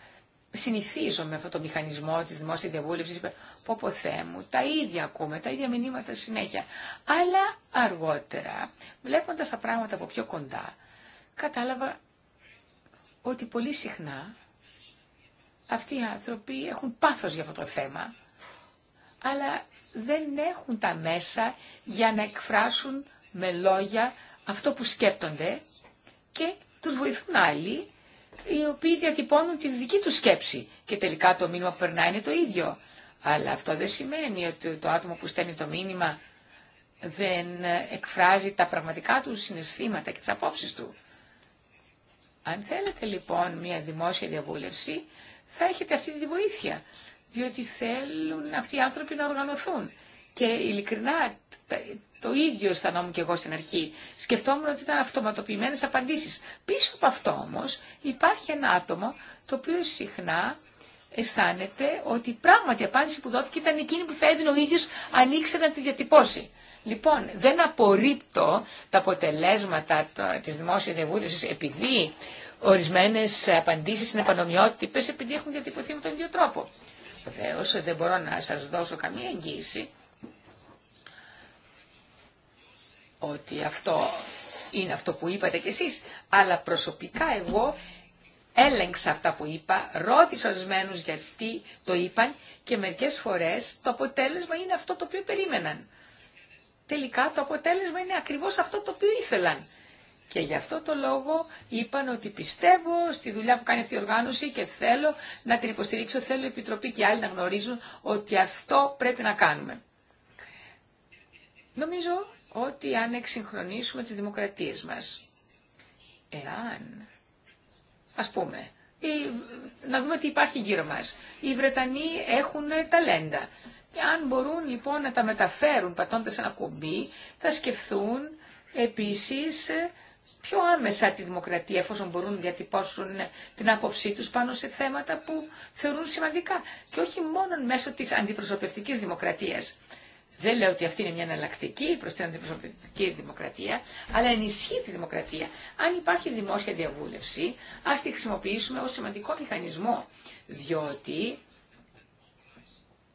με αυτό το μηχανισμό της δημόσιας διαβούλευσης, πω πω Θεέ μου, τα ίδια ακούμε, τα ίδια μηνύματα συνέχεια. Αλλά αργότερα, βλέποντα τα πράγματα από πιο κοντά, κατάλαβα ότι πολύ συχνά αυτοί οι άνθρωποι έχουν πάθος για αυτό το θέμα, αλλά δεν έχουν τα μέσα για να εκφράσουν με λόγια αυτό που σκέπτονται και τους βοηθούν άλλοι οι οποίοι διατυπώνουν τη δική του σκέψη και τελικά το μήνυμα που περνάει είναι το ίδιο. Αλλά αυτό δεν σημαίνει ότι το άτομο που στέλνει το μήνυμα δεν εκφράζει τα πραγματικά του συναισθήματα και τις απόψεις του. Αν θέλετε λοιπόν μια δημόσια διαβούλευση, θα έχετε αυτή τη βοήθεια, διότι θέλουν αυτοί οι άνθρωποι να οργανωθούν. Και ειλικρινά το ίδιο αισθανόμουν και εγώ στην αρχή. Σκεφτόμουν ότι ήταν αυτοματοποιημένες απαντήσεις. Πίσω από αυτό όμως υπάρχει ένα άτομο το οποίο συχνά αισθάνεται ότι πράγματι η απάντηση που δόθηκε ήταν εκείνη που θα έδινε ο ίδιος αν ήξερε να τη διατυπώσει. Λοιπόν, δεν απορρίπτω τα αποτελέσματα της δημόσιας διαβούλευσης επειδή ορισμένες απαντήσεις είναι πανομοιότυπες επειδή έχουν διατυπωθεί με τον ίδιο τρόπο. Βεβαίω δεν μπορώ να σας δώσω καμία εγγύηση ότι αυτό είναι αυτό που είπατε κι εσείς, αλλά προσωπικά εγώ έλεγξα αυτά που είπα, ρώτησα ορισμένου γιατί το είπαν και μερικές φορές το αποτέλεσμα είναι αυτό το οποίο περίμεναν. Τελικά το αποτέλεσμα είναι ακριβώς αυτό το οποίο ήθελαν. Και γι' αυτό το λόγο είπαν ότι πιστεύω στη δουλειά που κάνει αυτή η οργάνωση και θέλω να την υποστηρίξω, θέλω η Επιτροπή και άλλοι να γνωρίζουν ότι αυτό πρέπει να κάνουμε. Νομίζω ότι αν εξυγχρονίσουμε τις δημοκρατίες μας, εάν, ας πούμε, ή, να δούμε τι υπάρχει γύρω μας. Οι Βρετανοί έχουν ταλέντα. Αν μπορούν λοιπόν να τα μεταφέρουν πατώντας ένα κουμπί, θα σκεφτούν επίσης πιο άμεσα τη δημοκρατία, εφόσον μπορούν να διατυπώσουν την άποψή τους πάνω σε θέματα που θεωρούν σημαντικά. Και όχι μόνο μέσω της αντιπροσωπευτικής δημοκρατίας. Δεν λέω ότι αυτή είναι μια εναλλακτική προ την αντιπροσωπευτική δημοκρατία, αλλά ενισχύει τη δημοκρατία. Αν υπάρχει δημόσια διαβούλευση, α τη χρησιμοποιήσουμε ω σημαντικό μηχανισμό. Διότι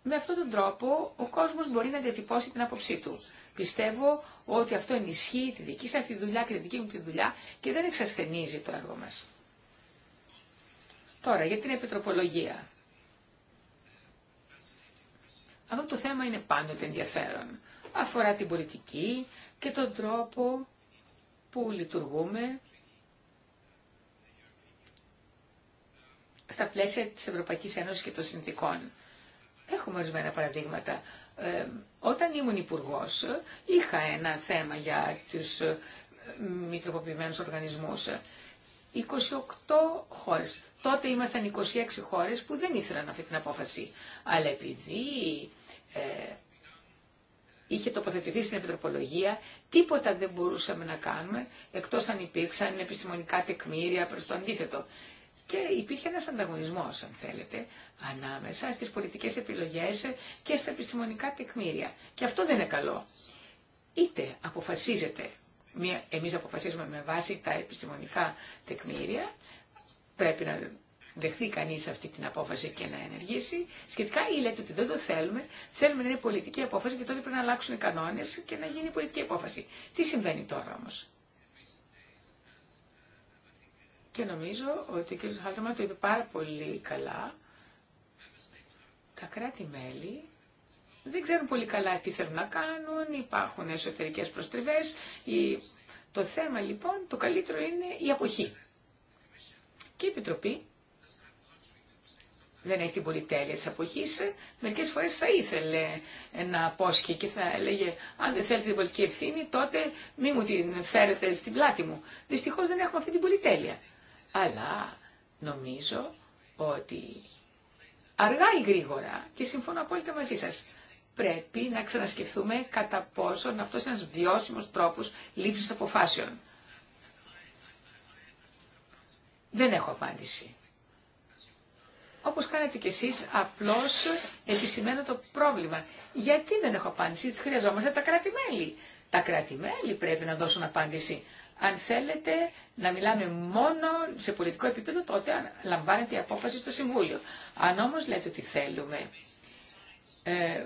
με αυτόν τον τρόπο ο κόσμος μπορεί να διατυπώσει την άποψή του. Πιστεύω ότι αυτό ενισχύει τη δική σας τη δουλειά και τη δική μου τη δουλειά και δεν εξασθενίζει το έργο μα. Τώρα, για την επιτροπολογία. Αυτό το θέμα είναι πάντοτε ενδιαφέρον. Αφορά την πολιτική και τον τρόπο που λειτουργούμε στα πλαίσια της Ευρωπαϊκής Ένωσης και των συνθήκων. Έχουμε ορισμένα παραδείγματα. Ε, όταν ήμουν υπουργό, είχα ένα θέμα για τους ε, μη οργανισμούς. 28 χώρες. Τότε ήμασταν 26 χώρες που δεν ήθελαν αυτή την απόφαση. Αλλά επειδή ε, είχε τοποθετηθεί στην Επιτροπολογία, τίποτα δεν μπορούσαμε να κάνουμε, εκτός αν υπήρξαν επιστημονικά τεκμήρια προς το αντίθετο. Και υπήρχε ένας ανταγωνισμός, αν θέλετε, ανάμεσα στις πολιτικές επιλογές και στα επιστημονικά τεκμήρια. Και αυτό δεν είναι καλό. Είτε αποφασίζετε, εμείς αποφασίζουμε με βάση τα επιστημονικά τεκμήρια, πρέπει να δεχθεί κανεί αυτή την απόφαση και να ενεργήσει. Σχετικά ή λέτε ότι δεν το θέλουμε, θέλουμε να είναι πολιτική απόφαση και τότε πρέπει να αλλάξουν οι κανόνε και να γίνει πολιτική απόφαση. Τι συμβαίνει τώρα όμω. Και νομίζω ότι ο κ. Χάλτομα το είπε πάρα πολύ καλά. Τα κράτη-μέλη δεν ξέρουν πολύ καλά τι θέλουν να κάνουν, υπάρχουν εσωτερικές προστριβές. Το θέμα λοιπόν, το καλύτερο είναι η αποχή. Και η Επιτροπή δεν έχει την πολυτέλεια της αποχής, μερικές φορές θα ήθελε να απόσχει και θα έλεγε αν δεν θέλετε την πολιτική ευθύνη τότε μη μου την φέρετε στην πλάτη μου. Δυστυχώς δεν έχουμε αυτή την πολυτέλεια. Αλλά νομίζω ότι αργά ή γρήγορα και συμφωνώ απόλυτα μαζί σας πρέπει να ξανασκεφτούμε κατά πόσον αυτό είναι ένας βιώσιμος τρόπος λήψης αποφάσεων. Δεν έχω απάντηση. Όπως κάνετε κι εσείς, απλώς επισημαίνω το πρόβλημα. Γιατί δεν έχω απάντηση, γιατί χρειαζόμαστε τα κράτη-μέλη. Τα κράτη-μέλη πρέπει να δώσουν απάντηση. Αν θέλετε να μιλάμε μόνο σε πολιτικό επίπεδο, τότε λαμβάνετε η απόφαση στο Συμβούλιο. Αν όμως λέτε ότι θέλουμε ε,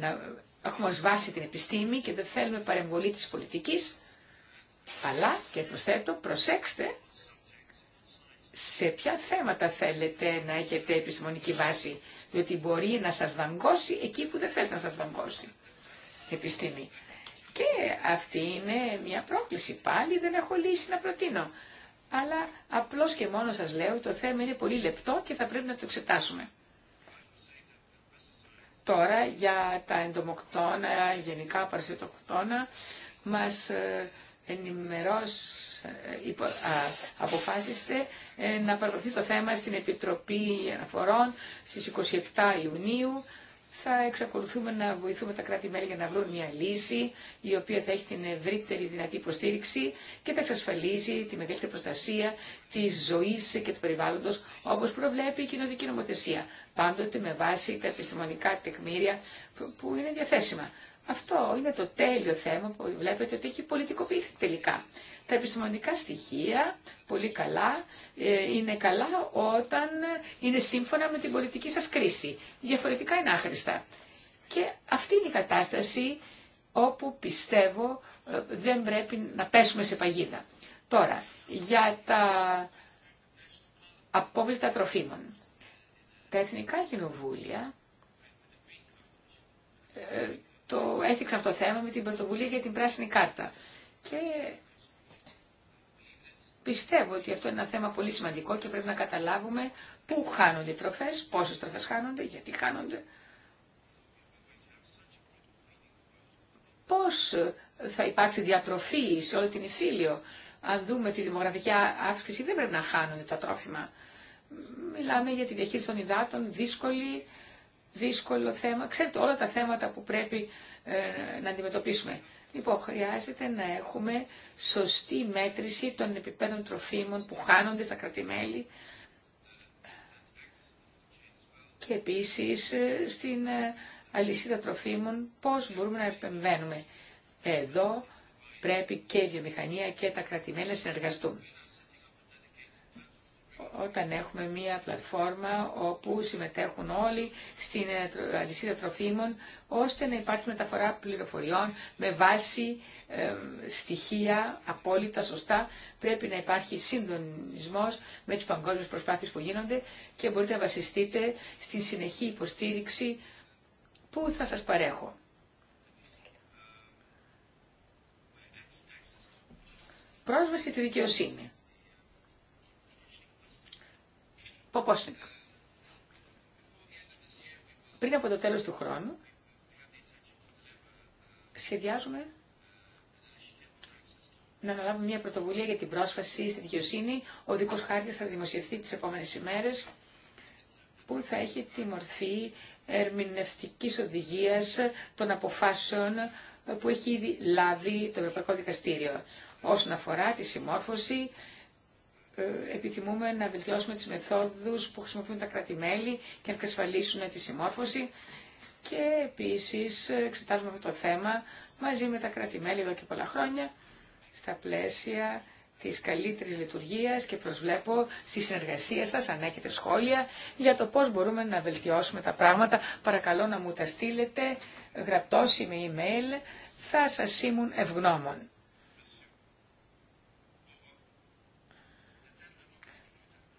να, έχουμε ως βάση την επιστήμη και δεν θέλουμε παρεμβολή της πολιτικής, αλλά, και προσθέτω, προσέξτε, σε ποια θέματα θέλετε να έχετε επιστημονική βάση, διότι μπορεί να σας βαγκώσει εκεί που δεν θέλετε να σας βαγκώσει επιστήμη. Και αυτή είναι μια πρόκληση. Πάλι δεν έχω λύση να προτείνω. Αλλά απλώς και μόνο σας λέω το θέμα είναι πολύ λεπτό και θα πρέπει να το εξετάσουμε. Τώρα για τα εντομοκτώνα, γενικά παρασιτοκτώνα, μας ε, ενημερώς ε, αποφάσιστε ε, να παρακολουθεί το θέμα στην Επιτροπή Αναφορών στις 27 Ιουνίου. Θα εξακολουθούμε να βοηθούμε τα κράτη-μέλη για να βρουν μια λύση η οποία θα έχει την ευρύτερη δυνατή υποστήριξη και θα εξασφαλίσει τη μεγαλύτερη προστασία τη ζωή και του περιβάλλοντο όπω προβλέπει η κοινωτική νομοθεσία. Πάντοτε με βάση τα επιστημονικά τεκμήρια που είναι διαθέσιμα. Αυτό είναι το τέλειο θέμα που βλέπετε ότι έχει πολιτικοποιηθεί τελικά. Τα επιστημονικά στοιχεία, πολύ καλά, ε, είναι καλά όταν είναι σύμφωνα με την πολιτική σας κρίση. Διαφορετικά είναι άχρηστα. Και αυτή είναι η κατάσταση όπου πιστεύω ε, δεν πρέπει να πέσουμε σε παγίδα. Τώρα, για τα απόβλητα τροφίμων. Τα εθνικά κοινοβούλια ε, το έθιξα το θέμα με την πρωτοβουλία για την πράσινη κάρτα. Και πιστεύω ότι αυτό είναι ένα θέμα πολύ σημαντικό και πρέπει να καταλάβουμε πού χάνονται οι τροφές, πόσες τροφές χάνονται, γιατί χάνονται. Πώς θα υπάρξει διατροφή σε όλη την Ιφίλιο. Αν δούμε τη δημογραφική αύξηση δεν πρέπει να χάνονται τα τρόφιμα. Μιλάμε για τη διαχείριση των υδάτων, δύσκολη, δύσκολο θέμα. Ξέρετε όλα τα θέματα που πρέπει ε, να αντιμετωπίσουμε. Λοιπόν, χρειάζεται να έχουμε σωστή μέτρηση των επιπέδων τροφίμων που χάνονται στα κρατημέλη και επίσης ε, στην ε, αλυσίδα τροφίμων πώς μπορούμε να επεμβαίνουμε. Εδώ πρέπει και η βιομηχανία και τα κρατημέλη να συνεργαστούν όταν έχουμε μία πλατφόρμα όπου συμμετέχουν όλοι στην ε, ε, αλυσίδα τροφίμων, ώστε να υπάρχει μεταφορά πληροφοριών με βάση ε, στοιχεία απόλυτα σωστά. Πρέπει να υπάρχει συντονισμός με τις παγκόσμιες προσπάθειες που γίνονται και μπορείτε να βασιστείτε στη συνεχή υποστήριξη που θα σας παρέχω. Πρόσβαση στη δικαιοσύνη. Πριν από το τέλος του χρόνου, σχεδιάζουμε να αναλάβουμε μια πρωτοβουλία για την πρόσφαση στη δικαιοσύνη. Ο δικό χάρτη θα δημοσιευτεί τι επόμενε ημέρε, που θα έχει τη μορφή ερμηνευτική οδηγία των αποφάσεων που έχει ήδη λάβει το Ευρωπαϊκό Δικαστήριο όσον αφορά τη συμμόρφωση ε, επιθυμούμε να βελτιώσουμε τις μεθόδους που χρησιμοποιούν τα κρατη και να εξασφαλίσουν τη συμμόρφωση και επίσης εξετάζουμε αυτό το θέμα μαζί με τα κρατη εδώ και πολλά χρόνια στα πλαίσια της καλύτερης λειτουργίας και προσβλέπω στη συνεργασία σας αν έχετε σχόλια για το πώς μπορούμε να βελτιώσουμε τα πράγματα. Παρακαλώ να μου τα στείλετε γραπτός με email. Θα σας ήμουν ευγνώμων.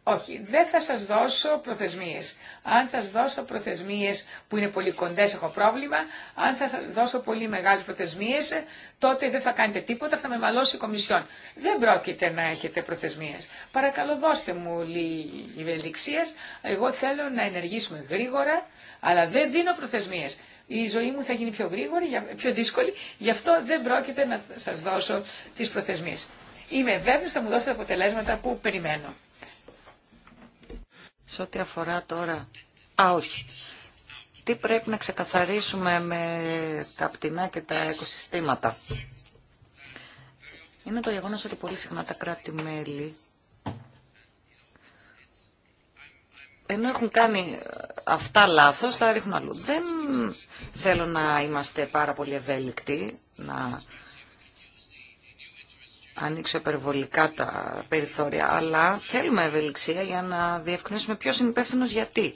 Όχι, δεν θα σας δώσω προθεσμίες. Αν θα σας δώσω προθεσμίες που είναι πολύ κοντές έχω πρόβλημα, αν θα σας δώσω πολύ μεγάλες προθεσμίες, τότε δεν θα κάνετε τίποτα, θα με μαλώσει η Κομισιόν. Δεν πρόκειται να έχετε προθεσμίες. Παρακαλώ δώστε μου λίγη ευελιξία. Εγώ θέλω να ενεργήσουμε γρήγορα, αλλά δεν δίνω προθεσμίες. Η ζωή μου θα γίνει πιο γρήγορη, πιο δύσκολη, γι' αυτό δεν πρόκειται να σας δώσω τις προθεσμίες. Είμαι βέβαιος θα μου δώσετε αποτελέσματα που περιμένω. Σε ό,τι αφορά τώρα... Α, όχι. Τι πρέπει να ξεκαθαρίσουμε με τα πτηνά και τα οικοσυστήματα. Είναι το γεγονός ότι πολύ συχνά τα κράτη-μέλη ενώ έχουν κάνει αυτά λάθος, θα ρίχνουν αλλού. Δεν θέλω να είμαστε πάρα πολύ ευέλικτοι, να ανοίξω υπερβολικά τα περιθώρια, αλλά θέλουμε ευελιξία για να διευκρινίσουμε ποιος είναι υπεύθυνο γιατί.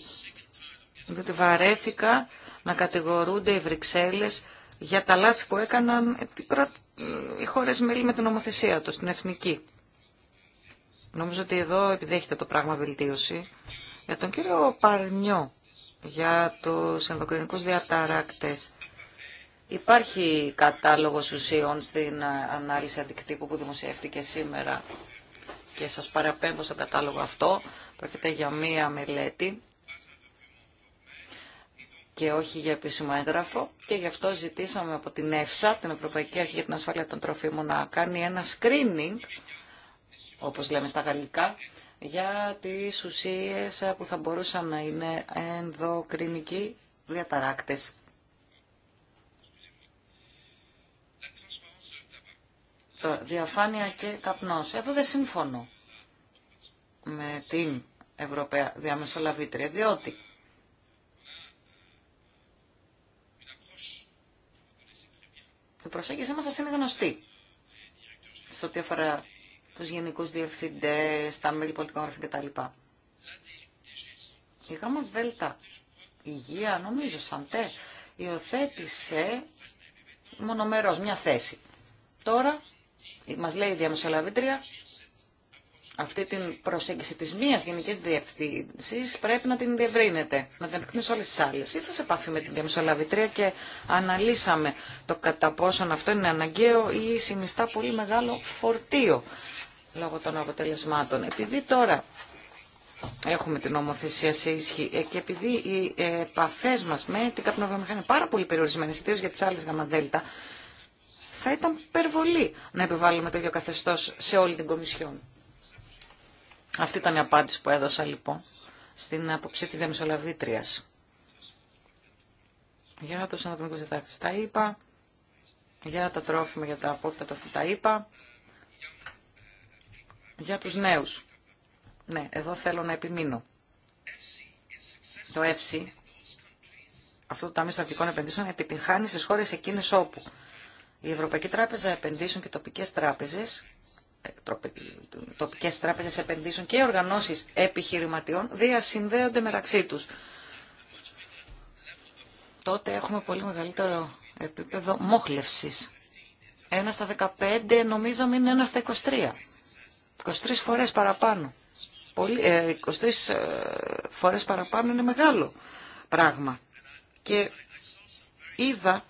Διότι βαρέθηκα να κατηγορούνται οι Βρυξέλλες για τα λάθη που έκαναν οι χώρες μέλη με την νομοθεσία τους, την εθνική. Νομίζω ότι εδώ επιδέχεται το πράγμα βελτίωση. Για τον κύριο Παρνιό, για τους ενδοκρινικούς διαταράκτες, Υπάρχει κατάλογος ουσιών στην ε, ανάλυση αντικτύπου που δημοσιεύτηκε σήμερα και σας παραπέμπω στον κατάλογο αυτό. Πρόκειται για μία μελέτη και όχι για επίσημο έγγραφο και γι' αυτό ζητήσαμε από την ΕΦΣΑ, την Ευρωπαϊκή Αρχή για την Ασφάλεια των Τροφίμων, να κάνει ένα screening, όπως λέμε στα γαλλικά, για τις ουσίες που θα μπορούσαν να είναι ενδοκρινικοί διαταράκτες Ε, διαφάνεια και καπνός. Εδώ δεν συμφωνώ με την Ευρωπαία Διαμεσολαβήτρια, διότι η προσέγγιση μας είναι γνωστή σε ό,τι αφορά τους γενικούς διευθυντές, τα μέλη πολιτικών γραφείων κτλ. Η γάμα δέλτα υγεία, νομίζω, σαν τε, υιοθέτησε μονομερός μια θέση. Τώρα μας λέει η διαμεσολαβήτρια, αυτή την προσέγγιση της μίας γενικής διευθύνσης πρέπει να την διευρύνεται να την επεκτείνει σε όλες τις άλλες. Ήρθα σε επαφή με την διαμεσολαβητρία και αναλύσαμε το κατά πόσον αυτό είναι αναγκαίο ή συνιστά πολύ μεγάλο φορτίο λόγω των αποτελεσμάτων. Επειδή τώρα έχουμε την νομοθεσία σε ίσχυ ε, και επειδή οι επαφέ μα με την καπνοβιομηχανία είναι πάρα πολύ περιορισμένε, ιδίω για τι άλλε γαμαδέλτα, θα ήταν υπερβολή να επιβάλλουμε το ίδιο καθεστώ σε όλη την Κομισιόν. Αυτή ήταν η απάντηση που έδωσα λοιπόν στην άποψη τη Διαμεσολαβήτριας. Για τους ανθρωπινικούς διδάκτες τα είπα, για τα τρόφιμα, για τα απόκτα τα είπα, για τους νέους. Ναι, εδώ θέλω να επιμείνω. Το ΕΦΣΙ, αυτό το Ταμείο Στρατηγικών Επενδύσεων, επιτυγχάνει στις χώρες εκείνες όπου η Ευρωπαϊκή Τράπεζα Επενδύσεων και τοπικές τράπεζες ε, τοπικές τράπεζες επενδύσεων και οργανώσεις επιχειρηματιών διασυνδέονται μεταξύ τους. Τότε έχουμε πολύ μεγαλύτερο επίπεδο μόχλευσης. Ένα στα 15 νομίζαμε είναι ένα στα 23. 23 φορές παραπάνω. 23 ε, ε, φορές παραπάνω είναι μεγάλο πράγμα. Και είδα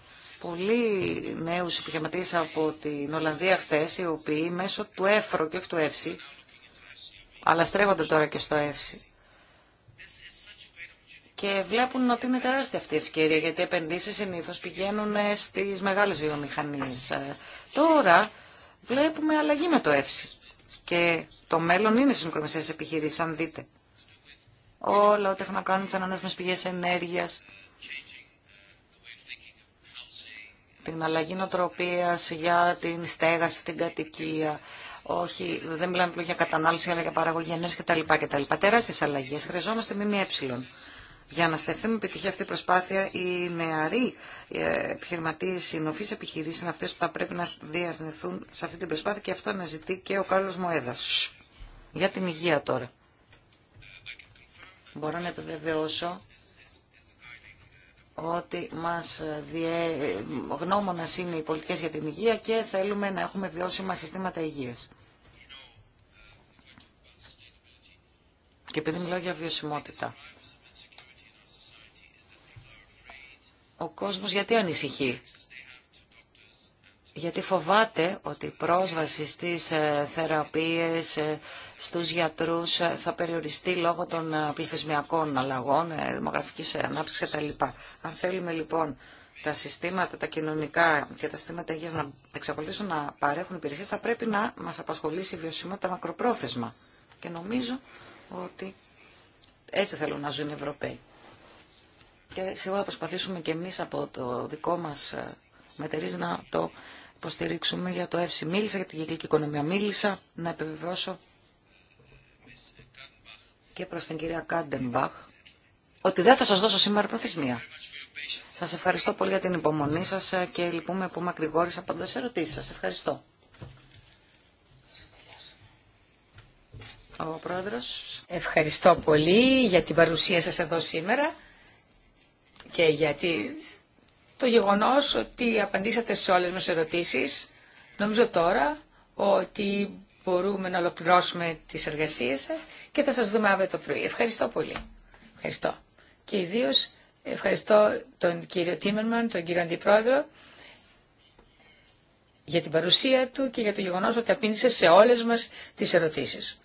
πολλοί νέου επιχειρηματίε από την Ολλανδία χθε, οι οποίοι μέσω του ΕΦΡΟ και του ΕΦΣΙ, αλλά στρέφονται τώρα και στο ΕΦΣΙ, και βλέπουν ότι είναι τεράστια αυτή η ευκαιρία, γιατί οι επενδύσεις συνήθω πηγαίνουν ε, στι μεγάλε βιομηχανίε. Ε, τώρα βλέπουμε αλλαγή με το ΕΦΣΙ και το μέλλον είναι στι μικρομεσαίε επιχειρήσει, αν δείτε. Όλα ό,τι έχουν να κάνουν τι ανανεώσιμες πηγέ ενέργεια, την αλλαγή νοοτροπία, για την στέγαση, την κατοικία. Όχι, δεν μιλάμε πλέον για κατανάλωση, αλλά για παραγωγή ενέργεια κτλ. κτλ. Τεράστιες αλλαγές. Χρειαζόμαστε ΜΜΕ. Για να στεφθεί με επιτυχία αυτή η προσπάθεια, ε, οι νεαροί επιχειρηματίε, οι νοφεί επιχειρήσει είναι αυτέ που θα πρέπει να διασνεθούν σε αυτή την προσπάθεια και αυτό αναζητεί και ο Κάρλο Μοέδα. Για την υγεία τώρα. Μπορώ να επιβεβαιώσω ότι μας διέ... γνώμονας είναι οι πολιτικές για την υγεία και θέλουμε να έχουμε βιώσιμα συστήματα υγείας. Και επειδή μιλάω για βιωσιμότητα. Ο κόσμος γιατί ανησυχεί γιατί φοβάται ότι η πρόσβαση στις ε, θεραπείες, ε, στους γιατρούς ε, θα περιοριστεί λόγω των πληθυσμιακών αλλαγών, δημογραφικής ανάπτυξης κτλ. Αν θέλουμε λοιπόν τα συστήματα, τα κοινωνικά και τα συστήματα υγείας να εξακολουθήσουν να παρέχουν υπηρεσίες, θα πρέπει να μας απασχολήσει η βιωσιμότητα μακροπρόθεσμα. Και νομίζω ότι έτσι θέλουν να ζουν οι Ευρωπαίοι. Και σίγουρα προσπαθήσουμε και εμείς από το δικό μας μετερίζει να το υποστηρίξουμε για το ΕΦΣΥ. Μίλησα για την κυκλική οικονομία. Μίλησα να επιβεβαιώσω και προς την κυρία Κάντεμπαχ ότι δεν θα σας δώσω σήμερα προθεσμία. Σας ευχαριστώ πολύ για την υπομονή σας ε, και λυπούμε που μακρηγόρησα πάντα σε ερωτήσεις. Σας ευχαριστώ. Ο Πρόεδρος. Ευχαριστώ πολύ για την παρουσία σας εδώ σήμερα και γιατί το γεγονός ότι απαντήσατε σε όλες μας ερωτήσεις. Νομίζω τώρα ότι μπορούμε να ολοκληρώσουμε τις εργασίες σας και θα σας δούμε αύριο το πρωί. Ευχαριστώ πολύ. Ευχαριστώ. Και ιδίω ευχαριστώ τον κύριο Τίμερμαν, τον κύριο Αντιπρόεδρο, για την παρουσία του και για το γεγονός ότι απήντησε σε όλες μας τις ερωτήσεις.